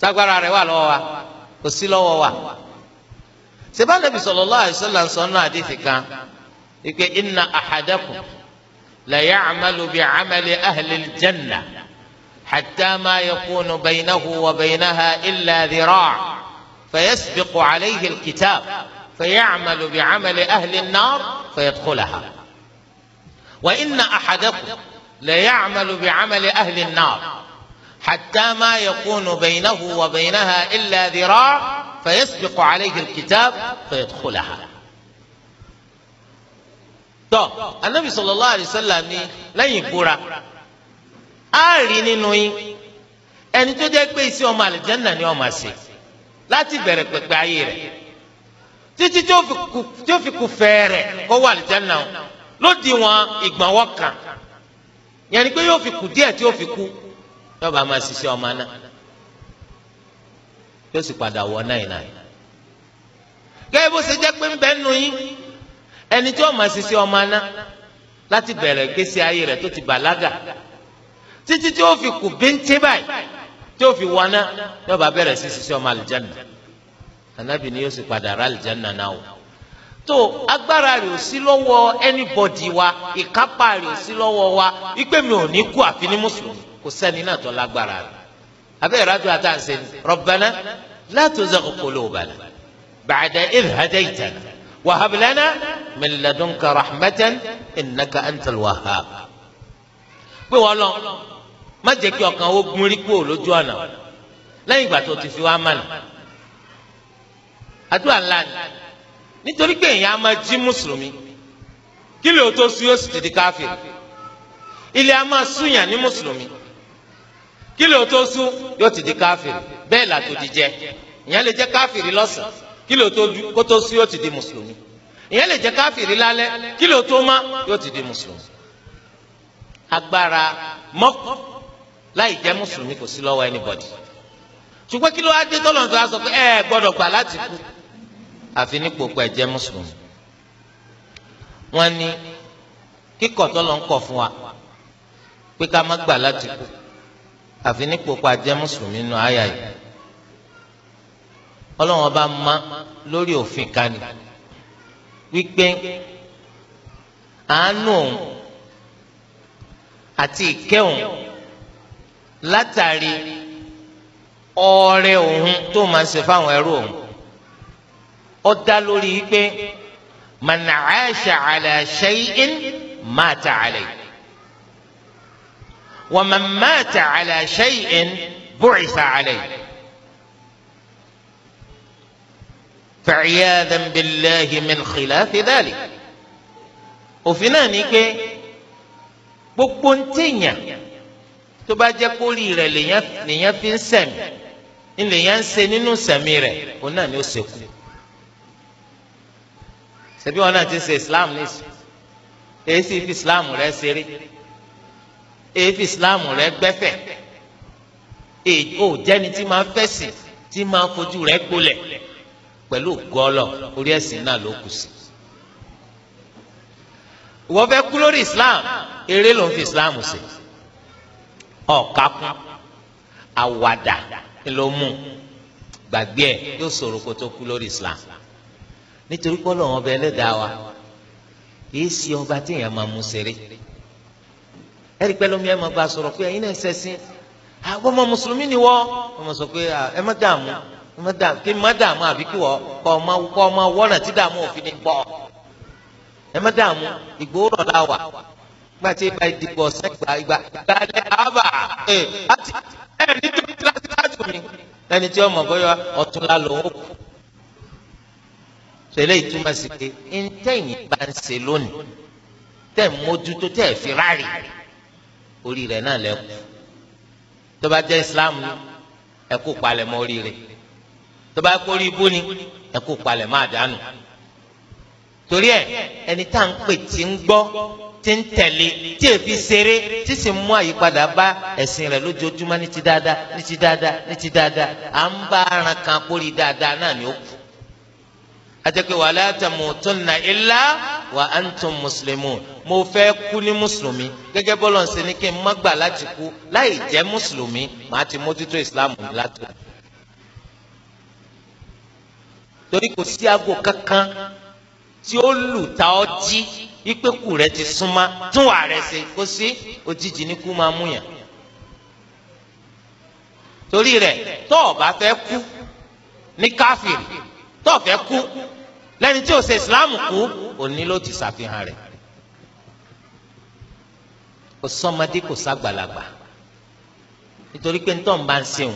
Speaker 1: ṣágbára rẹ̀ wà lọ́wọ́ wa kò sí lọ́wọ́ wa. ṣé bá Nabi sallallahu alaihi wasallam sọ́nà àdìsí kan. إن inna ahadakum la ya'malu bi 'amali ahli al-janna hatta ma yakunu bainahu فيسبق عليه الكتاب فيعمل بعمل أهل النار فيدخلها وإن أحدكم ليعمل بعمل أهل النار حتى ما يكون بينه وبينها إلا ذراع فيسبق عليه الكتاب فيدخلها tọ́ anabi sallallahu alaihi wasallam ní lẹ́yìn ìbúra á rí nínú yín ẹni tó jẹ́ pé iṣẹ́ ọmọ àlìjẹ́nà ni ó máa ṣe láti bẹ̀rẹ̀ pẹ̀pẹ̀ ayé rẹ̀ títí tó fi kú fẹ́ẹ̀rẹ̀ kó wà àlìjẹ́nà o lódì wọn ìgbọ̀nwọ́ kan yẹn ni pé yóò fi kú díẹ̀ tí yóò fi kú yóò bá máa ṣiṣẹ́ ọmọ náà yóò sì padà wọ náà náà gẹ́gẹ́ bó ṣe jẹ́ pé ń bẹ́ẹ̀ nù yín ẹni tí ọmọ sisi ọmọ aná láti bẹ̀rẹ̀ gbèsè ayé rẹ̀ tó ti bàlágà títí tí ó fi kù bíntín báyìí tí ó fi wọná yóò bá bẹ̀rẹ̀ sí sisi ọmọ alìjánná anabi ni yóò sì padà ra alìjánná náà o tó agbára rẹ̀ ò sí lọ́wọ́ anybody wa ìkápá rẹ̀ ò sí lọ́wọ́ wa ipe mi ò ní kú àfi ní mùsùlùmí kò sẹ́ni náà tó lágbára rẹ̀ abẹ́rẹ́ rájò àtàǹsẹ̀ rabbana la tuzigh qulubana ba'da idh hadaytana wahab lana min ladunka rahmatan innaka antal wahab pé wọ́n lọ má jẹ́ kí ọkàn ó gun rí kúrò lójú ọ̀nà lẹ́yìn ìgbà tó ti fi wá mànà àdúrà ńlá ni nítorí pé èèyàn á máa jí mùsùlùmí kí lè tó sùn yóò sì ti di káfíìn ilé a máa súnyàn ní mùsùlùmí kí lè tó sùn yóò ti di káfíìn bẹ́ẹ̀ làtò di jẹ ìyẹn lè jẹ káfíìn lọ́sàn kí ló tó kó tó sí yóò ti di mùsùlùmí ìyẹn lè jẹ́ káfíìrì lálẹ́ kí ló tó má yóò ti di mùsùlùmí agbára mọ́kù láì jẹ́ mùsùlùmí kò sí lọ́wọ́ anybody ṣùgbọ́n kí ló wá dé tọ́lọ̀ tó a sọ pé ẹ gbọ́dọ̀ gbà láti kú àfi nípò pé ẹ jẹ́ mùsùlùmí wọ́n ní kíkọ̀ tọ́lọ̀ ń kọ̀ fún wa pé ká má gbà láti kú àfi nípò pé a jẹ́ mùsùlùmí nù áyà yìí ọlọ́run ọba ma lórí òfin kan wípé àánú òun àti ìkẹ́ òun látàrí ọrẹ òun tó máa ń ṣe fáwọn ẹrú òun ó dá lórí wípé man 'asha 'ala shay'in mata 'alayhi wa man mata 'ala shay'in bu'itha 'alayhi. fa'iyadha billahi min khilafi dhalik òfin náà ní pé gbogbo ń tèèyàn tó bá jẹ́ kórì rẹ̀ lèèyàn fi ń sẹ̀mí ní lèèyàn ń ṣe nínú sẹ̀mí rẹ̀ òun náà ni ó ṣekú ṣebí wọn náà ti ṣe islam nísìn èyí fi islam rẹ̀ ṣeré èyí islam rẹ̀ gbẹ́fẹ̀ èyí jẹ́ni tí máa fẹ̀sìn tí máa fojú rẹ̀ gbolẹ̀ pẹ̀lú gọ́ọ̀lọ̀ orí ẹ̀sìn náà ló kù sí. ìwọ fẹ́ kú lórí islam eré ló ń fi islam ṣe ọ̀kákún àwàdà ló mú gbàgbé ẹ̀ yóò ṣòro kó tó kú lórí islam nítorí pọ́lọ́ wọn bẹ ẹlẹ́dàá wa èyí sí ọba téèyàn máa mú ṣeré ẹ̀rí pẹ́ lómi ẹ̀ máa bá a sọ̀rọ̀ pé ẹ̀yin náà ṣẹ̀sìn àwọn ọmọ mùsùlùmí ni wọ́n ọmọ sọ pé ẹ má dààmú kí má dààmú àbí kí wọ́ kọ́ ọmọ kọ́ ọmọ wọ́nà tí dààmú òfin ni gbọ́ ẹ má dààmú ìgbòho rọ̀ la wà gba tí ìgbà ìdìbò ọ̀sẹ̀ gba ìgbà ìgbàlẹ̀ àbà ẹ àti ẹ nítorí láti láti mi ẹni tí ọmọ bọ́yọ ọ̀tún la lòun kù sẹlẹ̀ ìtumọ̀ sí pé ntẹ̀yìn bá ń ṣe lónìí tẹ̀ mójútó tẹ̀ fi orí rẹ̀ náà lẹ́kù tó bá jẹ́ Islam ẹ kó palẹ̀ mọ́ orí rẹ̀ tọba kórìí ibú ni ẹ kó palẹ̀ máa dànù torí ẹ ẹni tá à ń pè tí ń gbọ́ tí ń tẹ̀lé tí èfi ṣeré tí sì ń mú àyípadà bá ẹ̀sìn rẹ̀ lójoojúmọ́ ní ti dáadáa ní ti dáadáa ní ti dáadáa à ń bá aran kan kórì dáadáa náà ni ó kù. àtẹ̀kẹ́ wala tamutunna illa wa antum muslimun mo fẹ́ kú ní mùsùlùmí gẹ́gẹ́ bọ́lọ̀ ń ṣe kí n má gbà láti kú láì jẹ́ mùsùlùmí màá ti mójútó ìsìláàmù látọ̀ torí kò sí aago kankan tí ó lù tá ọ jí ìpẹ́kù rẹ ti súnmá tún wà rẹ ṣe kó sí òjijì ní kú máa mú yàn torí rẹ tó o bá fẹ́ kú ní káfíìrì tó o fẹ́ kú lẹ́ni tí o ṣe ìsìláàmù kú òní ló ti ṣàfihàn rẹ̀ kò sọmọdé kò sàgbàlagbà nítorí pé ntọ́ ń bá ń ṣeun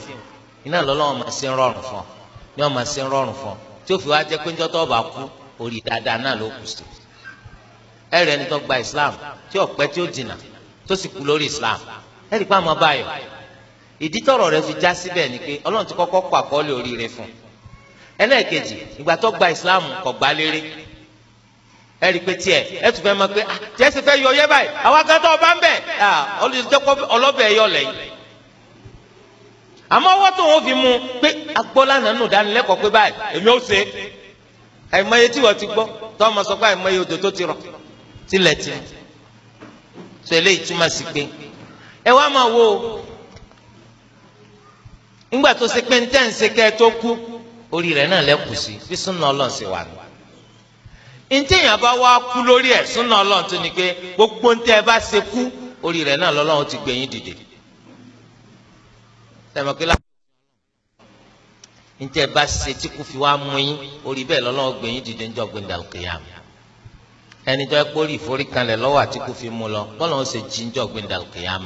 Speaker 1: iná lọ́lọ́wọ́ máa ṣe ń rọrùn fún ọ ní ọ máa ṣe ń rọrùn fún ọ tí ó fi wá jẹ́ pé ńjọ́ tó bá kú orí dáadáa náà ló sí ẹrẹ tó gba islam tí ọpẹ́ tí ó dìnà tó sì kú lórí islam ẹrí pa báyọ ìdí rẹ̀ fi já síbẹ̀ ni pé Ọlọ́run ti kọ àkọọlẹ oríire fún ìgbà tó gba islam gbá léré ẹrí pé pé ah, yọ yẹ báyìí àwọn akẹtọ ọba ń ah, ọlọbẹ yọ àmọ́ ọwọ́ tó wọn fi mu pé agbọ́lá nànú dánilẹ́kọ̀ọ́ pé báyìí èmi ò ṣe àìmọye tí wọ́n ti gbọ́ tọ́ ọmọ sọ pé àìmọye odò tó ti rọ̀ tilẹ̀ ti rọ̀ sọ eléyìí sí pé ẹ wá máa wo ngba tó ṣe pé ntẹ́ ń kẹ́ ẹ tó kú orí rẹ̀ náà lẹ́kù sí súnà wà kú lórí ẹ̀ súnà pé gbogbo ntẹ́ bá ṣe orí rẹ̀ sẹ́mi kí lápò ntẹ bá ṣe tí kò fi wá mú yín orí bẹ́ẹ̀ lọ́lọ́wọ́ gbẹ̀yìn dìde ń jọ gbẹ̀ndà kìyàm ẹni tó ẹ kórì ìforíkanlẹ̀ lọ́wọ́ àti kò fi mú lọ bọ́lá ń ṣe jí ń jọ gbẹ̀ndà kìyàm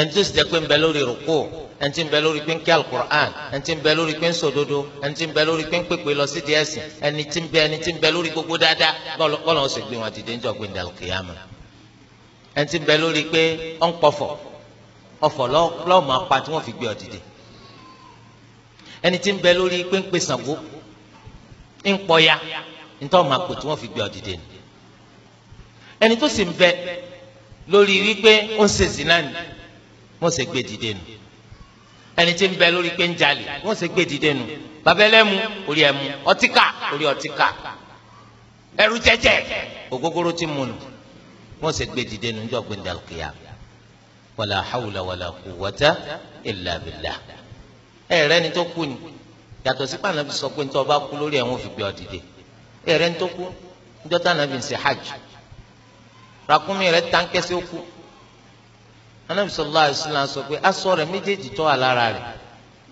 Speaker 1: ẹni tó sì jẹ́ pé ń bẹ lórí rúkú ẹni tí ń bẹ lórí pé ń kí alukur'an ẹni tí ń bẹ lórí pé ń sòdodo ẹni tí ń bẹ lórí pé ń pèpè lọ sí di ẹ̀sìn ẹni tí ń bẹ ẹni tí ń bẹ lórí gbogbo dáadáa bọ́lá ọ̀fọ̀ lọ́ọ̀ máa pa tí wọ́n fi gbé ọ dìde ẹni tí ń bẹ lórí péńpé Ṣàngó ń pọya nítorí ọmọ àpò tí wọ́n fi gbé ọ dìde ni ẹni tó sì ń bẹ lórí wípé ó ń ṣe zina ni wọ́n ṣe gbé dìde nu ẹni tí ń bẹ lórí pé ń jalè wọ́n ṣe gbé dìde nu babẹlẹmu orí ẹmu ọtíkà orí ọtíkà ẹrú jẹjẹ ògógóró tí mu nù wọ́n ṣe gbé dìde nu níjọ́ gbẹndàlùkìyà wàlà hawla wàlà quwwata illa billah ẹ rẹ ni tó kú ni yàtọ̀ sí pàànà fi sọ pé nítorí ọba kú lórí ẹ̀wọ̀n fi gbé ọ dìde ẹ rẹ ni tó kú níjọ́ táwọn fi ń ṣe hajj ràkúnmí rẹ táǹkẹ́sẹ́ ó kú anabi sallallahu alaihi wasallam sọ pé aṣọ rẹ̀ méjèèjì tó wà lára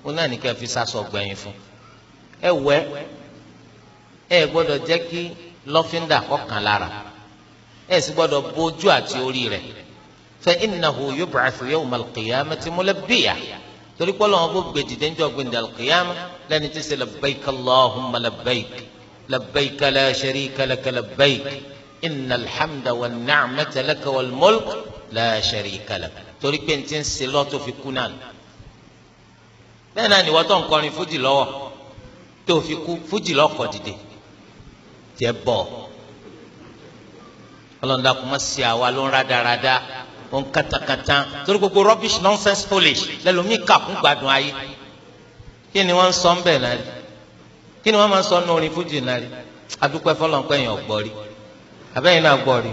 Speaker 1: wọn náà ní kẹ́ fi sasọ gbẹ̀yìn fún ẹ wẹ ẹ gbọ́dọ̀ jẹ́ kí lọ́fíńdà kọkàn ẹ sì gbọ́dọ̀ bójú àti orí rẹ̀ فإنه يبعث يوم القيامة ملبية تريك والله أبو بجي دنجو عند القيامة لأن تسي لبيك اللهم لبيك لبيك لا شريك لك لبيك إن الحمد والنعمة لك والملك لا شريك لك تريك بين تنسي في كنان لأنني وطن قولي فوجي لو توفيق فوجي لو قدي تيبو الله نداكم السياوة لون رادا رادا òun katakata torí gbogbo rubbish nonsense foolish lẹ́lòmíì kà fún gbádùn ayé kí ni wọ́n ń sọ ń bẹ̀ náà rí kí ni wọ́n máa ń sọ ní orin fújì náà rí adúpẹ́ fọlọ́npẹ́ yẹn ọ̀gbọ́ rí abẹ́yìn náà gbọ́ rí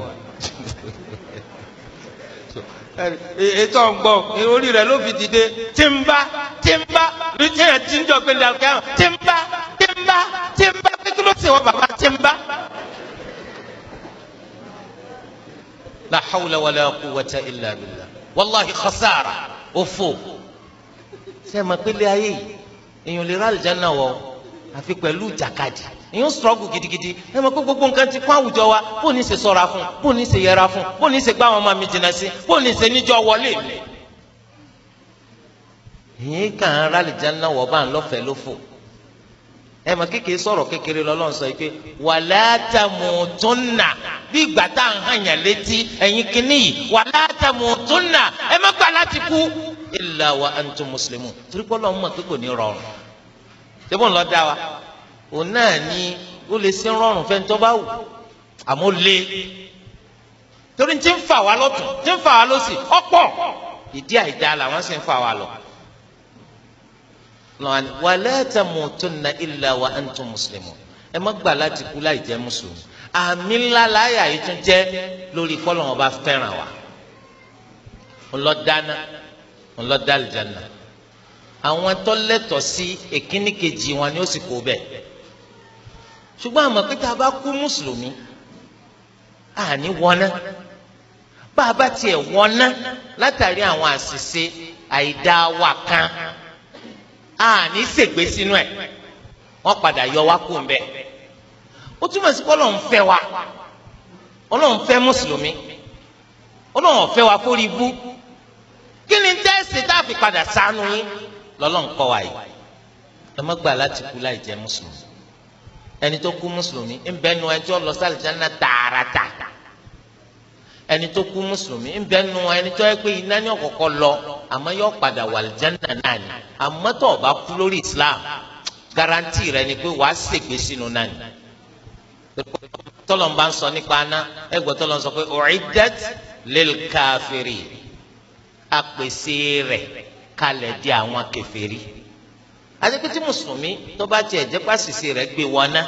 Speaker 1: ètò ọ̀gbọ́ orí rẹ̀ ló fi dìde tí ń bá tí ń bá lójú yẹn ti ń jọ pé ní alùpùpù tí ń bá tí ń bá tí ń bá pé kí ló ti wọ bàbá tí ń bá. la hawla wala quwwata illa billah wàláhi khasara òfò ṣe máa pélé ayé yìí èèyàn lè ra àlùjáná wọ àfi pẹ̀lú jàkadì èèyàn struggle gidigidi ẹ máa pé gbogbo nǹkan ti kún àwùjọ wa bó ní í ṣe ṣọ́ra fún bó ní í ṣe yẹra fún bó ní í ṣe gbá àwọn ọmọ mi jìnnà sí bó ní í ṣe níjọ wọlé mi. èèyàn kàn án ra àlùjáná wọ bá ń lọ́fẹ̀ẹ́ lófò ẹ mọ̀ kékeré sọ̀rọ̀ kékeré lọ́lọ́run sọ pé wàlá tamutunna bí ìgbà tá à ń hàyàn létí ẹ̀yin kìíní yìí wàlá ẹ má gbà láti kú illa wa antum muslimun torí pé Ọlọ́run mọ̀ pé ní rọrùn ṣé bọ́n lọ dá wa òun náà ni ó lè ṣe rọrùn fẹ́ni tó bá wù àmọ́ lé torí ti ń fà wá lọ́tún ti ń fà wá lọ́sì ọ̀pọ̀ ìdí àìdá làwọn sì ń fà wá lọ lọ́wọ́ni wala tamutunna illa wa antum muslimun ẹ má gbà láti kú láì jẹ́ mùsùlùmí àmì ńlá láyà yìí tún jẹ́ lórí kọ́lọ́wọ́n bá fẹ́ràn wa ńlọ́dáná ńlọ́dálìjáná àwọn tó lẹ́tọ̀ọ́ sí èkíní kejì wọn ni ó sì kó bẹ́ẹ̀ ṣùgbọ́n àmọ́ pé a bá kú mùsùlùmí àní wọná bá a bá tiẹ̀ wọná látàrí àwọn àṣìṣe àìdáwà kan àní ṣègbè sínú ẹ̀ wọ́n padà yọ wá kó ń bẹ̀ ó túmọ̀ sí kọ́lọ̀ ń fẹ́ wa ọlọ́run fẹ́ mùsùlùmí ọlọ́run fẹ́ wa kórì ibú kí ni tẹ́sí tá a fi padà sánú yín lọ́lọ́run kọ́ wa yìí ẹ má láti kú láì jẹ́ mùsùlùmí ẹni tó kú mùsùlùmí ń bẹ́ẹ̀ ẹjọ́ lọ sí àlùjánnà tààràtà ẹni tó kú mùsùlùmí ń bẹ nu ẹni tó yẹ pé iná ní ọ̀kọ̀ọ̀kọ̀ lọ àmọ́ yóò padà wà lìjánà náà ni àmọ́ tó o bá kú lórí islam garanti rẹ ni pé wàá ṣègbè sínú náà ni. tọ́lọ̀ ń bá ń sọ nípa aná ẹgbẹ́ tọ́lọ̀ ń sọ pé u'iddat lil kafiri apèsè rẹ̀ kalẹ̀ di àwọn kèfèrí. àti mùsùlùmí tó bá tiẹ̀ jẹ́ pàṣìṣe rẹ̀ gbé wọn ná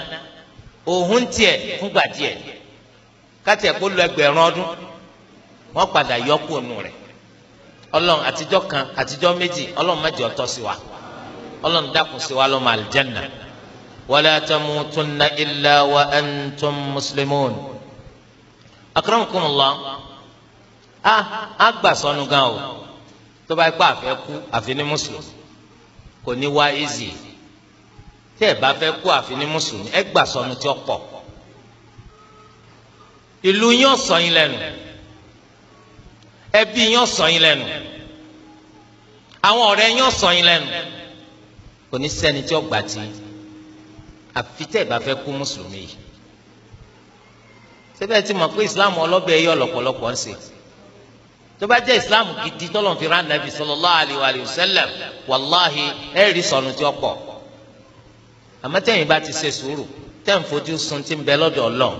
Speaker 1: òun tiẹ̀ fúngbà díẹ̀ kátiẹ̀ kó lọ ẹgbẹ̀rún ọdún wọ́n padà yọkù ònú rẹ̀ ọlọ́run àtijọ́ kan àtijọ́ méjì ọlọ́run má jẹ́ ọ̀tọ̀ sí wa ọlọ́run dákun sí wa lọ́mọ àlìjẹ́nà wala tamutunna illa wa antum muslimun. akramakumullah a a gbà sọnù gan o tó bá ipá àfẹ́ kú àfi ní mùsùlùmí kò ní wá easy tẹ́ ẹ bá fẹ́ kú àfi ní mùsùlùmí ẹ gbà sọnù tí ó pọ̀ ìlú yín ọ̀sọ́ yín lẹ́nu ẹbí yín sọ yín lẹ́nu àwọn ọ̀rẹ́ yín sọ yín lẹ́nu kò ní sẹ́ni tí ó gbà tí àfi tẹ́ ẹ̀ bá fẹ́ kú mùsùlùmí yìí síbẹ̀ tí mọ̀ pé islam ọlọ́bẹ̀ ẹ̀yọ́ lọ́pọ̀lọpọ̀ ń ṣe tó bá jẹ́ islam gidi tọ́lọ̀ fi rán nàbì sallallahu alaihi wa sallam wàláhi ẹ̀ rí sọnù tí ó pọ̀ àmọ́ tẹ́yìn bá ti ṣe sùúrù tẹ́yìn fojú sun ti ń bẹ lọ́dọ̀ ọlọ́run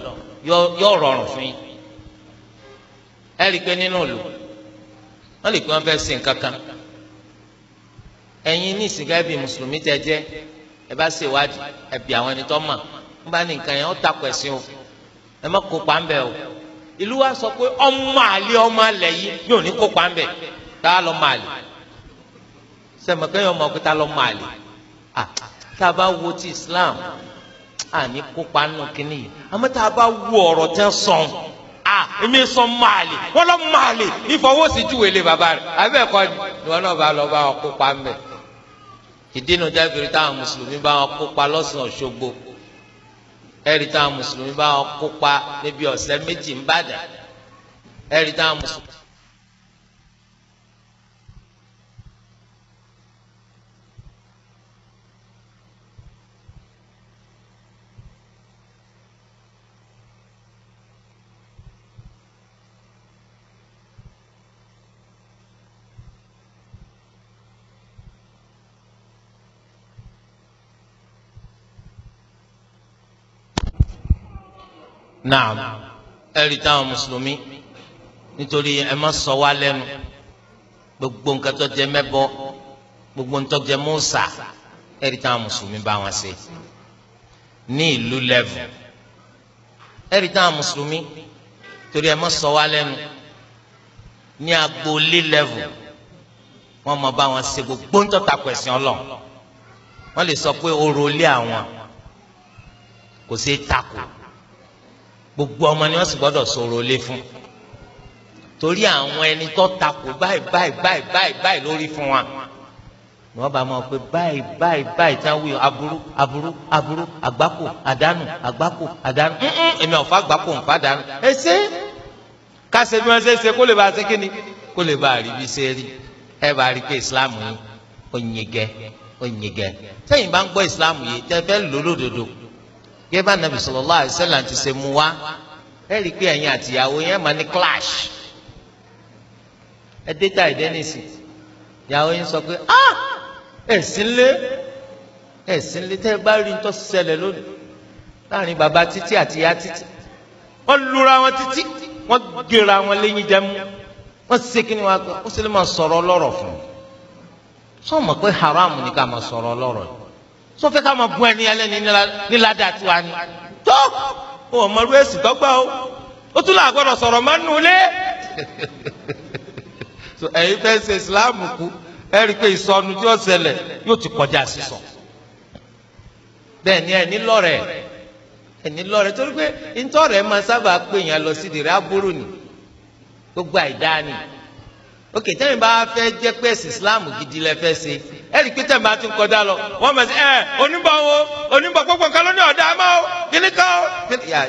Speaker 1: yóò rọrùn fún yín ẹ̀ rí pé nínú òlù wọ́n lè pé wọ́n fẹ́ ṣe nǹkan kan ẹ̀yin ní ìsìnká ẹ̀bí mùsùlùmí tẹ jẹ́ ẹ bá ṣe ìwádìí ẹ̀bí àwọn ẹni tó mọ̀ wọ́n bá ní nǹkan yẹn ó takò ẹ̀sìn o ẹ má kópa ń bẹ̀ o ìlú wa sọ pé ọmọ àlè ọmọ alẹ̀ yìí yóò ní kópa ń bẹ̀ tá a lọ mọ àlè sẹ́mi kẹ́yìn ọmọ ọkùnrin tá a lọ mọ àlè tá a bá wo ti Islam àní kópa nù kínní yìí àmọ́ tá a bá wo ọ̀rọ̀ tẹ́ sọ̀n ah èmi sọ maali wọn lọ maali ìfọwọ́sí ju wèlé bàbá rẹ abẹ́ẹ̀kọ́ ni wọn náà bá lọ bá wọn kópa mẹ́ ìdínà jáfẹ́rẹ́ táwọn mùsùlùmí bá wọn kópa lọ́sàn-án Òṣogbo ẹ̀rí táwọn mùsùlùmí bá wọn kópa níbi ọ̀sẹ̀ méjì ń bàdàn ẹ̀rí táwọn mùsùlùmí. naam ẹ̀rí táwọn mùsùlùmí nítorí ẹ má sọ wá lẹ́nu gbogbo nǹkan tó jẹ mẹ́bọ gbogbo nǹkan tó jẹ mọ́ọ̀sà ẹ̀rí táwọn mùsùlùmí bá wọn ṣe ní ìlú lẹ́vù ẹ̀rí táwọn mùsùlùmí torí ẹ má sọ wá lẹ́nu ní agboolé lẹ́vù wọ́n mọ bá wọn ṣe gbogbo nǹkan tó kwẹ̀sìn ọlọ́run wọ́n lè sọ pé orò ilé àwọn kò ṣeé takò gbogbo ọmọ ni wọ́n sì gbọ́dọ̀ sọ̀rọ̀ lé fún torí àwọn ẹni tó takò báyìí báyìí báyìí báyìí báyìí lórí fún wa ni wọ́n bá mọ̀ pé báyìí báyìí báyìí tí wọ́n wí aburú aburú aburú àgbákò àdánù àgbákò àdánù èmi ọ̀fà àgbákò nǹkan àdánù ẹ ṣe kásẹ̀ bí wọ́n ṣe ṣe kó lè bá ṣe kíni kó lè bá rí bí ṣe rí ẹ bá rí pé Islam yìí ó nyigẹ ó nyigẹ sẹ́yìn bá ń gbọ́ Islam yìí tẹ́ lòlódodo gẹ́gẹ́ bá nàbì sallallahu alaihi wasallam ti ṣe mú wa ẹ rí i pé ẹ̀yin àtìyàwó yẹn máa ní clash ẹ déta ìdẹ́nìsì ìyàwó yẹn sọ pé ah ẹ̀sìn lé ẹ̀sìn lé tẹ́ ẹ bá rí nítorí ṣẹlẹ̀ lónìí láàrin bàbá títí àti ìyá títí wọ́n lura wọn títí wọ́n gera wọn lẹ́yìn dẹ́mu wọ́n ṣe kí ni wọ́n á kọ́ ó sì lè máa sọ̀rọ̀ ọlọ́rọ̀ fún un sọ ma pé haram ni ká máa sọ̀rọ̀ ọlọ́rọ̀ yìí sọfẹ́ ká máa bún ẹni ẹlẹ́ni nílada tiwa ni tó wọn mọ̀rú èsì tọ́gbà o ó tún làá gbọ́dọ̀ sọ̀rọ̀ máa nù lé ẹ̀yin fẹ́ ṣe ìsìláàmù kú ẹ rí i pé ìsọnù tí ó ṣẹlẹ̀ yóò ti kọjá sísọ bẹ́ẹ̀ ni ẹ̀ ní lọ́rẹ̀ẹ́ ẹni lọrẹ torí pé ntọrẹ máa sábà pè yàn lọ sídìí aburú ni gbogbo àìdáa ni ok tẹ́yìn bá fẹ́ jẹ́ pé ẹ̀sìn islam gidi lẹ fẹ́ ṣe ẹ pé tẹ́yìn bá ti kọjá lọ wọ́n mọ̀ sí ẹ oníbọ̀ wo oníbọ̀ gbogbo nǹkan ní ọ̀dà o kíní kan o.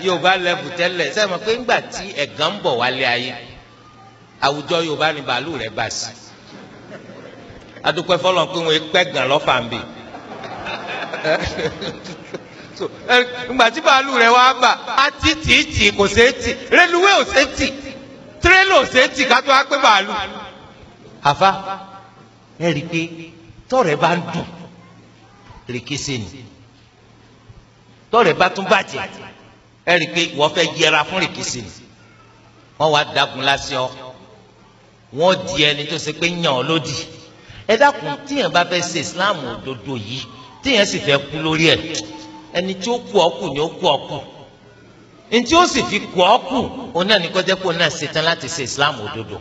Speaker 1: yorùbá lẹ́bù tẹ́lẹ̀ sẹ́yìn pé ńgbà tí ẹ̀gàn ń bọ̀ wálé ayé àwùjọ yorùbá ni bàálù rẹ̀ bà sí. adúpẹ́ fọlọ́n pé wọ́n pẹ́ gàn lọ́fà ń bì. ńgbà tí bàálù rẹ̀ wá á ti tì í tì kò tì àfa ẹ rí i pé tọrẹ bá ń dùn rèkésẹ ni tọrẹ bá tún bàjẹ́ ẹ rí i pé wọ́n fẹ́ yẹra fún rèkésẹ ni wọ́n wá dagun lásì ọ wọ́n di ẹni tó ṣe pé yàn ọ́ lódì ẹ dákun tíyẹn bá fẹ́ ṣe islam òdodo yìí tíyẹn sì fẹ́ kú lórí ẹ̀ ẹni tí ó kú ọkù ni ó kú ọkù ntí ó sì fi kú ọkù òun náà ní kọjá pé òun náà ṣetán láti ṣe islam òdodo.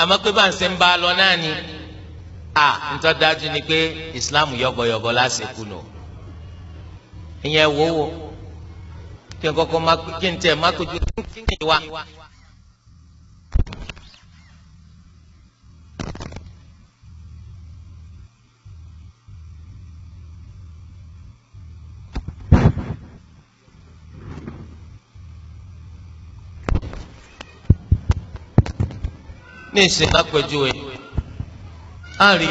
Speaker 1: àmọ́ pé bá ń ṣe ń bá a lọ náà ni a ntọ́ dájú ni pé islam yọ̀bọ̀yọ̀bọ̀ lásìkò nù ìyẹn wò wò kí n kọ́kọ́ má kí n tẹ̀ má kojú kí n kí n wa. ní ìsìn lápẹjúwe á rí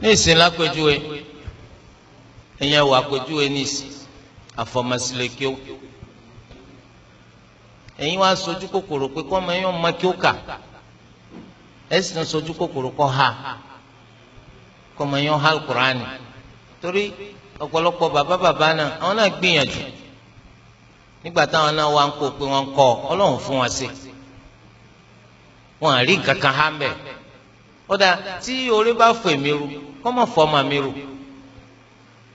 Speaker 1: ní ìsìn lápẹjúwe ẹ̀yẹn wà pẹjúwe ní ìsìn àfọmọsílẹ̀kíó ẹ̀yin wá sojú kòkòrò pé kọ́mọ ẹ̀yàn máa kí ó kà ẹsì náà sojú kòkòrò kọ ha kọmọ yẹn ha alukurani torí ọ̀pọ̀lọpọ̀ bàbá bàbá náà àwọn náà gbìyànjú nígbà táwọn náà wá ń kó pé wọ́n ń kọ́ ọlọ́run fún wọn sí wọn àrí nǹkan kan há mbẹ́ kódà tí orí bá fò mí ru kọ́mọ fọ́ ọmọ mi ru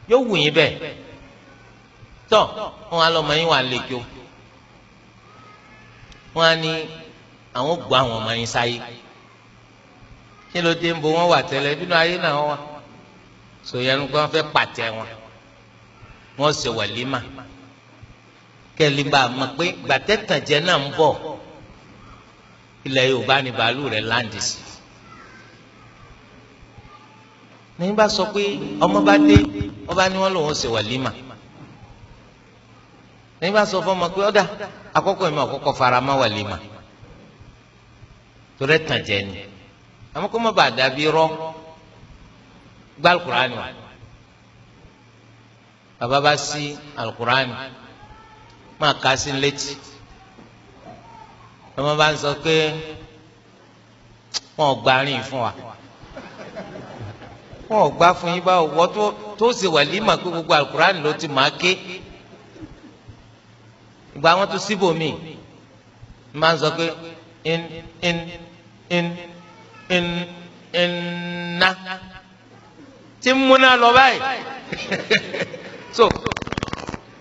Speaker 1: yóò wù yín bẹ́ẹ̀ tọ́ wọn á lọ́mọ yín wà lẹ́kọ̀ọ́ wọn á ní àwọn gbọ́ àwọn ọmọ yín sáyé. kí ló dé ń bo wọn wà tẹlẹ nínú ayé náà wọn wà sòyẹnu pé wọn pàtẹ wọn wọn sì wà límà kẹlí bá a mọ̀ pé gbàtẹ́tànjẹ náà ń bọ̀ ilẹ̀ Yorùbá ni bàálù rẹ̀ láǹdì sí sọ pé dé ọba ni wọn lò wọn sì wà límà ní pé ọdà ni. àmọ́ kó má bàa dàbí rọ gbá alukurani bàbá bá sí alukurani máa ka sí létí ọmọ bá ń sọ pé wọn ò gba rìn fún wa wọn ò gbá fún yín bá wọ tó tó ṣe wàlímà pé gbogbo alukurani ló ti máa ké ìgbà wọn tó síbòmí máa ń sọ pé in in in. in nna tí ń múná lọ báyìí so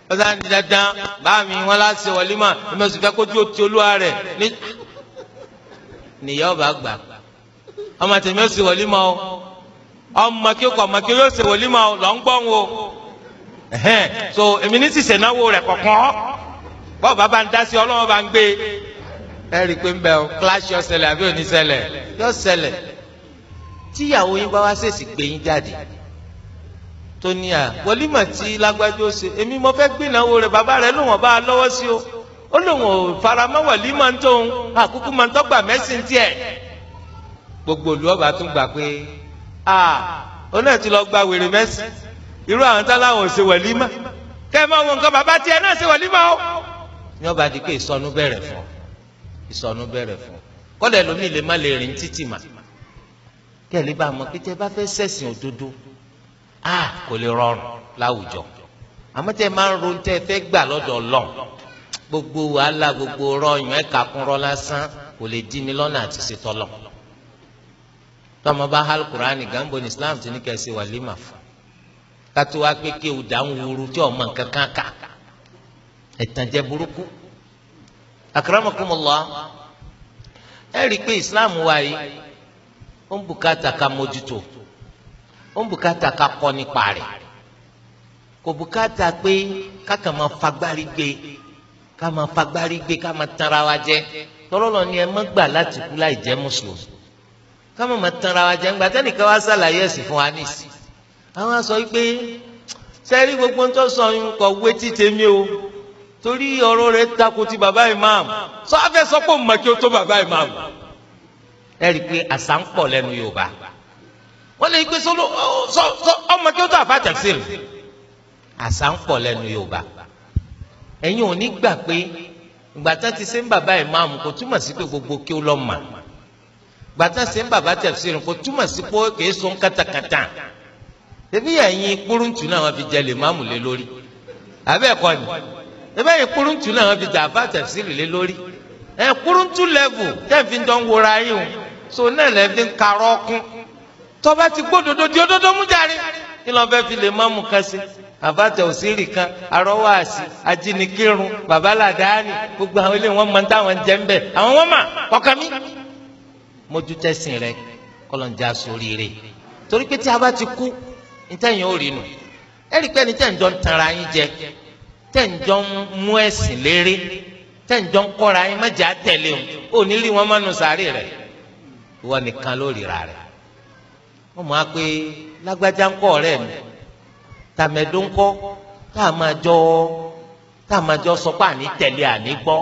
Speaker 1: wọ́n sá ní dandan báàmì wọn láti wọlé mà ẹ̀mí oṣù fẹ́ kójú ti olúwa rẹ̀ ní nìyá gbà ọmọ tèmi oṣù wọlé mà o ọmọ kí ọkọ ọmọ kí yóò ṣe wọlé mà o lọ ń gbọ́n o so èmi ní sísè náwó rẹ̀ kọ̀ọ̀kan bọ́ọ̀ bá bá ń dá sí ọlọ́wọ́ bá ń gbé e ẹ rí i pé ń bẹ o kíláàsì ọ̀sẹ̀lẹ̀ àbí oníṣẹ̀lẹ̀ yóò ṣẹlẹ̀ tíyàwó yín bá wá ṣèṣì gbé yín jáde tó ní à wọlímọ̀ tí lágbájú ṣe èmi mo fẹ́ gbìnàwó rẹ̀ bàbá rẹ̀ ló wọ́n lọ́wọ́ sí o ó lóun ò faramọ́ wọlímọ̀ ń tóun àkúkú máa ń tọ́gbà mẹ́sìn tiẹ̀ gbogbo olùwọ́ba tún gbà pé à ó náà ti lọ gba wèrè mẹ́sìn irú àwọn tá láwọn ò ṣe wọlímọ̀ kẹ́ ẹ máa wọ nǹkan bàbá tiẹ̀ náà ṣe wọlímọ̀ o ní ọba di ìsọnù bẹ̀rẹ̀ fún ọ ìsọnù bẹ̀rẹ̀ fún kọ́lẹ̀ lómi lè má lè rìn títì mà kẹ́lẹ́ bá mọ̀ pété bá fẹ́ ṣẹ̀sìn òdodo a kò lè rọrùn láwùjọ àmọ́ tẹ́ máa ń ro tẹ́ fẹ́ gbà lọ́dọ̀ lọ gbogbo wàhálà gbogbo rọyùn ẹ̀ka kúnrọ́ lásán kò lè dí mi lọ́nà àti ṣètọ́ lọ tọmọ bá hal kurani gambo ní islam ti ní kẹsì wàlímà fún kátó wá pé kéwù dáhùn wúru tí ọmọ nǹkan kan kà ẹ̀tànjẹ burúkú akramakumullah ẹ rí i pé islam wa yìí ó ń bùkátà ká mójútó ó ń bùkátà ká kọ́ nípa rẹ̀ kò bùkátà pé káka máa fagbárí gbé ká máa fagbárí gbé ká máa tanra wa jẹ tọ́lọ́lọ́ ni ẹ má gbà láti kú láì jẹ́ mùsùlùmí ká máa tanra wa jẹ ńgbà tẹ́nìkan wá sàlàyé ẹ̀sìn fún wa nìsí àwọn sọ pé sẹ́rí gbogbo ń tọ́ sọ yín kọ̀ wé títẹ̀ o. torí ọ̀rọ̀ rẹ̀ takò ti bàbá imam sọ afẹ́ sọ pé mọ̀ kí o tó bàbá imam ẹ rí i pé àṣà ń pọ̀ lẹ́nu yorùbá wọ́n lè gbé sọ́lọ́ ọmọ kí o tó àfa tafsir àṣà ń pọ̀ lẹ́nu yorùbá ẹ̀yin ò ní gbà pé gbàtà ti ṣe ń bàbá imam kò túmọ̀ sí pé gbogbo kí o lọ mà gbàtà ṣe ń bàbá tafsir kò túmọ̀ sí pé kì í sun kátàkátà ẹbí ẹ̀yin kúrúntù náà wọ́n fi jẹ lè ebe yìí kúrúntù náà wọ́n fi jà bá tẹ̀síìrì lé lórí ẹ kúrúntù lẹ́vù tẹ́ẹ̀fì ń jọ ń wora yìí o so náà lẹ́ẹ̀fi ń karọ́ kún tọ́ba ti gbódodo di òdodo mú jàre kí lọ́ọ́ fẹ́ fi lè má mú kan sí àbá tẹ̀síìrì kan arọ́wọ́àsì ajínikírun babaláàdáni gbogbo àwọn ilé wọn máa ń táwọn jẹ́ ń bẹ̀ àwọn wọn mà kọ́kọ́ mi mójú tẹ̀sìn rẹ kọ́lọ́njà sóríire torí pé tí a bá ti kú ní tẹ̀yìn ó rí nu ẹ̀rí pé ní tẹ̀yìn jọ ń tanra yín jẹ tẹ̀njọ́ ń mú ẹ̀sìn lérí tẹ̀njọ́ ń kọ́ra ẹ̀ mẹ́jà tẹ̀lé o ò ní rí wọn mọ́nu sàárè rẹ̀ ìwọ nìkan ló ríra rẹ̀ wọ́n máa pé lágbájá ń kọ́ ọ̀rẹ́ mi tàmẹ̀dó ń kọ́ tá a máa jọ tá a máa jọ sọ pé àní tẹ̀lé àní gbọ́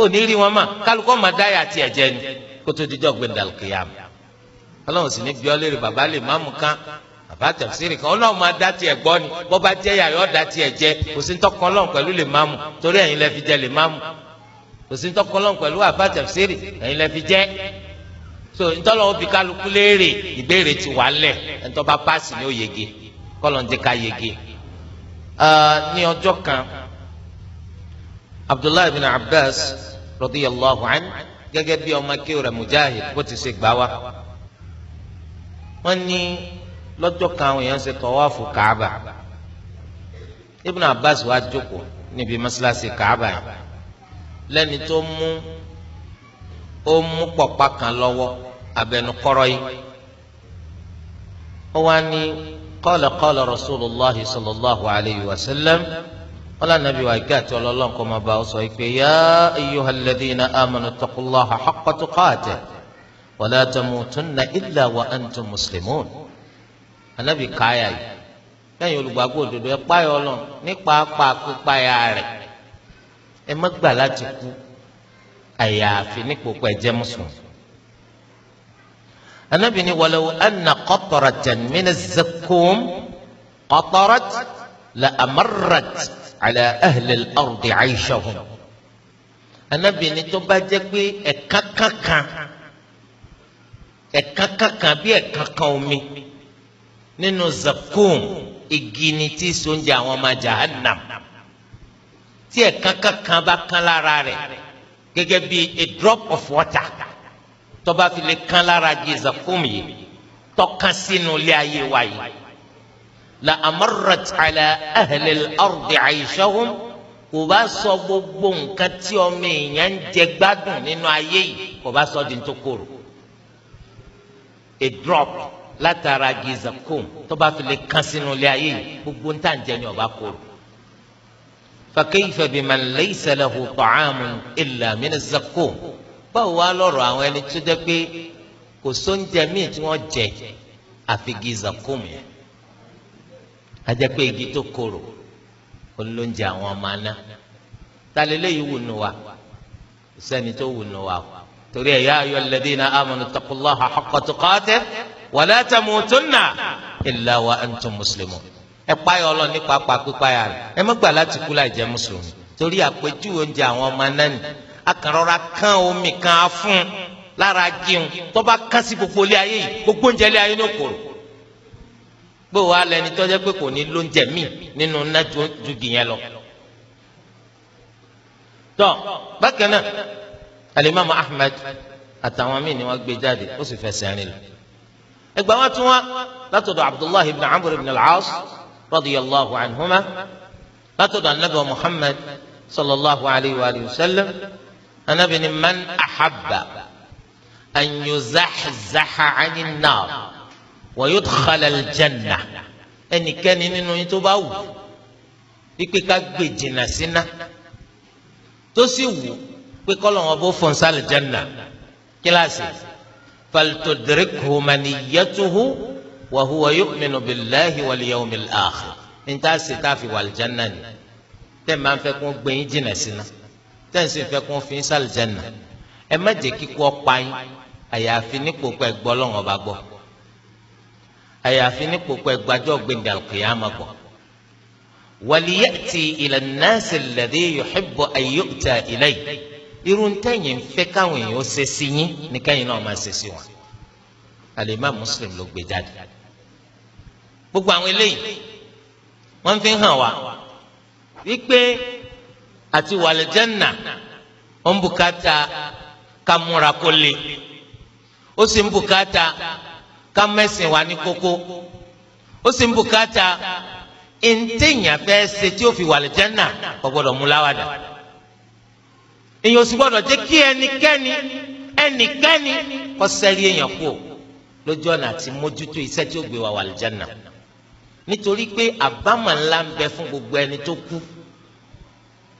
Speaker 1: ò ní rí wọn mà kálukọ́ máa dáyà tiẹ̀ jẹ ni kótó dijọ́ ọlọ́run sì ní gbé ọ lérè bàbá lè má mú kán àbá tẹ̀síìrì kan ọlọ́run máa dá tiẹ̀ gbọ́ ni bọ́ bá jẹ́ yàrá dá tiẹ̀ jẹ kò sí ntọ́kọ ọlọ́run pẹ̀lú lè máa mú torí ẹ̀yin lẹ fi jẹ lè máa mú kò sí ntọ́kọ ọlọ́run pẹ̀lú àbá tẹ̀síìrì ẹ̀yin lẹ fi jẹ so ntọ́lọ́ òbí kálukú léèrè ìbéèrè ti wà lẹ̀ ẹ̀ntọ́ bá páàsì ni ó yege kọ́lọ̀ ń yege. ní ọjọ́ kan Abdullahi bin Abbas radiyallahu anhu gẹ́gẹ́ bí Mujahid bó ti lọ́jọ́ kan àwọn èèyàn ṣe tọ́wáfù káàbà Ibn Abbas wá jókòó níbi mọ́ṣáláṣí káàbà yẹn lẹ́ni tó mú ó mú pọ̀pá kan lọ́wọ́ abẹnukọ́rọ́ yìí ó wá ní qala qala Rasulullahi sallallahu alayhi wa sallam wọ́n nàbí wa igi àti ọlọ́lọ́n kò máa bá ọ sọ pé yá ayyuhal ladhina amanu taqullaha haqqa tuqatihi wa la tamutunna illa wa antum muslimun anabi káyà yìí lẹ́yìn olùgbàgbọ́ òdodo ẹ páyà Ọlọ́run nípa pa pípáyà rẹ̀ ẹ má gbà láti kú àyàfi nípò pẹ jẹ́ mùsùlùmí anabi ni walaw anna qatratan min az-zakkum qatarat la amarrat ala ahli al-ardi 'ayshahum anabi ni tó bá jẹ́ pé ẹ̀ka kankan ẹ̀ka kankan bí ẹ̀ka kan omi nínú zakum igi ni tí sóúnjẹ àwọn ọmọ jahannam tí ẹ̀ka kankan bá kan lára rẹ̀ gẹ́gẹ́ bí a drop of water tó bá fi lè kan lára igi zakum yìí tó kan sínú ilé ayé wa yìí la amarat ala ahli ardi aishahum kò bá sọ gbogbo nǹkan tí ọmọ èèyàn ń jẹ gbádùn nínú ayé yìí kò bá sọ di tó a drop látara gizakom tó bá fi lè kan sínú ilé ayé yìí gbogbo ń tà ń jẹ ní ọba kóró. fa kayfa biman laysa lahu ta'amun illa min az-zakum báwo wá lọ́rọ̀ àwọn ẹni tó jẹ́ pé kò sóúnjẹ míì tí wọ́n jẹ àfi gizakom yẹn. a jẹ́ pé igi tó kóró olóúnjẹ àwọn ọmọ aná talẹ́lẹ́ yìí wù nù wa sẹ́ni tó wù nù wa torí ẹ̀ yá ayyuhalladhina amanu taqullaha haqqa tuqatihi wala tamutunna illa wa antum muslimun ẹ páyà Ọlọ́run nípa pàpípáyà rẹ̀ ẹ má gbà láti kú láì jẹ́ mùsùlùmí torí àpèjúwe oúnjẹ àwọn ọmọ náà ni akànrọra kán omi kan á fún lára jíun tó bá kán sí gbogbo ilé ayé yìí gbogbo oúnjẹ ilé ayé ní òkòrò gbé wàá lẹni tó pé kò ní lóúnjẹ míì nínú ná ju gìyẹn lọ. tọ́ bákan náà alimami Ahmad àtàwọn míì ni wọ́n gbé jáde ó sì fẹsẹ̀ rìn lọ ẹgbàá wọn tún wá látọ̀dọ̀ abdullahi ibn amr ibn al-aas radiyallahu anhuma látọ̀dọ̀ anabi muhammad sallallahu alayhi wa sallam anabi ni man ahabba an yuzahzaha anil nar wa yudkhala al-janna ẹnikẹ́ni nínú yín tó bá wù wípé ká gbé jìnnà síná tó sì wù pé kọ́lọ̀ wọn bó fọ́nsá al-janna kíláàsì. فلتدركه منيته وهو يؤمن بالله واليوم الآخر níta ṣe tá a fi wà aljanna ni tẹ́ máa ń fẹ́ kún gbẹ̀yìn jìnnà sínú tẹ́ ń sì fẹ́ kún fi ń sàlìjanna ẹ má jẹ́ kíkú ọ̀pá yín àyàfi nípò pẹ́ gbọ́ lọ́wọ́n ọba gbọ́ àyàfi nípò pẹ́ gbàjọ́ gbẹ̀ndẹ̀ àlùkìyàmà gbọ́. wàlíyàtì ìlànà sílẹ̀ dé yòóhìbọ̀ àyè òkúta ìlẹ́yìn irú ntẹ̀yìn fẹ́ káwọn èèyàn ṣe sí yín ní kẹ́yìn náà máa ṣe sí wọn àlèmá Muslim ló gbé jáde gbogbo àwọn eléyìí wọ́n fi hàn wá wípé àti wàlẹ̀jẹ́nà ó ń bùkátà ká múra kó le ó sì ń bùkátà ká mẹ́sìn wá ní kókó ó sì ń bùkátà ntẹ̀yìn afẹ́ ṣe tí ó fi wàlẹ̀jẹ́nà kò mú láwàdà èyàn ò sì gbọ́dọ̀ jẹ́ kí ẹnikẹ́ni ẹnikẹ́ni kó sẹ́rí èyàn kú o lójú ọ̀nà àti mójútó iṣẹ́ tí ó gbé wa wà lìjánà nítorí pé àbámọ̀ ńlá ń bẹ fún gbogbo ẹni tó kú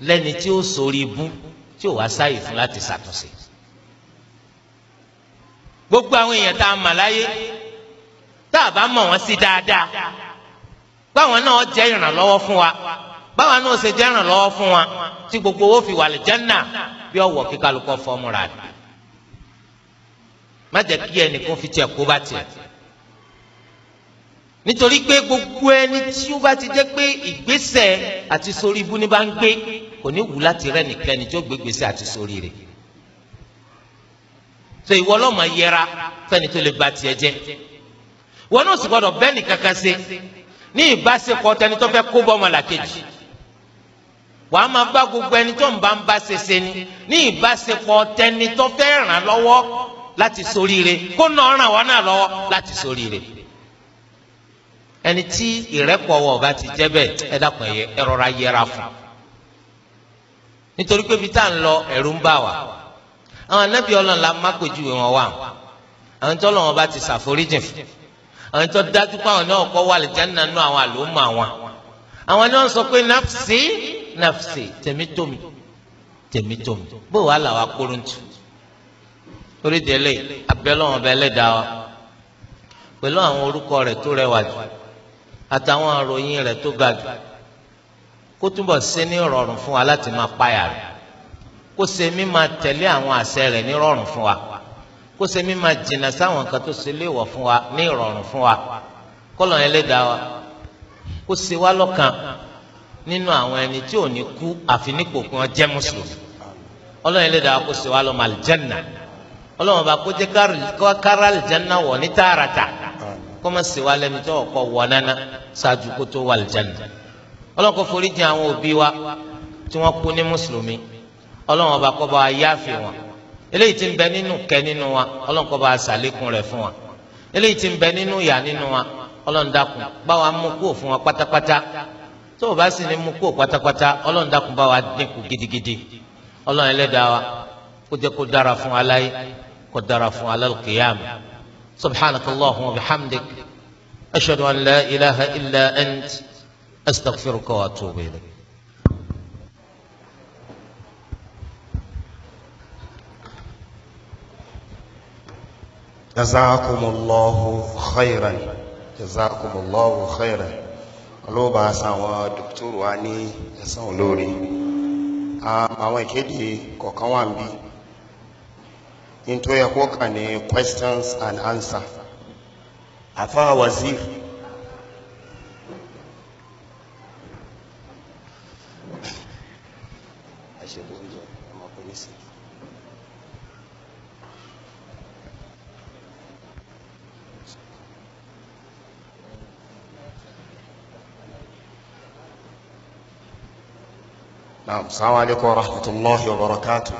Speaker 1: lẹ́ni tí ó sórí ibú tí ò wá sáyè fún láti ṣàtúnṣe gbogbo àwọn èèyàn tá a mà láyé tá a bá mọ̀ wọ́n sí dáadáa báwọn náà jẹ́ ìrànlọ́wọ́ fún wa báwa náà ṣe jẹ́ ìrànlọ́wọ́ fún wa tí gbogbo owó fi wà lè jẹ́nà bí ọ̀wọ́ kíkalùkọ́ fọ́ọ̀mù rà dé má jẹ́ kí ẹnìkan fi tiẹ̀ kó bá tiẹ̀ nítorí pé gbogbo ẹni tí ó bá ti jẹ́ pé ìgbésẹ̀ àti sórí ibú ni bá ń gbé kò ní wù láti rẹ́ nìkẹ́ni tí ó gbé gbèsè àti sórí rẹ̀ so ìwọ lọ́mọ yẹra fẹ́ni tó lè ba tiẹ̀ jẹ́ wọn náà sì gbọ́dọ̀ bẹ́ẹ̀ nìkankan ṣe ní ìbáṣepọ̀ tẹni kó bọ́ ọmọ làkejì wà á máa bá gbogbo ẹni tó ń bá ń bá ṣẹṣẹ ni ní ìbáṣepọ̀ tẹni tó fẹ́ ràn lọ́wọ́ láti soríire kó náà ràn wá náà lọ́wọ́ láti soríire ẹni tí ìrẹ́pọ̀ wọ̀ bá ti jẹ́ bẹ́ẹ̀ ẹ dákun ẹ rọra yẹra fún nítorí pé ibi tá à ń lọ ẹ̀rù ń bà wá àwọn anábì ọlọ́run la má pèjúwe wọn wà àwọn tó lọ́wọ́ bá ti ṣàforíjìn fún àwọn tó dájú pé àwọn náà kọ́ wà lè jẹ́ nínú àwọn àlòmọ́ nafsi tèmi tómi tèmi tómi bó wàá là wá kúrúntù orí délé abẹ́lọ́wọ́n bẹ́ẹ̀ lẹ́dàá wa pẹ̀lú àwọn orúkọ rẹ̀ tó rẹwà jù àtàwọn àròyìn rẹ̀ tó ga jù kó túbọ̀ ṣe ní rọrùn fún wa láti máa páyà rẹ̀ kó ṣe mí máa tẹ̀lé àwọn àṣẹ rẹ̀ ní rọrùn fún wa kó ṣe mí máa jìnnà sáwọn nǹkan tó ṣe léèwọ̀ fún wa ní ìrọ̀rùn fún wa kọ́lọ̀ yẹn lè dá wa kó ṣe wá lọ́kàn nínú àwọn ẹni tí ò ní kú àfinípò kí wọ́n jẹ́ mùsùlùmí ọlọ́run ẹlẹ́dàá kó ṣe wá lọ́mọ àlìjánná ọlọ́run bá kó jẹ́ kára àlìjánná wọ̀ ní tààràtà kó má ṣe wá lẹ́nu tó ọkọ̀ wọ̀ nánà ṣáájú kó tó wà àlìjánná ọlọ́run kó forí jìn àwọn òbí wa tí wọ́n kú ní mùsùlùmí ọlọ́run ọba kó bá wa yáàfì wọn eléyìí tí ń bẹ nínú kẹ́ nínú wa ọlọ́run kó bá wa ṣàlékún rẹ̀ fún wa eléyìí tí ń bẹ nínú ìyà nínú wa ọlọ́run dákun bá mú kúrò fún wa pátápátá tó o bá sì ní mú kó pátápátá ọlọ́run dákun bá wa dínkù gidigidi ọlọ́run ẹlẹ́dà wa kó jẹ́ kó dára fún aláyé kó dára fún alálùkìyàm subhanaka allahumma wa bihamdik ashhadu an la ilaha illa ant astaghfiruka
Speaker 3: wa atubu ilayk. جزاكم الله خيرا جزاكم الله خيرا ọlọ́ọ̀bá sáwọn dókítọ̀rù wa ní ẹ̀sán olóore àwọn ìkéde kọ̀ọ̀kan wà ń bí nítorí ẹ̀kọ́ kan ní questions and answer afa wazir Naam, salamu alaikum wa rahmatullahi wa barakatuh.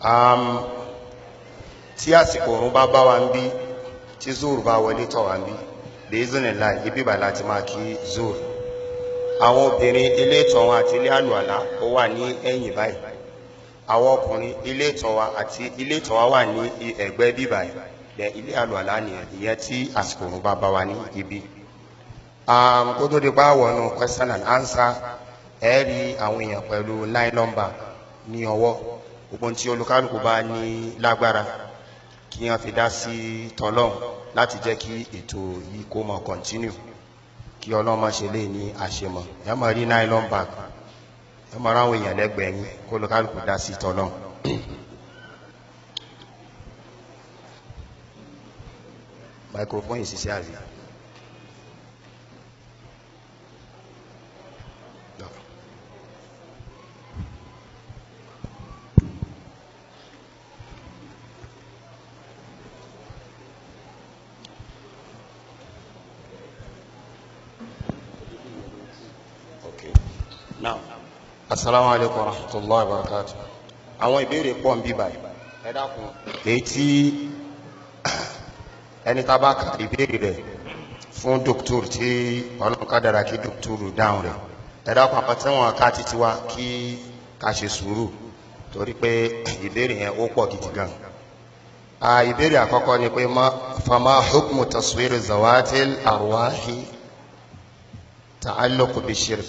Speaker 3: Um, tí àsìkò òun bá bá wa ń bí tí zuru bá wọlé tọ̀ wá ń bí bẹ́ẹ̀zìnì ibi bàlá ti máa kí zuru. Àwọn obìnrin ilé ìtàn wa àti ilé àlùalá ó wà ní ẹ̀yìn báyìí. Àwọn ọkùnrin ilé ìtàn wa àti ilé ìtàn wa wà ní ẹ̀gbẹ́ bíbáyìí. Bẹ́ẹ̀ ilé àlùalá nìyẹn ìyẹn tí àsìkò òun bá bá wa ní ibi. Kó tó di pa àwọn question and answer ẹ rí àwọn èèyàn pẹ̀lú nylon bag ní ọwọ́ gbogbo tí olùkálùkù bá ní lágbára kí wọ́n fi dá sí tọlọ́hun láti jẹ́ kí ètò yìí kó mọ̀ continue kí ọlọ́mọ ṣe lè ní àṣemọ̀ ẹ mọ̀ rí nylon bag ẹ mọ̀ ráwọn èèyàn lẹ́gbẹ̀ẹ́ kó olùkálùkù dá sí tọlọ́hun. microphone yìí ṣiṣẹ́ àbí. asalaamu alaykum wa rahmatulahi wa barakatu àwọn ìbéèrè pọ̀ ń bí báyìí ẹ dákun èyí tí ẹni tá a bá ka ìbéèrè rẹ̀ fún dókítọ̀rù tí ọlọ́run ká dára kí dókítọ̀rù dáhùn rẹ̀ ẹ dákun àwọn tí wọn ká títí wá kí ká gidi gan. ìbéèrè àkọ́kọ́ ni pé fama hukmu taswiri zawatil arwahi ta'alluq bi shirk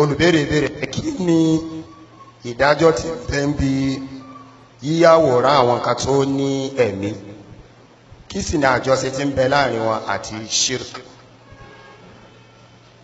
Speaker 3: olùbéèrè ìbéèrè kí ni ìdájọ́ tí bẹ́ ń bi yíyàwòrán àwọn kan tó ní ẹ̀mí kí sì ni àjọṣe tí ń bẹ láàrin wọn àti shirk